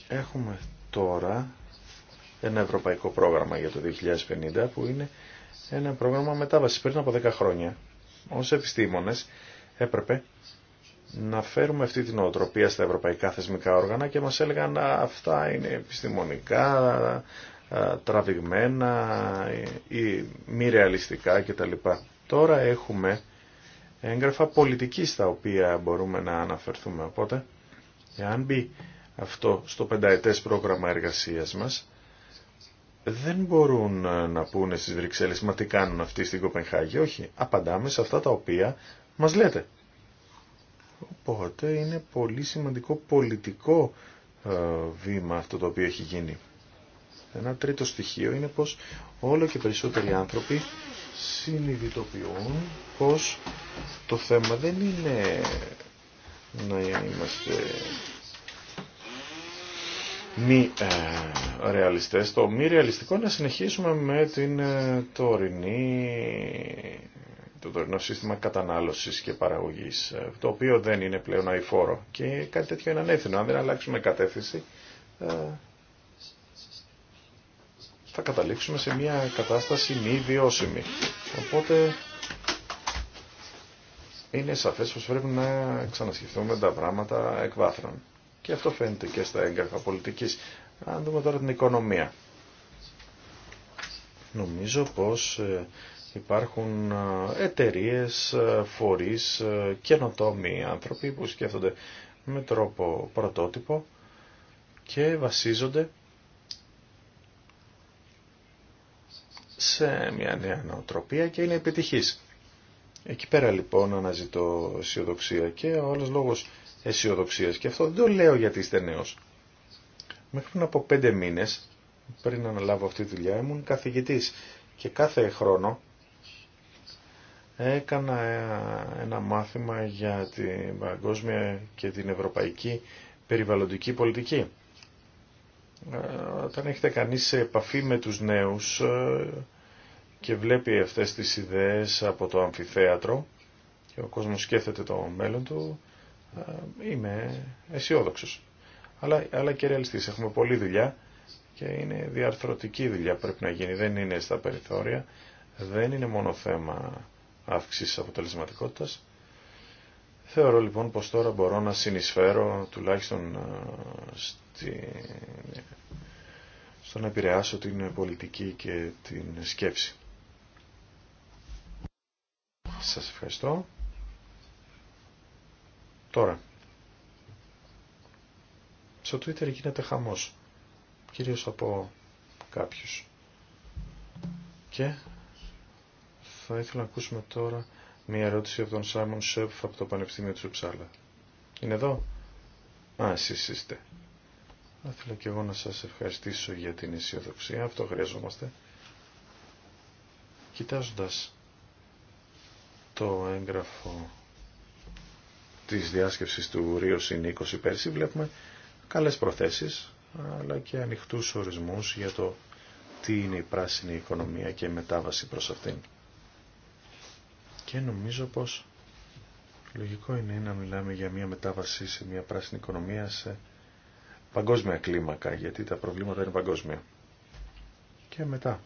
Έχουμε τώρα ένα ευρωπαϊκό πρόγραμμα για το 2050 που είναι ένα πρόγραμμα μετάβασης πριν από 10 χρόνια. Ως επιστήμονες έπρεπε να φέρουμε αυτή την οτροπία στα ευρωπαϊκά θεσμικά όργανα και μας έλεγαν αυτά είναι επιστημονικά, τραβηγμένα ή μη ρεαλιστικά κτλ. Τώρα έχουμε έγγραφα πολιτικής τα οποία μπορούμε να αναφερθούμε. Οπότε, εάν μπει αυτό στο πενταετές πρόγραμμα εργασίας μας, δεν μπορούν να πούνε στις Βρυξέλλες «Μα τι κάνουν αυτοί στην Κοπενχάγη». Όχι, απαντάμε σε αυτά τα οποία μας λέτε. Οπότε είναι πολύ σημαντικό πολιτικό ε, βήμα αυτό το οποίο έχει γίνει. Ένα τρίτο στοιχείο είναι πως όλο και περισσότεροι άνθρωποι συνειδητοποιούν πως το θέμα δεν είναι να είμαστε μη ε, Το μη ρεαλιστικό είναι να συνεχίσουμε με την ε, τωρινή, το τωρινό σύστημα κατανάλωσης και παραγωγής, ε, το οποίο δεν είναι πλέον αηφόρο. Και κάτι τέτοιο είναι ανέθυνο. Αν δεν αλλάξουμε κατεύθυνση, ε, θα καταλήξουμε σε μια κατάσταση μη βιώσιμη. Οπότε είναι σαφές πως πρέπει να ξανασκεφτούμε τα πράγματα εκ βάθρων. Και αυτό φαίνεται και στα έγγραφα πολιτικής. Αν δούμε τώρα την οικονομία. Νομίζω πως ε, υπάρχουν ε, εταιρείες, ε, φορείς, καινοτόμοι άνθρωποι που σκέφτονται με τρόπο πρωτότυπο και βασίζονται σε μια νέα νοοτροπία και είναι επιτυχής. Εκεί πέρα λοιπόν αναζητώ αισιοδοξία και ο άλλος λόγος αισιοδοξία. Και αυτό δεν το λέω γιατί είστε νέο. Μέχρι πριν από πέντε μήνε πριν αναλάβω αυτή τη δουλειά, ήμουν καθηγητής και κάθε χρόνο έκανα ένα μάθημα για την παγκόσμια και την ευρωπαϊκή περιβαλλοντική πολιτική. Όταν έχετε κανείς σε επαφή με τους νέους ε, και βλέπει αυτές τις ιδέες από το αμφιθέατρο και ο κόσμος σκέφτεται το μέλλον του, ε, είμαι αισιόδοξο. Αλλά, αλλά και ρεαλιστή. Έχουμε πολλή δουλειά και είναι διαρθρωτική δουλειά που πρέπει να γίνει. Δεν είναι στα περιθώρια. Δεν είναι μόνο θέμα αύξησης αποτελεσματικότητα. Θεωρώ λοιπόν πως τώρα μπορώ να συνεισφέρω τουλάχιστον ε, στη... στο να επηρεάσω την πολιτική και την σκέψη. Σας ευχαριστώ. Τώρα, στο Twitter γίνεται χαμός, κυρίως από κάποιους. Και θα ήθελα να ακούσουμε τώρα μία ερώτηση από τον Σάιμον Σεφ από το Πανεπιστήμιο του Ψάλα. Είναι εδώ? Α, εσείς είστε. Θα ήθελα και εγώ να σας ευχαριστήσω για την αισιοδοξία. Αυτό χρειαζόμαστε. Κοιτάζοντας το έγγραφο Τη διάσκεψης του Ρίο Συν 20 πέρσι βλέπουμε καλές προθέσεις αλλά και ανοιχτούς ορισμούς για το τι είναι η πράσινη οικονομία και η μετάβαση προς αυτήν. Και νομίζω πως λογικό είναι να μιλάμε για μια μετάβαση σε μια πράσινη οικονομία σε παγκόσμια κλίμακα, γιατί τα προβλήματα είναι παγκόσμια. Και μετά,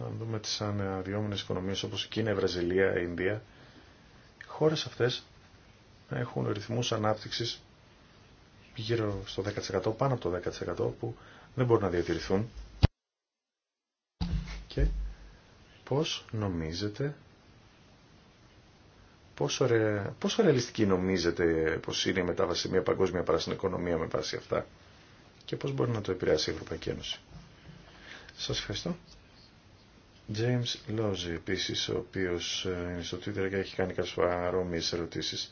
να δούμε τις αναδυόμενες οικονομίες όπως η Κίνα, η Βραζιλία, η Ινδία, οι χώρες αυτές έχουν ρυθμούς ανάπτυξης γύρω στο 10%, πάνω από το 10% που δεν μπορούν να διατηρηθούν. Και πώς νομίζετε, πόσο, ρε, πόσο ρεαλιστική νομίζετε πως είναι η μετάβαση σε μια παγκόσμια πράσινη οικονομία με βάση αυτά και πώς μπορεί να το επηρεάσει η Ευρωπαϊκή Ένωση. Σας ευχαριστώ. James Lozzi επίσης, ο οποίος ε, είναι στο Twitter και έχει κάνει κάποιες παρόμοιες ερωτήσεις.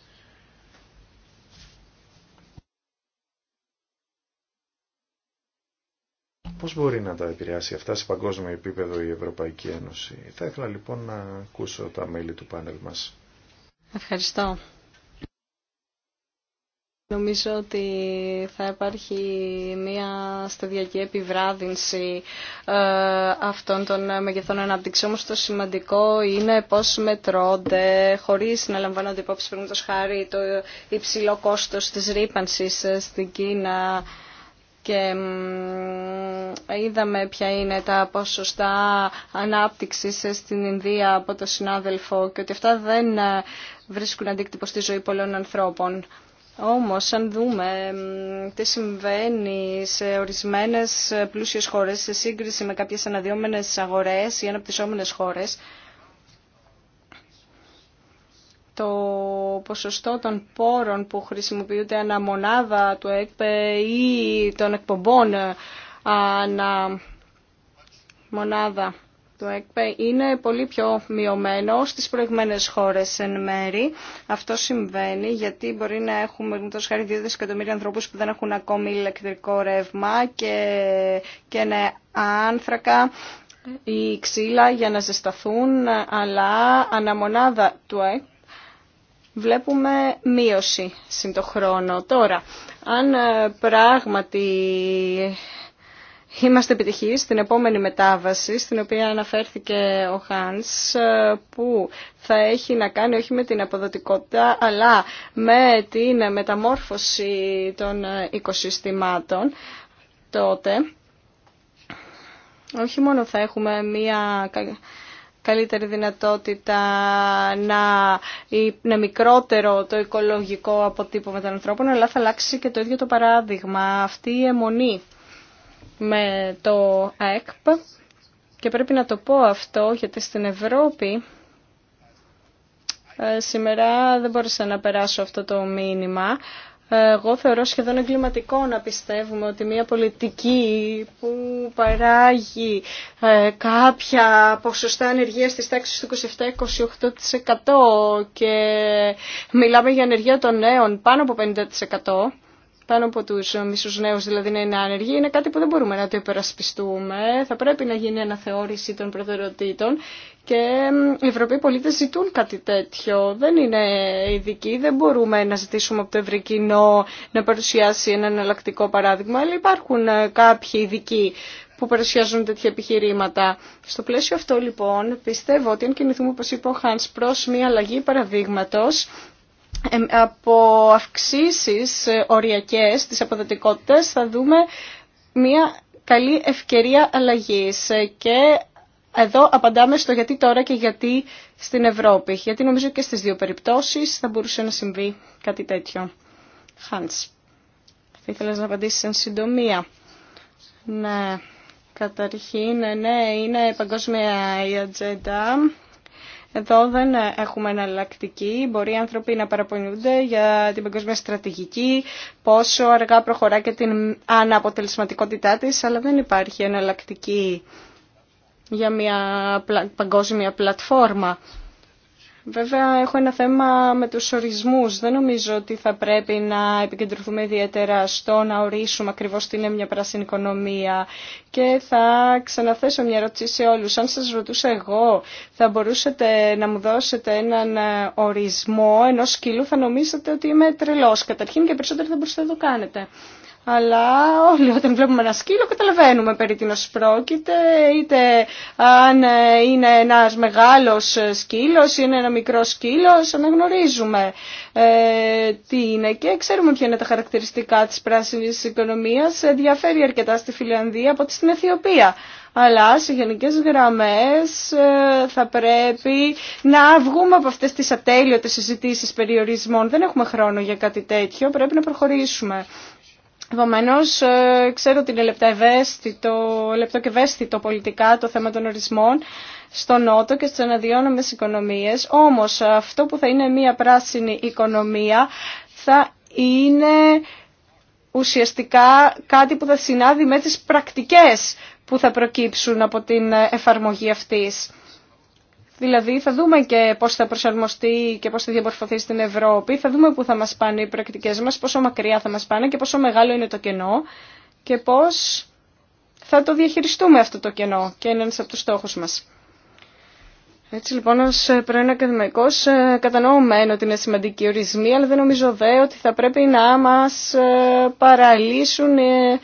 Πώς μπορεί να τα επηρεάσει αυτά σε παγκόσμιο επίπεδο η Ευρωπαϊκή Ένωση. Θα ήθελα λοιπόν να ακούσω τα μέλη του πάνελ μας. Ευχαριστώ. Νομίζω ότι θα υπάρχει μια σταδιακή επιβράδυνση ε, αυτών των μεγεθών ανάπτυξη. Όμω το σημαντικό είναι πώ μετρώνται, χωρί να λαμβάνονται υπόψη, παραδείγματο χάρη, το υψηλό κόστο τη ρήπανση ε, στην Κίνα και είδαμε ποια είναι τα ποσοστά ανάπτυξης στην Ινδία από το συνάδελφο και ότι αυτά δεν ε, βρίσκουν αντίκτυπο στη ζωή πολλών ανθρώπων. Όμως, αν δούμε τι συμβαίνει σε ορισμένες πλούσιες χώρες σε σύγκριση με κάποιες αναδυόμενες αγορές ή αναπτυσσόμενες χώρες, το ποσοστό των πόρων που χρησιμοποιούνται αναμονάδα του ΕΚΠΕ ή των εκπομπών ανα μονάδα του ΕΚΠΕ είναι πολύ πιο μειωμένο στις προηγμένες χώρες εν μέρη. Αυτό συμβαίνει γιατί μπορεί να έχουμε με τόσο χάρη 2 δισεκατομμύρια ανθρώπους που δεν έχουν ακόμη ηλεκτρικό ρεύμα και, και άνθρακα ή ξύλα για να ζεσταθούν, αλλά αναμονάδα του ΕΚΠΕ βλέπουμε μείωση συν χρόνο. Τώρα, αν ε, πράγματι Είμαστε επιτυχεί στην επόμενη μετάβαση, στην οποία αναφέρθηκε ο Χάνς, ε, που θα έχει να κάνει όχι με την αποδοτικότητα, αλλά με την μεταμόρφωση των ε, οικοσυστημάτων. Τότε, όχι μόνο θα έχουμε μία καλύτερη δυνατότητα να είναι μικρότερο το οικολογικό αποτύπωμα των ανθρώπων, αλλά θα αλλάξει και το ίδιο το παράδειγμα. Αυτή η αιμονή με το ΑΕΚΠ και πρέπει να το πω αυτό γιατί στην Ευρώπη ε, σήμερα δεν μπόρεσα να περάσω αυτό το μήνυμα εγώ θεωρώ σχεδόν εγκληματικό να πιστεύουμε ότι μια πολιτική που παράγει ε, κάποια ποσοστά ανεργία στις τάξεις του 27-28% και μιλάμε για ανεργία των νέων πάνω από 50% πάνω από του ε, μισού νέου δηλαδή να είναι άνεργοι, είναι κάτι που δεν μπορούμε να το υπερασπιστούμε. Θα πρέπει να γίνει αναθεώρηση των προτεραιοτήτων και οι Ευρωπαίοι πολίτε ζητούν κάτι τέτοιο. Δεν είναι ειδικοί, δεν μπορούμε να ζητήσουμε από το ευρύ κοινό να παρουσιάσει ένα εναλλακτικό παράδειγμα, αλλά υπάρχουν ε, κάποιοι ειδικοί που παρουσιάζουν τέτοια επιχειρήματα. Στο πλαίσιο αυτό λοιπόν πιστεύω ότι αν κινηθούμε όπως είπε ο Χάνς προς μια αλλαγή παραδείγματος από αυξήσεις ε, οριακές της αποδοτικότητας θα δούμε μια καλή ευκαιρία αλλαγής ε, και εδώ απαντάμε στο γιατί τώρα και γιατί στην Ευρώπη. Γιατί νομίζω και στις δύο περιπτώσεις θα μπορούσε να συμβεί κάτι τέτοιο. Χάντς, θα ήθελες να απαντήσεις εν συντομία. Ναι, καταρχήν, ε, ναι, είναι παγκόσμια η ατζέντα εδώ δεν έχουμε εναλλακτική. Μπορεί οι άνθρωποι να παραπονιούνται για την παγκόσμια στρατηγική, πόσο αργά προχωρά και την αναποτελεσματικότητά της, αλλά δεν υπάρχει εναλλακτική για μια παγκόσμια πλατφόρμα Βέβαια, έχω ένα θέμα με τους ορισμούς. Δεν νομίζω ότι θα πρέπει να επικεντρωθούμε ιδιαίτερα στο να ορίσουμε ακριβώς τι είναι μια πράσινη οικονομία. Και θα ξαναθέσω μια ερώτηση σε όλους. Αν σας ρωτούσα εγώ, θα μπορούσατε να μου δώσετε έναν ορισμό ενός σκύλου, θα νομίζετε ότι είμαι τρελός. Καταρχήν και περισσότερο δεν μπορούσατε να το κάνετε αλλά όλοι όταν βλέπουμε ένα σκύλο καταλαβαίνουμε περί τίνος πρόκειται, είτε αν είναι ένας μεγάλος σκύλος ή είναι ένα μικρό σκύλος, αναγνωρίζουμε ε, τι είναι και ξέρουμε ποια είναι τα χαρακτηριστικά της πράσινης οικονομίας, ε, διαφέρει αρκετά στη Φιλανδία από τη στην Αιθιοπία. Αλλά σε γενικέ γραμμές ε, θα πρέπει να βγούμε από αυτές τις ατέλειωτες συζητήσεις περιορισμών. Δεν έχουμε χρόνο για κάτι τέτοιο, πρέπει να προχωρήσουμε. Επομένω, ε, ξέρω ότι είναι λεπτά ευαίσθητο, λεπτό και ευαίσθητο πολιτικά το θέμα των ορισμών στο Νότο και στις αναδυόνομες οικονομίες. Όμως αυτό που θα είναι μια πράσινη οικονομία θα είναι ουσιαστικά κάτι που θα συνάδει με τις πρακτικές που θα προκύψουν από την εφαρμογή αυτής. Δηλαδή θα δούμε και πώς θα προσαρμοστεί και πώς θα διαμορφωθεί στην Ευρώπη, θα δούμε πού θα μας πάνε οι πρακτικές μας, πόσο μακριά θα μας πάνε και πόσο μεγάλο είναι το κενό και πώς θα το διαχειριστούμε αυτό το κενό και είναι ένας από τους στόχους μας. Έτσι λοιπόν, ως πρώην ακαδημαϊκός, ε, κατανοωμένο ότι είναι σημαντικοί ορισμοί, αλλά δεν νομίζω δε ότι θα πρέπει να μας ε, παραλύσουν ε,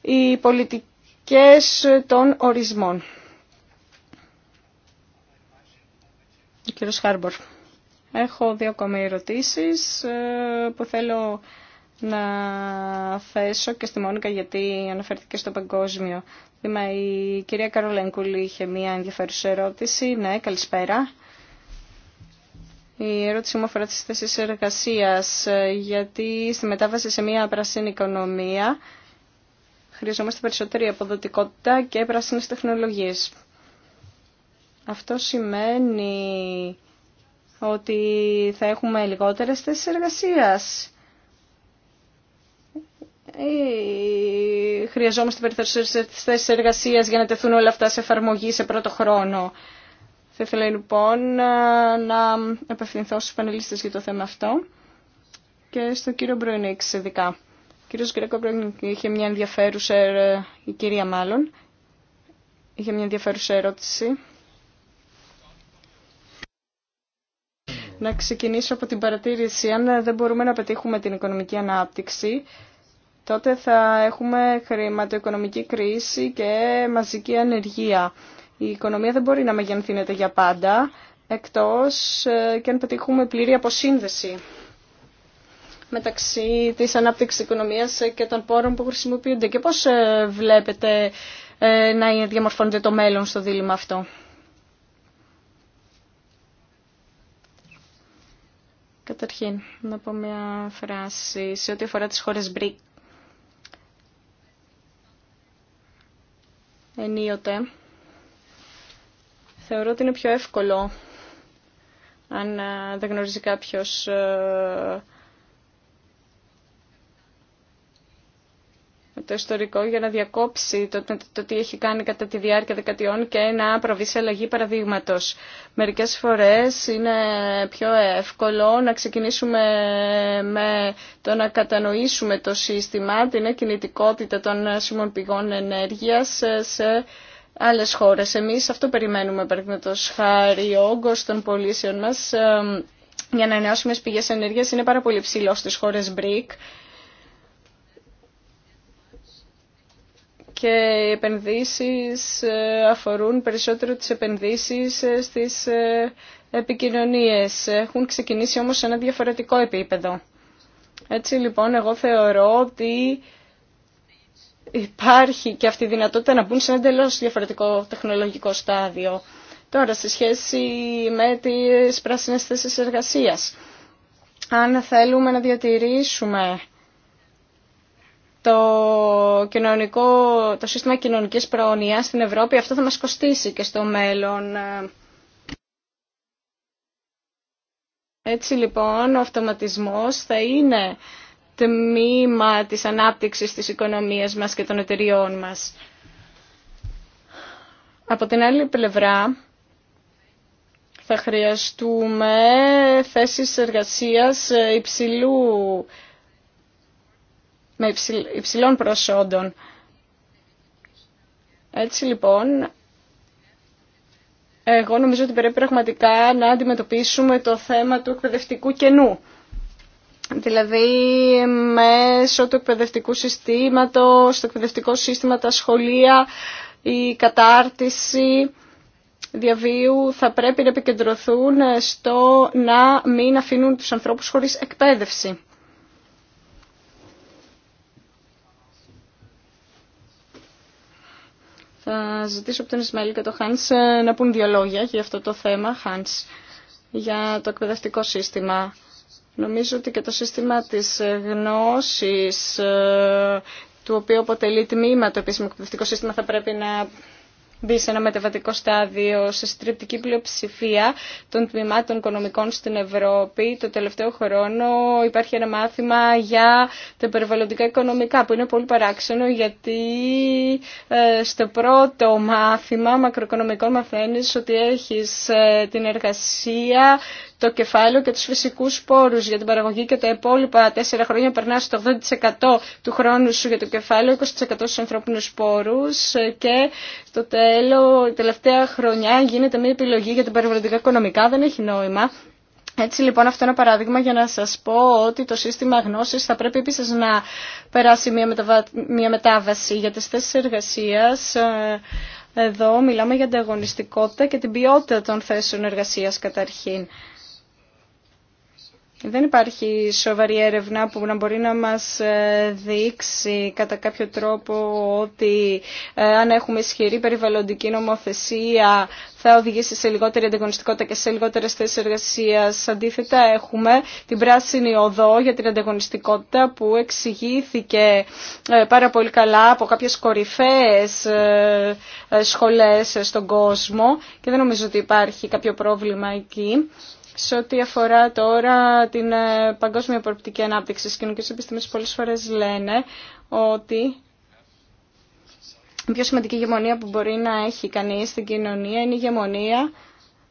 οι πολιτικές των ορισμών. κύριος Χάρμπορ. Έχω δύο ακόμα ερωτήσεις ε, που θέλω να θέσω και στη Μόνικα γιατί αναφέρθηκε στο παγκόσμιο. η κυρία Καρολέγκουλη είχε μία ενδιαφέρουσα ερώτηση. Ναι, καλησπέρα. Η ερώτηση μου αφορά τις θέσεις εργασίας, ε, γιατί στη μετάβαση σε μία πρασίνη οικονομία χρειαζόμαστε περισσότερη αποδοτικότητα και πράσινες τεχνολογίες. Αυτό σημαίνει ότι θα έχουμε λιγότερες θέσεις εργασίας. χρειαζόμαστε περισσότερες θέσεις εργασίας για να τεθούν όλα αυτά σε εφαρμογή σε πρώτο χρόνο. Θα ήθελα λοιπόν να απευθυνθώ στους πανελίστες για το θέμα αυτό και στον κύριο Μπρονίξ ειδικά. Ο κύριος Γκρέκο είχε μια ενδιαφέρουσα, η κυρία μάλλον, είχε μια ενδιαφέρουσα ερώτηση να ξεκινήσω από την παρατήρηση. Αν δεν μπορούμε να πετύχουμε την οικονομική ανάπτυξη, τότε θα έχουμε χρηματοοικονομική κρίση και μαζική ανεργία. Η οικονομία δεν μπορεί να μεγενθύνεται για πάντα, εκτός ε, και αν πετύχουμε πλήρη αποσύνδεση μεταξύ της ανάπτυξης οικονομίας ε, και των πόρων που χρησιμοποιούνται. Και πώς ε, βλέπετε να διαμορφώνεται το μέλλον στο δίλημα αυτό. Καταρχήν, να πω μια φράση σε ό,τι αφορά τις χώρες BRIC. Ενίοτε, θεωρώ ότι είναι πιο εύκολο αν ε, δεν γνωρίζει κάποιος ε, το ιστορικό για να διακόψει το, το, το, τι έχει κάνει κατά τη διάρκεια δεκατιών και να προβεί σε αλλαγή παραδείγματο. Μερικές φορέ είναι πιο εύκολο να ξεκινήσουμε με το να κατανοήσουμε το σύστημα, την κινητικότητα των σήμων πηγών ενέργεια σε άλλε χώρε. Εμεί αυτό περιμένουμε, παραδείγματο χάρη, ο των πωλήσεων μα. για να ενώσουμε πηγέ ενέργεια, είναι πάρα πολύ ψηλό στι χώρε BRIC και οι επενδύσεις ε, αφορούν περισσότερο τις επενδύσεις ε, στις ε, επικοινωνίες. Έχουν ξεκινήσει όμως σε ένα διαφορετικό επίπεδο. Έτσι λοιπόν εγώ θεωρώ ότι υπάρχει και αυτή η δυνατότητα να μπουν σε ένα εντελώ διαφορετικό τεχνολογικό στάδιο. Τώρα, σε σχέση με τις πράσινες θέσεις εργασίας, αν θέλουμε να διατηρήσουμε το, κοινωνικό, το σύστημα κοινωνικής πρόνοιας στην Ευρώπη, αυτό θα μας κοστίσει και στο μέλλον. Έτσι λοιπόν ο αυτοματισμός θα είναι τμήμα της ανάπτυξης της οικονομίας μας και των εταιριών μας. Από την άλλη πλευρά θα χρειαστούμε θέσεις εργασίας υψηλού με υψηλών προσόντων. Έτσι λοιπόν, εγώ νομίζω ότι πρέπει πραγματικά να αντιμετωπίσουμε το θέμα του εκπαιδευτικού κενού. Δηλαδή, μέσω του εκπαιδευτικού συστήματος, το εκπαιδευτικό σύστημα, τα σχολεία, η κατάρτιση διαβίου θα πρέπει να επικεντρωθούν στο να μην αφήνουν τους ανθρώπους χωρίς εκπαίδευση. Θα ζητήσω από τον Ισμαήλ και τον Χάνς ε, να πούν δύο λόγια για αυτό το θέμα, Χάνς, για το εκπαιδευτικό σύστημα. Νομίζω ότι και το σύστημα της γνώσης, ε, του οποίου αποτελεί τμήμα το επίσημο εκπαιδευτικό σύστημα, θα πρέπει να μπει σε ένα μεταβατικό στάδιο σε στριπτική πλειοψηφία των τμήματων οικονομικών στην Ευρώπη. Το τελευταίο χρόνο υπάρχει ένα μάθημα για τα περιβαλλοντικά οικονομικά που είναι πολύ παράξενο γιατί ε, στο πρώτο μάθημα μακροοικονομικών μαθαίνεις ότι έχεις ε, την εργασία το κεφάλαιο και του φυσικού πόρου για την παραγωγή και τα υπόλοιπα τέσσερα χρόνια περνά στο 80% του χρόνου σου για το κεφάλαιο, 20% στου ανθρώπινους πόρου. και στο τέλο η τελευταία χρονιά γίνεται μια επιλογή για την περιβαλλοντικά οικονομικά, δεν έχει νόημα. Έτσι λοιπόν αυτό είναι ένα παράδειγμα για να σας πω ότι το σύστημα γνώσης θα πρέπει επίσης να περάσει μια, μια μετάβαση για τις θέσεις εργασίας. Ε, εδώ μιλάμε για ανταγωνιστικότητα και την ποιότητα των θέσεων εργασίας καταρχήν. Δεν υπάρχει σοβαρή έρευνα που να μπορεί να μας ε, δείξει κατά κάποιο τρόπο ότι ε, αν έχουμε ισχυρή περιβαλλοντική νομοθεσία θα οδηγήσει σε λιγότερη ανταγωνιστικότητα και σε λιγότερες θέσεις εργασίας. Αντίθετα έχουμε την πράσινη οδό για την ανταγωνιστικότητα που εξηγήθηκε ε, πάρα πολύ καλά από κάποιες κορυφαίες σχολές στον κόσμο και δεν νομίζω ότι υπάρχει κάποιο πρόβλημα εκεί. Σε ό,τι αφορά τώρα την ε, παγκόσμια προοπτική ανάπτυξη, οι κοινωνικές επιστήμες πολλές φορές λένε ότι η πιο σημαντική ηγεμονία που μπορεί να έχει κανείς στην κοινωνία είναι η ηγεμονία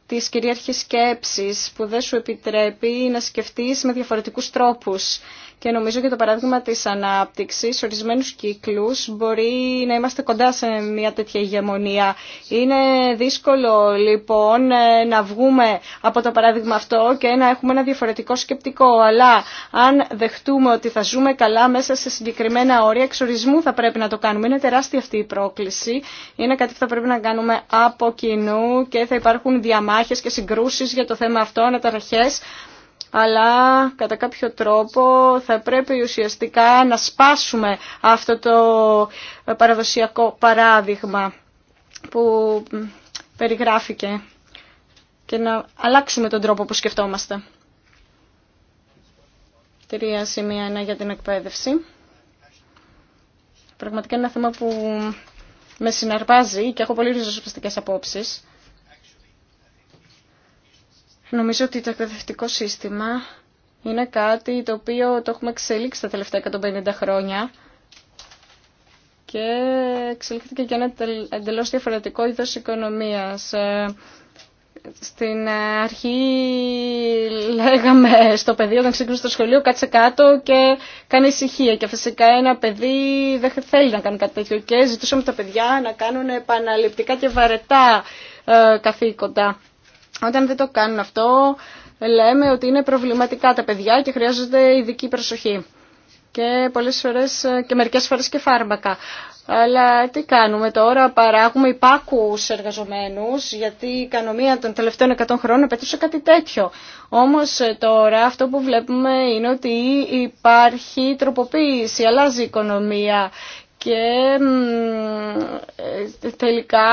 Τη κυρίαρχη σκέψη που δεν σου επιτρέπει να σκεφτείς με διαφορετικούς τρόπους. Και νομίζω για το παράδειγμα της ανάπτυξης, ορισμένους κύκλους, μπορεί να είμαστε κοντά σε μια τέτοια ηγεμονία. Είναι δύσκολο λοιπόν ε, να βγούμε από το παράδειγμα αυτό και να έχουμε ένα διαφορετικό σκεπτικό. Αλλά αν δεχτούμε ότι θα ζούμε καλά μέσα σε συγκεκριμένα όρια, εξορισμού θα πρέπει να το κάνουμε. Είναι τεράστια αυτή η πρόκληση. Είναι κάτι που θα πρέπει να κάνουμε από κοινού και θα υπάρχουν διαμάχες μάχες και συγκρούσεις για το θέμα αυτό αναταραχές αλλά κατά κάποιο τρόπο θα πρέπει ουσιαστικά να σπάσουμε αυτό το παραδοσιακό παράδειγμα που περιγράφηκε και να αλλάξουμε τον τρόπο που σκεφτόμαστε. Τρία σημεία ένα για την εκπαίδευση. Πραγματικά είναι ένα θέμα που με συναρπάζει και έχω πολύ ριζοσπαστικές απόψεις. Νομίζω ότι το εκπαιδευτικό σύστημα είναι κάτι το οποίο το έχουμε εξελίξει τα τελευταία 150 χρόνια και εξελίχθηκε και ένα εντελώ διαφορετικό είδο οικονομία. Ε, στην αρχή λέγαμε στο παιδί όταν ξεκινούσε το σχολείο κάτσε κάτω και κάνει ησυχία και φυσικά ένα παιδί δεν θέλει να κάνει κάτι τέτοιο και ζητούσαμε τα παιδιά να κάνουν επαναληπτικά και βαρετά ε, καθήκοντα όταν δεν το κάνουν αυτό, λέμε ότι είναι προβληματικά τα παιδιά και χρειάζονται ειδική προσοχή. Και πολλές φορές, και μερικές φορές και φάρμακα. Αλλά τι κάνουμε τώρα, παράγουμε υπάκους εργαζομένους, γιατί η οικονομία των τελευταίων 100 χρόνων πετούσε κάτι τέτοιο. Όμως ε, τώρα αυτό που βλέπουμε είναι ότι υπάρχει τροποποίηση, αλλάζει η οικονομία και ε, τελικά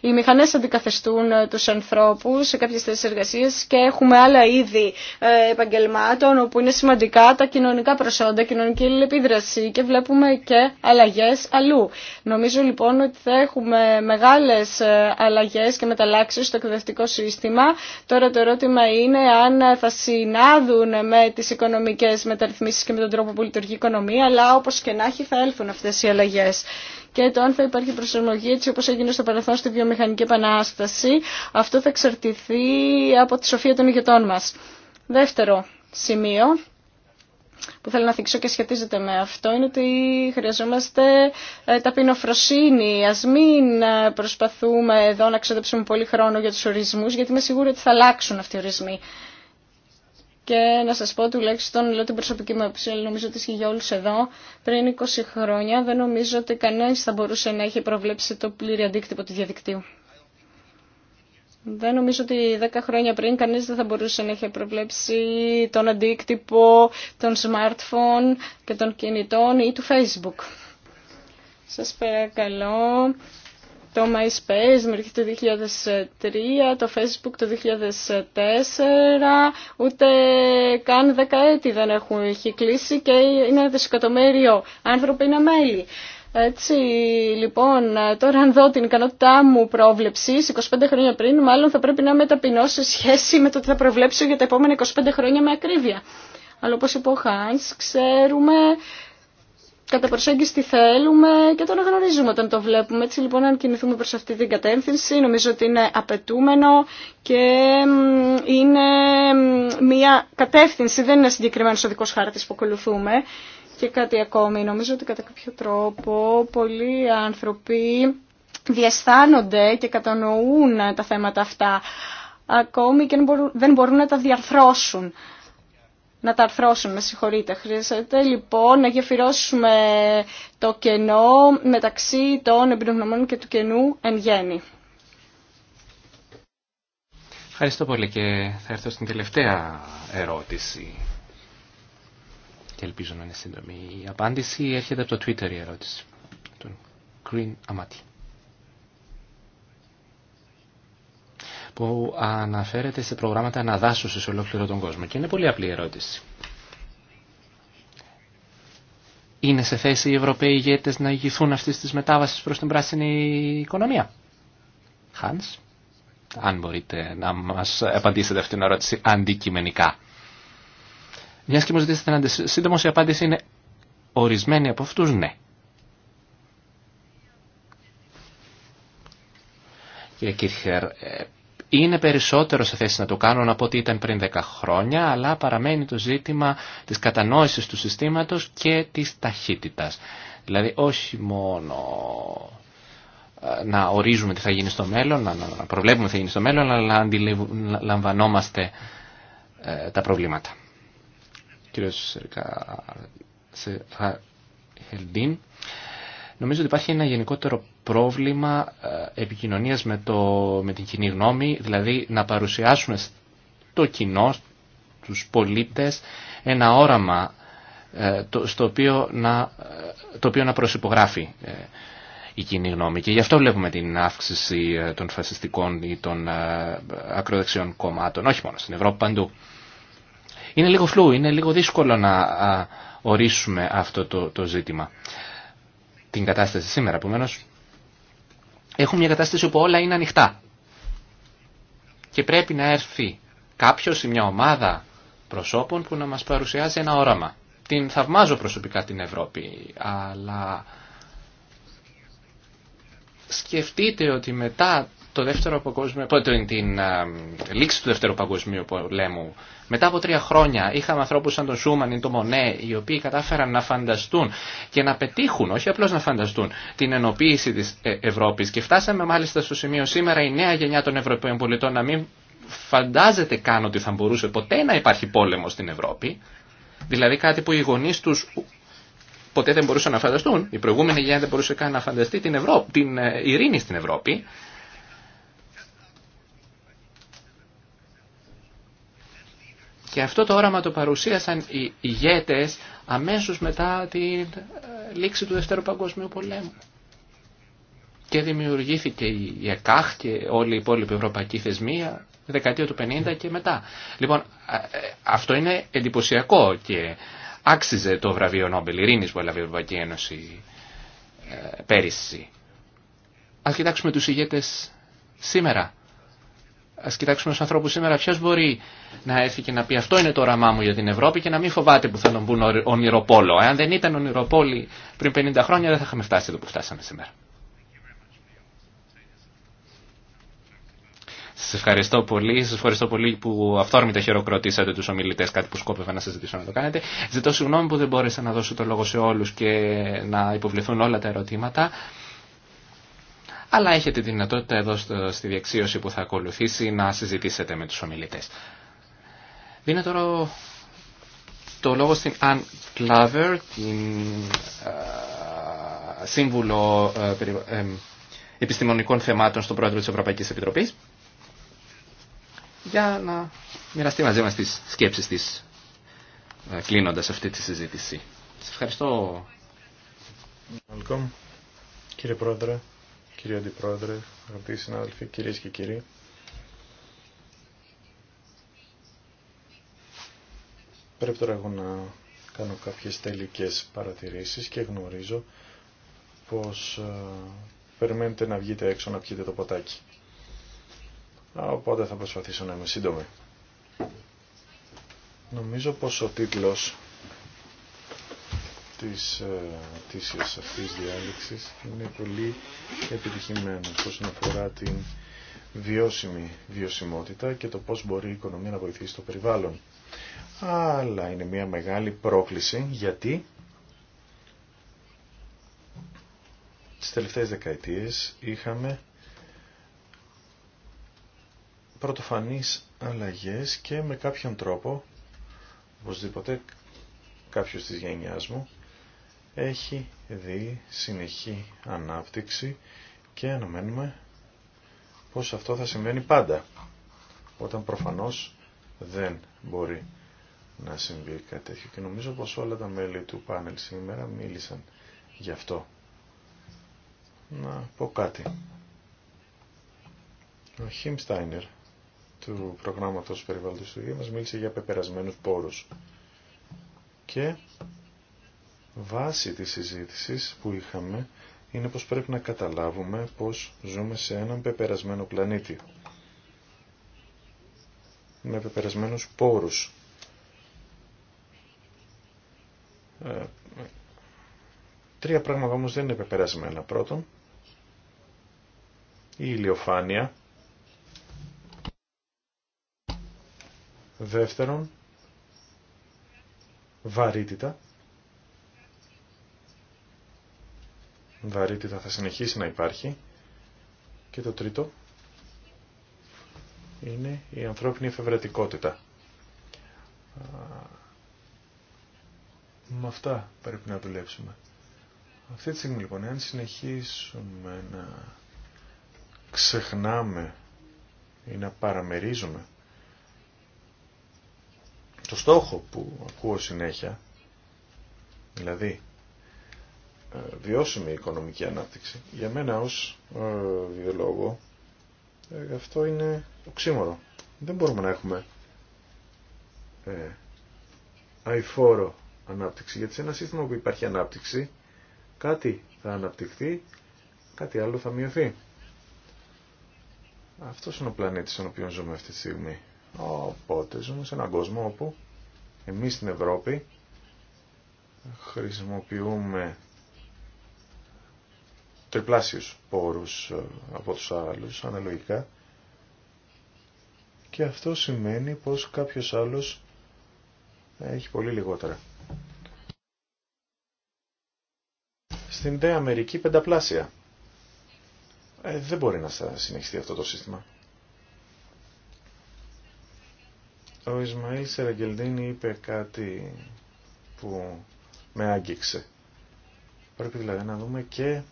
οι μηχανές αντικαθεστούν ε, τους ανθρώπους σε κάποιες θέσεις εργασίας και έχουμε άλλα είδη ε, επαγγελμάτων όπου είναι σημαντικά τα κοινωνικά προσόντα, κοινωνική λεπίδραση και βλέπουμε και αλλαγές αλλού. Νομίζω λοιπόν ότι θα έχουμε μεγάλες αλλαγές και μεταλλάξεις στο εκπαιδευτικό σύστημα. Τώρα το ερώτημα είναι αν θα συνάδουν με τις οικονομικές μεταρρυθμίσεις και με τον τρόπο που λειτουργεί η οικονομία, αλλά όπως και να έχει θα έλθουν αυτές οι αλλαγές. Και το αν θα υπάρχει προσαρμογή έτσι όπως έγινε στο παρελθόν στη βιομηχανική επανάσταση, αυτό θα εξαρτηθεί από τη σοφία των ηγετών μας. Δεύτερο σημείο που θέλω να θίξω και σχετίζεται με αυτό είναι ότι χρειαζόμαστε ε, ταπεινοφροσύνη. Α μην ε, προσπαθούμε εδώ να ξοδέψουμε πολύ χρόνο για του ορισμού, γιατί είμαι σίγουρη ότι θα αλλάξουν αυτοί οι ορισμοί. Και να σας πω τουλάχιστον, λέω την προσωπική μου άποψη, νομίζω ότι ισχύει για όλους εδώ, πριν 20 χρόνια δεν νομίζω ότι κανένας θα μπορούσε να έχει προβλέψει το πλήρη αντίκτυπο του διαδικτύου. Δεν νομίζω ότι 10 χρόνια πριν κανείς δεν θα μπορούσε να έχει προβλέψει τον αντίκτυπο των smartphone και των κινητών ή του facebook. Σας παρακαλώ, το MySpace μέχρι το 2003, το Facebook το 2004, ούτε καν δεκαέτη δεν έχουν έχει κλείσει και είναι ένα δισεκατομμύριο άνθρωποι είναι μέλη. Έτσι, λοιπόν, τώρα αν δω την ικανότητά μου πρόβλεψη 25 χρόνια πριν, μάλλον θα πρέπει να είμαι ταπεινό σε σχέση με το τι θα προβλέψω για τα επόμενα 25 χρόνια με ακρίβεια. Αλλά όπως είπε ο Χάνς, ξέρουμε κατά προσέγγιση τι θέλουμε και το αναγνωρίζουμε όταν το βλέπουμε. Έτσι λοιπόν αν κινηθούμε προς αυτή την κατεύθυνση νομίζω ότι είναι απαιτούμενο και είναι μια κατεύθυνση, δεν είναι συγκεκριμένος ο δικός χάρτης που ακολουθούμε. Και κάτι ακόμη, νομίζω ότι κατά κάποιο τρόπο πολλοί άνθρωποι διαισθάνονται και κατανοούν τα θέματα αυτά ακόμη και δεν μπορούν να τα διαρθρώσουν να τα αρθρώσουν, με συγχωρείτε. Χρειάζεται λοιπόν να γεφυρώσουμε το κενό μεταξύ των εμπειρογνωμών και του κενού εν γέννη. Ευχαριστώ πολύ και θα έρθω στην τελευταία ερώτηση. Και ελπίζω να είναι σύντομη η απάντηση. Έρχεται από το Twitter η ερώτηση. Τον Green Amati. που αναφέρεται σε προγράμματα αναδάσωσης σε ολόκληρο τον κόσμο. Και είναι πολύ απλή ερώτηση. Είναι σε θέση οι Ευρωπαίοι ηγέτες να ηγηθούν αυτή τη μετάβαση προς την πράσινη οικονομία. Χάνς, αν μπορείτε να μας απαντήσετε αυτήν την ερώτηση αντικειμενικά. Μιας και μου ζητήσετε να σύντομος η απάντηση είναι ορισμένη από αυτούς ναι. Κύριε Κίρχερ, ε, είναι περισσότερο σε θέση να το κάνουν από ό,τι ήταν πριν 10 χρόνια, αλλά παραμένει το ζήτημα της κατανόησης του συστήματος και της ταχύτητας. Δηλαδή όχι μόνο ε, να ορίζουμε τι θα γίνει στο μέλλον, να προβλέπουμε τι θα γίνει στο μέλλον, αλλά να αντιλαμβανόμαστε ε, τα προβλήματα. Κύριος Σερκα... Νομίζω ότι υπάρχει ένα γενικότερο πρόβλημα ε, επικοινωνίας με, το, με την κοινή γνώμη, δηλαδή να παρουσιάσουμε στο κοινό, τους πολίτες, ένα όραμα ε, το, στο οποίο να, ε, το οποίο να προσυπογράφει η κοινή γνώμη. Και γι' αυτό βλέπουμε την αύξηση των φασιστικών ή των ακροδεξιών κομμάτων, όχι μόνο στην Ευρώπη, παντού. Είναι λίγο φλού, είναι λίγο δύσκολο να ορίσουμε αυτό το, το ζήτημα. Την κατάσταση σήμερα, απομένως, έχουμε μια κατάσταση όπου όλα είναι ανοιχτά. Και πρέπει να έρθει κάποιο ή μια ομάδα προσώπων που να μας παρουσιάζει ένα όραμα. Την θαυμάζω προσωπικά την Ευρώπη, αλλά σκεφτείτε ότι μετά το δεύτερο παγκόσμιο, την, την α, λήξη του Δεύτερου Παγκοσμίου Πολέμου. Μετά από τρία χρόνια είχαμε ανθρώπους σαν τον Σούμαν ή τον Μονέ, οι οποίοι κατάφεραν να φανταστούν και να πετύχουν, όχι απλώς να φανταστούν, την ενοποίηση της ε, Ευρώπης. Και φτάσαμε μάλιστα στο σημείο σήμερα η νέα γενιά των Ευρωπαίων πολιτών να μην φαντάζεται καν ότι θα μπορούσε ποτέ να υπάρχει πόλεμο στην Ευρώπη. Δηλαδή κάτι που οι γονεί του ποτέ δεν μπορούσαν να φανταστούν. Η προηγούμενη γενιά δεν μπορούσε καν να φανταστεί την, Ευρώπη, την ε, ειρήνη στην Ευρώπη. Και αυτό το όραμα το παρουσίασαν οι ηγέτες αμέσως μετά τη ε, λήξη του Δεύτερου Παγκοσμίου Πολέμου. Και δημιουργήθηκε η ΕΚΑΧ και όλη η υπόλοιπη ευρωπαϊκή θεσμία ε, δεκαετία του 50 και μετά. Λοιπόν, ε, αυτό είναι εντυπωσιακό και άξιζε το βραβείο Νόμπελ Ειρήνης που έλαβε η Ευρωπαϊκή Ένωση πέρυσι. Ας κοιτάξουμε τους ηγέτες σήμερα. Α κοιτάξουμε του ανθρώπου σήμερα ποιο μπορεί να έρθει και να πει αυτό είναι το όραμά μου για την Ευρώπη και να μην φοβάται που θα τον πούν ονειροπόλο. Ε, αν δεν ήταν ονειροπόλοι πριν 50 χρόνια δεν θα είχαμε φτάσει εδώ που φτάσαμε σήμερα. Σα ευχαριστώ πολύ. Σα ευχαριστώ πολύ που αυθόρμητα χειροκροτήσατε του ομιλητέ, κάτι που σκόπευα να σα ζητήσω να το κάνετε. Ζητώ συγγνώμη που δεν μπόρεσα να δώσω το λόγο σε όλου και να υποβληθούν όλα τα ερωτήματα αλλά έχετε τη δυνατότητα εδώ στη διεξίωση που θα ακολουθήσει να συζητήσετε με τους ομιλητές. Δίνω τώρα το λόγο στην Αν Κλάβερ, την Σύμβουλο Επιστημονικών Θεμάτων στον Πρόεδρο της Ευρωπαϊκής Επιτροπής, για να μοιραστεί μαζί μας τις σκέψεις της, κλείνοντας αυτή τη συζήτηση. Σας ευχαριστώ. Welcome. Κύριε Πρόεδρε, κύριε Αντιπρόεδρε, αγαπητοί συνάδελφοι, κυρίες και κύριοι. Πρέπει τώρα εγώ να κάνω κάποιες τελικές παρατηρήσεις και γνωρίζω πως ε, περιμένετε να βγείτε έξω να πιείτε το ποτάκι. Οπότε θα προσπαθήσω να είμαι σύντομη. Νομίζω πως ο τίτλος της ε, τήσεως αυτής διάλεξης είναι πολύ επιτυχημένο όσον αφορά την βιώσιμη βιωσιμότητα και το πώς μπορεί η οικονομία να βοηθήσει το περιβάλλον. Αλλά είναι μια μεγάλη πρόκληση γιατί τις τελευταίες δεκαετίες είχαμε πρωτοφανείς αλλαγές και με κάποιον τρόπο, οπωσδήποτε κάποιος της γενιάς μου, έχει δει συνεχή ανάπτυξη και αναμένουμε πως αυτό θα συμβαίνει πάντα, όταν προφανώς δεν μπορεί να συμβεί κάτι τέτοιο. Και νομίζω πως όλα τα μέλη του πάνελ σήμερα μίλησαν γι' αυτό. Να πω κάτι. Ο Στάινερ του προγράμματος περιβάλλοντος του μας μίλησε για πεπερασμένους πόρους. Και βάση της συζήτησης που είχαμε είναι πως πρέπει να καταλάβουμε πως ζούμε σε έναν πεπερασμένο πλανήτη. Με πεπερασμένους πόρους. Ε, τρία πράγματα όμως δεν είναι πεπερασμένα. Πρώτον, η ηλιοφάνεια. Δεύτερον, βαρύτητα. βαρύτητα θα συνεχίσει να υπάρχει. Και το τρίτο είναι η ανθρώπινη εφευρετικότητα. Με αυτά πρέπει να δουλέψουμε. Αυτή τη στιγμή λοιπόν, αν συνεχίσουμε να ξεχνάμε ή να παραμερίζουμε το στόχο που ακούω συνέχεια, δηλαδή ε, βιώσιμη οικονομική ανάπτυξη. Για μένα ως ε, βιολόγο ε, αυτό είναι οξύμορο. Δεν μπορούμε να έχουμε ε, αηφόρο ανάπτυξη, γιατί σε ένα σύστημα που υπάρχει ανάπτυξη κάτι θα αναπτυχθεί, κάτι άλλο θα μειωθεί. Αυτό είναι ο πλανήτης στον οποίο ζούμε αυτή τη στιγμή. Οπότε ζούμε σε έναν κόσμο όπου εμείς στην Ευρώπη χρησιμοποιούμε τριπλάσιους πόρους ε, από τους άλλους, αναλογικά. Και αυτό σημαίνει πως κάποιος άλλος έχει πολύ λιγότερα. Στην ΔΕ Αμερική πενταπλάσια. Ε, δεν μπορεί να συνεχιστεί αυτό το σύστημα. Ο Ισμαήλ Σεραγγελδίνη είπε κάτι που με άγγιξε. Πρέπει δηλαδή να δούμε και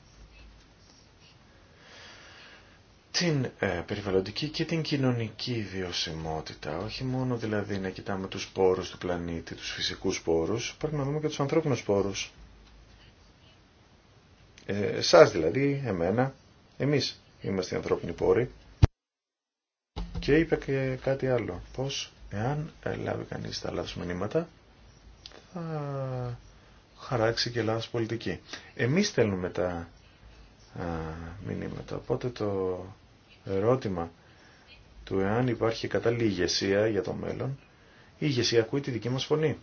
την ε, περιβαλλοντική και την κοινωνική βιωσιμότητα. Όχι μόνο δηλαδή να κοιτάμε τους πόρους του πλανήτη, τους φυσικούς πόρους, πρέπει να δούμε και τους ανθρώπινους πόρους. Ε, σας δηλαδή, εμένα, εμείς είμαστε οι ανθρώπινοι πόροι. Και είπε και κάτι άλλο, πως εάν ε, λάβει κανείς τα λάθος μηνύματα, θα χαράξει και λάθος πολιτική. Εμείς στέλνουμε τα α, μηνύματα, οπότε το ερώτημα του εάν υπάρχει κατάλληλη ηγεσία για το μέλλον, η ηγεσία ακούει τη δική μας φωνή.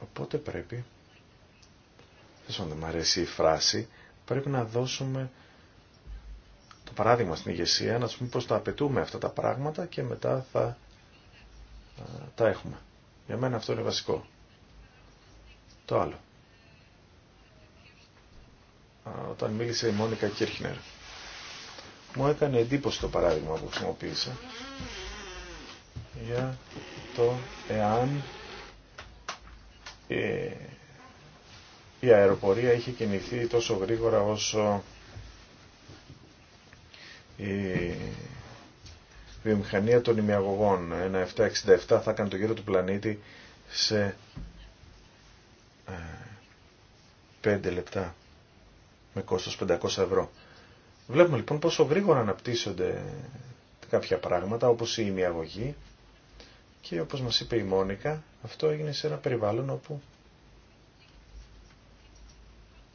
Οπότε πρέπει, δεν μου αρέσει η φράση, πρέπει να δώσουμε το παράδειγμα στην ηγεσία, να σου πούμε πώς τα απαιτούμε αυτά τα πράγματα και μετά θα τα έχουμε. Για μένα αυτό είναι βασικό. Το άλλο όταν μίλησε η Μόνικα Κίρχνερ. Μου έκανε εντύπωση το παράδειγμα που χρησιμοποίησα για το εάν ε, η αεροπορία είχε κινηθεί τόσο γρήγορα όσο η βιομηχανία των ημιαγωγών. Ένα 767 θα έκανε το γύρο του πλανήτη σε 5 ε, λεπτά με κόστος 500 ευρώ. Βλέπουμε λοιπόν πόσο γρήγορα αναπτύσσονται κάποια πράγματα όπως η ημιαγωγή και όπως μας είπε η Μόνικα αυτό έγινε σε ένα περιβάλλον όπου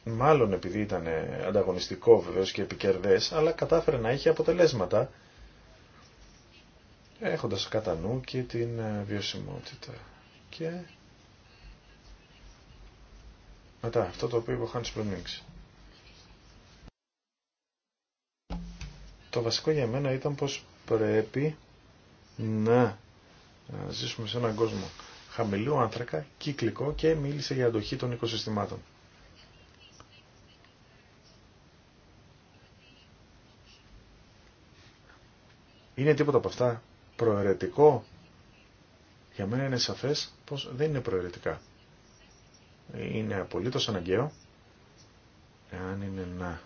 μάλλον επειδή ήταν ανταγωνιστικό βεβαίως και επικερδές αλλά κατάφερε να έχει αποτελέσματα έχοντας κατά νου και την ε, βιωσιμότητα. Και μετά αυτό το οποίο είπε ο Χάνης Το βασικό για μένα ήταν πως πρέπει να ε, ζήσουμε σε έναν κόσμο χαμηλού άνθρακα, κύκλικό και μίλησε για αντοχή των οικοσυστημάτων. Είναι τίποτα από αυτά προαιρετικό. Για μένα είναι σαφές πως δεν είναι προαιρετικά. Είναι απολύτως αναγκαίο, εάν είναι να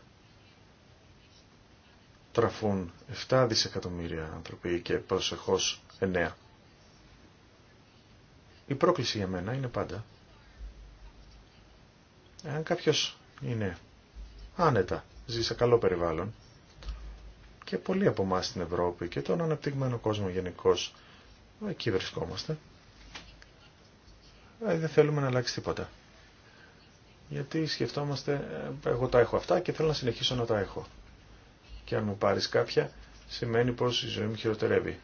στραφούν 7 δισεκατομμύρια άνθρωποι και προσεχώς 9. Η πρόκληση για μένα είναι πάντα. Εάν κάποιος είναι άνετα, ζει σε καλό περιβάλλον και πολλοί από εμά στην Ευρώπη και τον αναπτυγμένο κόσμο γενικώ εκεί βρισκόμαστε, ε, δεν θέλουμε να αλλάξει τίποτα. Γιατί σκεφτόμαστε, ε, εγώ τα έχω αυτά και θέλω να συνεχίσω να τα έχω και αν μου πάρει κάποια, σημαίνει πω η ζωή μου χειροτερεύει.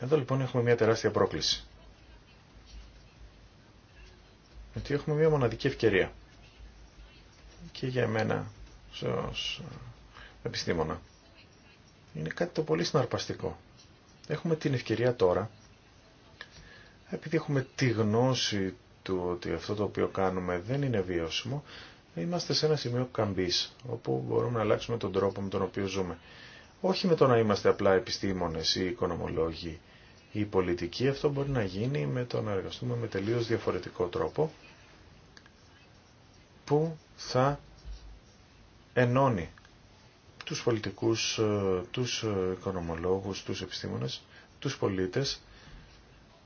Εδώ λοιπόν έχουμε μια τεράστια πρόκληση. Γιατί έχουμε μια μοναδική ευκαιρία. Και για εμένα, ως επιστήμονα, είναι κάτι το πολύ συναρπαστικό. Έχουμε την ευκαιρία τώρα, επειδή έχουμε τη γνώση του ότι αυτό το οποίο κάνουμε δεν είναι βιώσιμο, είμαστε σε ένα σημείο καμπής, όπου μπορούμε να αλλάξουμε τον τρόπο με τον οποίο ζούμε. Όχι με το να είμαστε απλά επιστήμονες ή οικονομολόγοι ή πολιτικοί, αυτό μπορεί να γίνει με το να εργαστούμε με τελείως διαφορετικό τρόπο, που θα ενώνει τους πολιτικούς, ε, τους ε, οικονομολόγους, τους επιστήμονες, τους πολίτες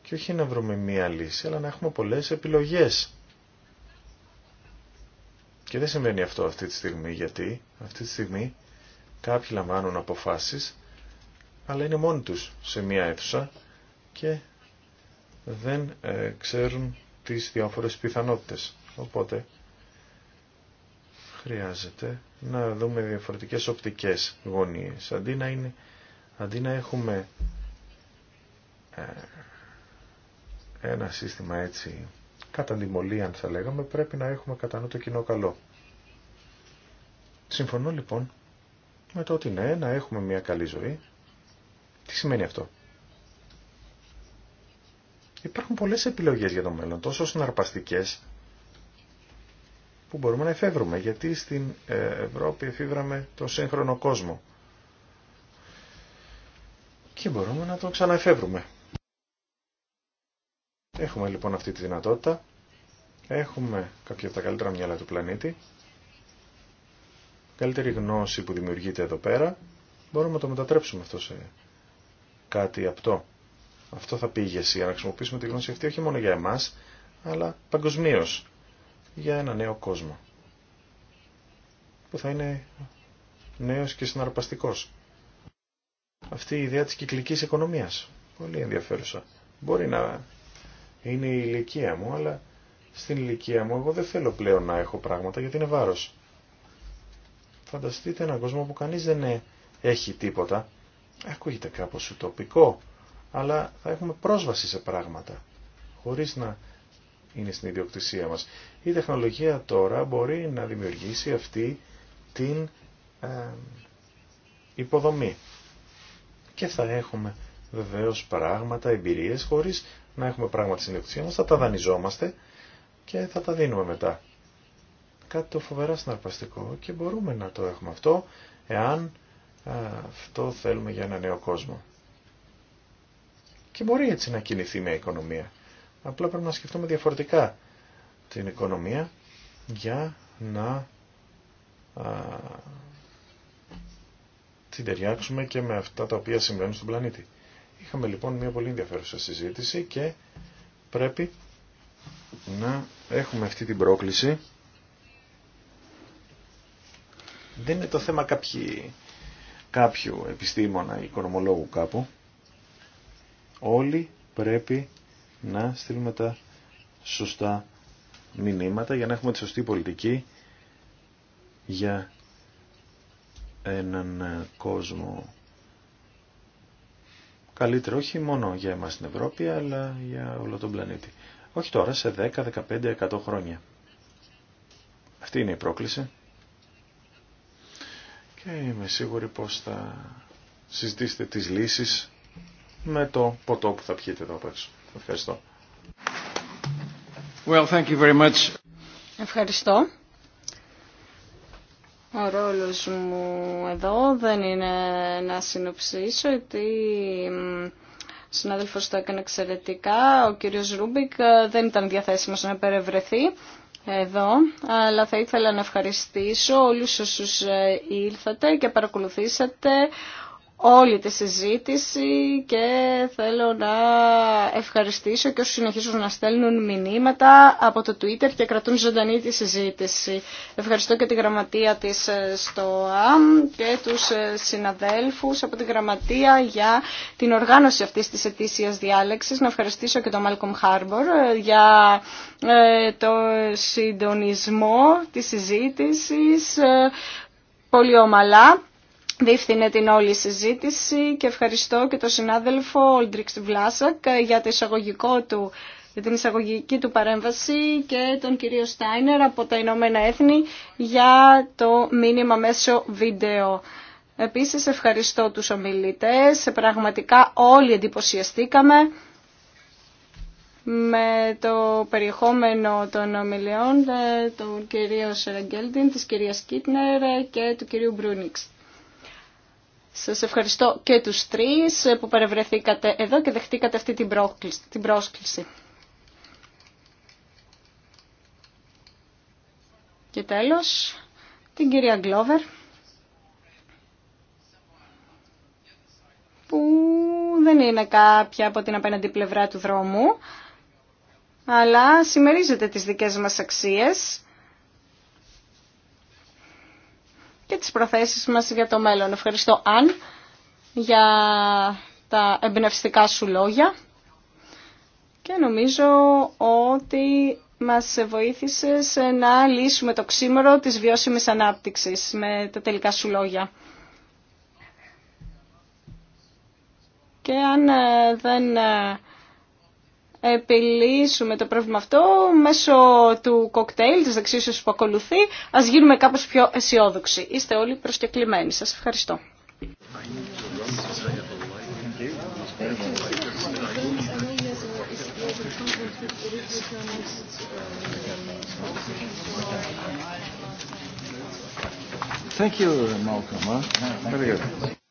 και όχι να βρούμε μία λύση, αλλά να έχουμε πολλές επιλογές και δεν συμβαίνει αυτό αυτή τη στιγμή γιατί αυτή τη στιγμή κάποιοι λαμβάνουν αποφάσεις αλλά είναι μόνοι τους σε μία αίθουσα και δεν ε, ξέρουν τις διάφορες πιθανότητες. Οπότε χρειάζεται να δούμε διαφορετικές οπτικές γωνίες. Αντί να, είναι, αντί να έχουμε ε, ένα σύστημα έτσι κατά αν θα λέγαμε, πρέπει να έχουμε κατά νου το κοινό καλό. Συμφωνώ λοιπόν με το ότι ναι, να έχουμε μια καλή ζωή. Τι σημαίνει αυτό. Υπάρχουν πολλές επιλογές για το μέλλον, τόσο συναρπαστικές που μπορούμε να εφεύρουμε, γιατί στην ε, Ευρώπη εφήβραμε το σύγχρονο κόσμο. Και μπορούμε να το ξαναεφεύρουμε. Έχουμε λοιπόν αυτή τη δυνατότητα. Έχουμε κάποια από τα καλύτερα μυαλά του πλανήτη. Καλύτερη γνώση που δημιουργείται εδώ πέρα. Μπορούμε να το μετατρέψουμε αυτό σε κάτι απτό. Αυτό θα πήγε εσύ, ηγεσία, να χρησιμοποιήσουμε τη γνώση αυτή όχι μόνο για εμάς, αλλά παγκοσμίω για ένα νέο κόσμο. Που θα είναι νέος και συναρπαστικός. Αυτή η ιδέα της κυκλικής οικονομίας. Πολύ ενδιαφέρουσα. Μπορεί να είναι η ηλικία μου, αλλά στην ηλικία μου εγώ δεν θέλω πλέον να έχω πράγματα γιατί είναι βάρος. Φανταστείτε έναν κόσμο που κανείς δεν ε, έχει τίποτα. Ακούγεται κάπως ουτοπικό, αλλά θα έχουμε πρόσβαση σε πράγματα, χωρίς να είναι στην ιδιοκτησία μας. Η τεχνολογία τώρα μπορεί να δημιουργήσει αυτή την ε, υποδομή. Και θα έχουμε Βεβαίω πράγματα, εμπειρίε χωρίς να έχουμε πράγματα στην ιδιοκτησία μα, θα τα δανειζόμαστε και θα τα δίνουμε μετά. Κάτι το φοβερά συναρπαστικό και μπορούμε να το έχουμε αυτό, εάν αυτό θέλουμε για ένα νέο κόσμο. Και μπορεί έτσι να κινηθεί μια οικονομία. Απλά πρέπει να σκεφτούμε διαφορετικά την οικονομία για να α, την ταιριάξουμε και με αυτά τα οποία συμβαίνουν στον πλανήτη. Είχαμε λοιπόν μια πολύ ενδιαφέρουσα συζήτηση και πρέπει να έχουμε αυτή την πρόκληση. Δεν είναι το θέμα κάποιοι, κάποιου επιστήμονα ή οικονομολόγου κάπου. Όλοι πρέπει να στείλουμε τα σωστά μηνύματα για να έχουμε τη σωστή πολιτική για έναν κόσμο καλύτερο όχι μόνο για εμάς στην Ευρώπη αλλά για όλο τον πλανήτη. Όχι τώρα, σε 10, 15, 100 χρόνια. Αυτή είναι η πρόκληση. Και είμαι σίγουρη πως θα συζητήσετε τις λύσεις με το ποτό που θα πιείτε εδώ πέρα. Ευχαριστώ. Well, thank you very much. Ευχαριστώ. Ο ρόλος μου εδώ δεν είναι να συνοψίσω ότι ο συνάδελφος το έκανε εξαιρετικά. Ο κύριος Ρούμπικ ε, δεν ήταν διαθέσιμος να περευρεθεί εδώ, αλλά θα ήθελα να ευχαριστήσω όλους όσους ε, ήλθατε και παρακολουθήσατε όλη τη συζήτηση και θέλω να ευχαριστήσω και όσους συνεχίζουν να στέλνουν μηνύματα από το Twitter και κρατούν ζωντανή τη συζήτηση. Ευχαριστώ και τη γραμματεία της ε, στο ΑΜ και τους ε, συναδέλφους από τη γραμματεία για την οργάνωση αυτής της ετήσιας διάλεξης. Να ευχαριστήσω και τον Malcolm Harbour ε, για το συντονισμό της συζήτησης πολύ ομαλά διεύθυνε την όλη συζήτηση και ευχαριστώ και τον συνάδελφο Όλτριξ Βλάσακ για το εισαγωγικό του για την εισαγωγική του παρέμβαση και τον κύριο Στάινερ από τα Ηνωμένα Έθνη για το μήνυμα μέσω βίντεο. Επίσης ευχαριστώ τους ομιλητές, πραγματικά όλοι εντυπωσιαστήκαμε με το περιεχόμενο των ομιλιών ε, του κυρίου Σεραγγέλτιν, της κυρίας Κίτνερ και του κυρίου Μπρούνιξτ. Σας ευχαριστώ και τους τρεις που παρευρεθήκατε εδώ και δεχτήκατε αυτή την πρόσκληση. Και τέλος, την κυρία Γκλόβερ, που δεν είναι κάποια από την απέναντι πλευρά του δρόμου, αλλά συμμερίζεται τις δικές μας αξίες και τις προθέσεις μας για το μέλλον. Ευχαριστώ, Αν, για τα εμπνευστικά σου λόγια και νομίζω ότι μας βοήθησες να λύσουμε το ξύμερο της βιώσιμης ανάπτυξης με τα τελικά σου λόγια. Και αν ε, δεν ε, επιλύσουμε το πρόβλημα αυτό μέσω του κοκτέιλ, της δεξίωσης που ακολουθεί, ας γίνουμε κάπως πιο αισιόδοξοι. Είστε όλοι προσκεκλημένοι. Σας ευχαριστώ. Thank you, Malcolm.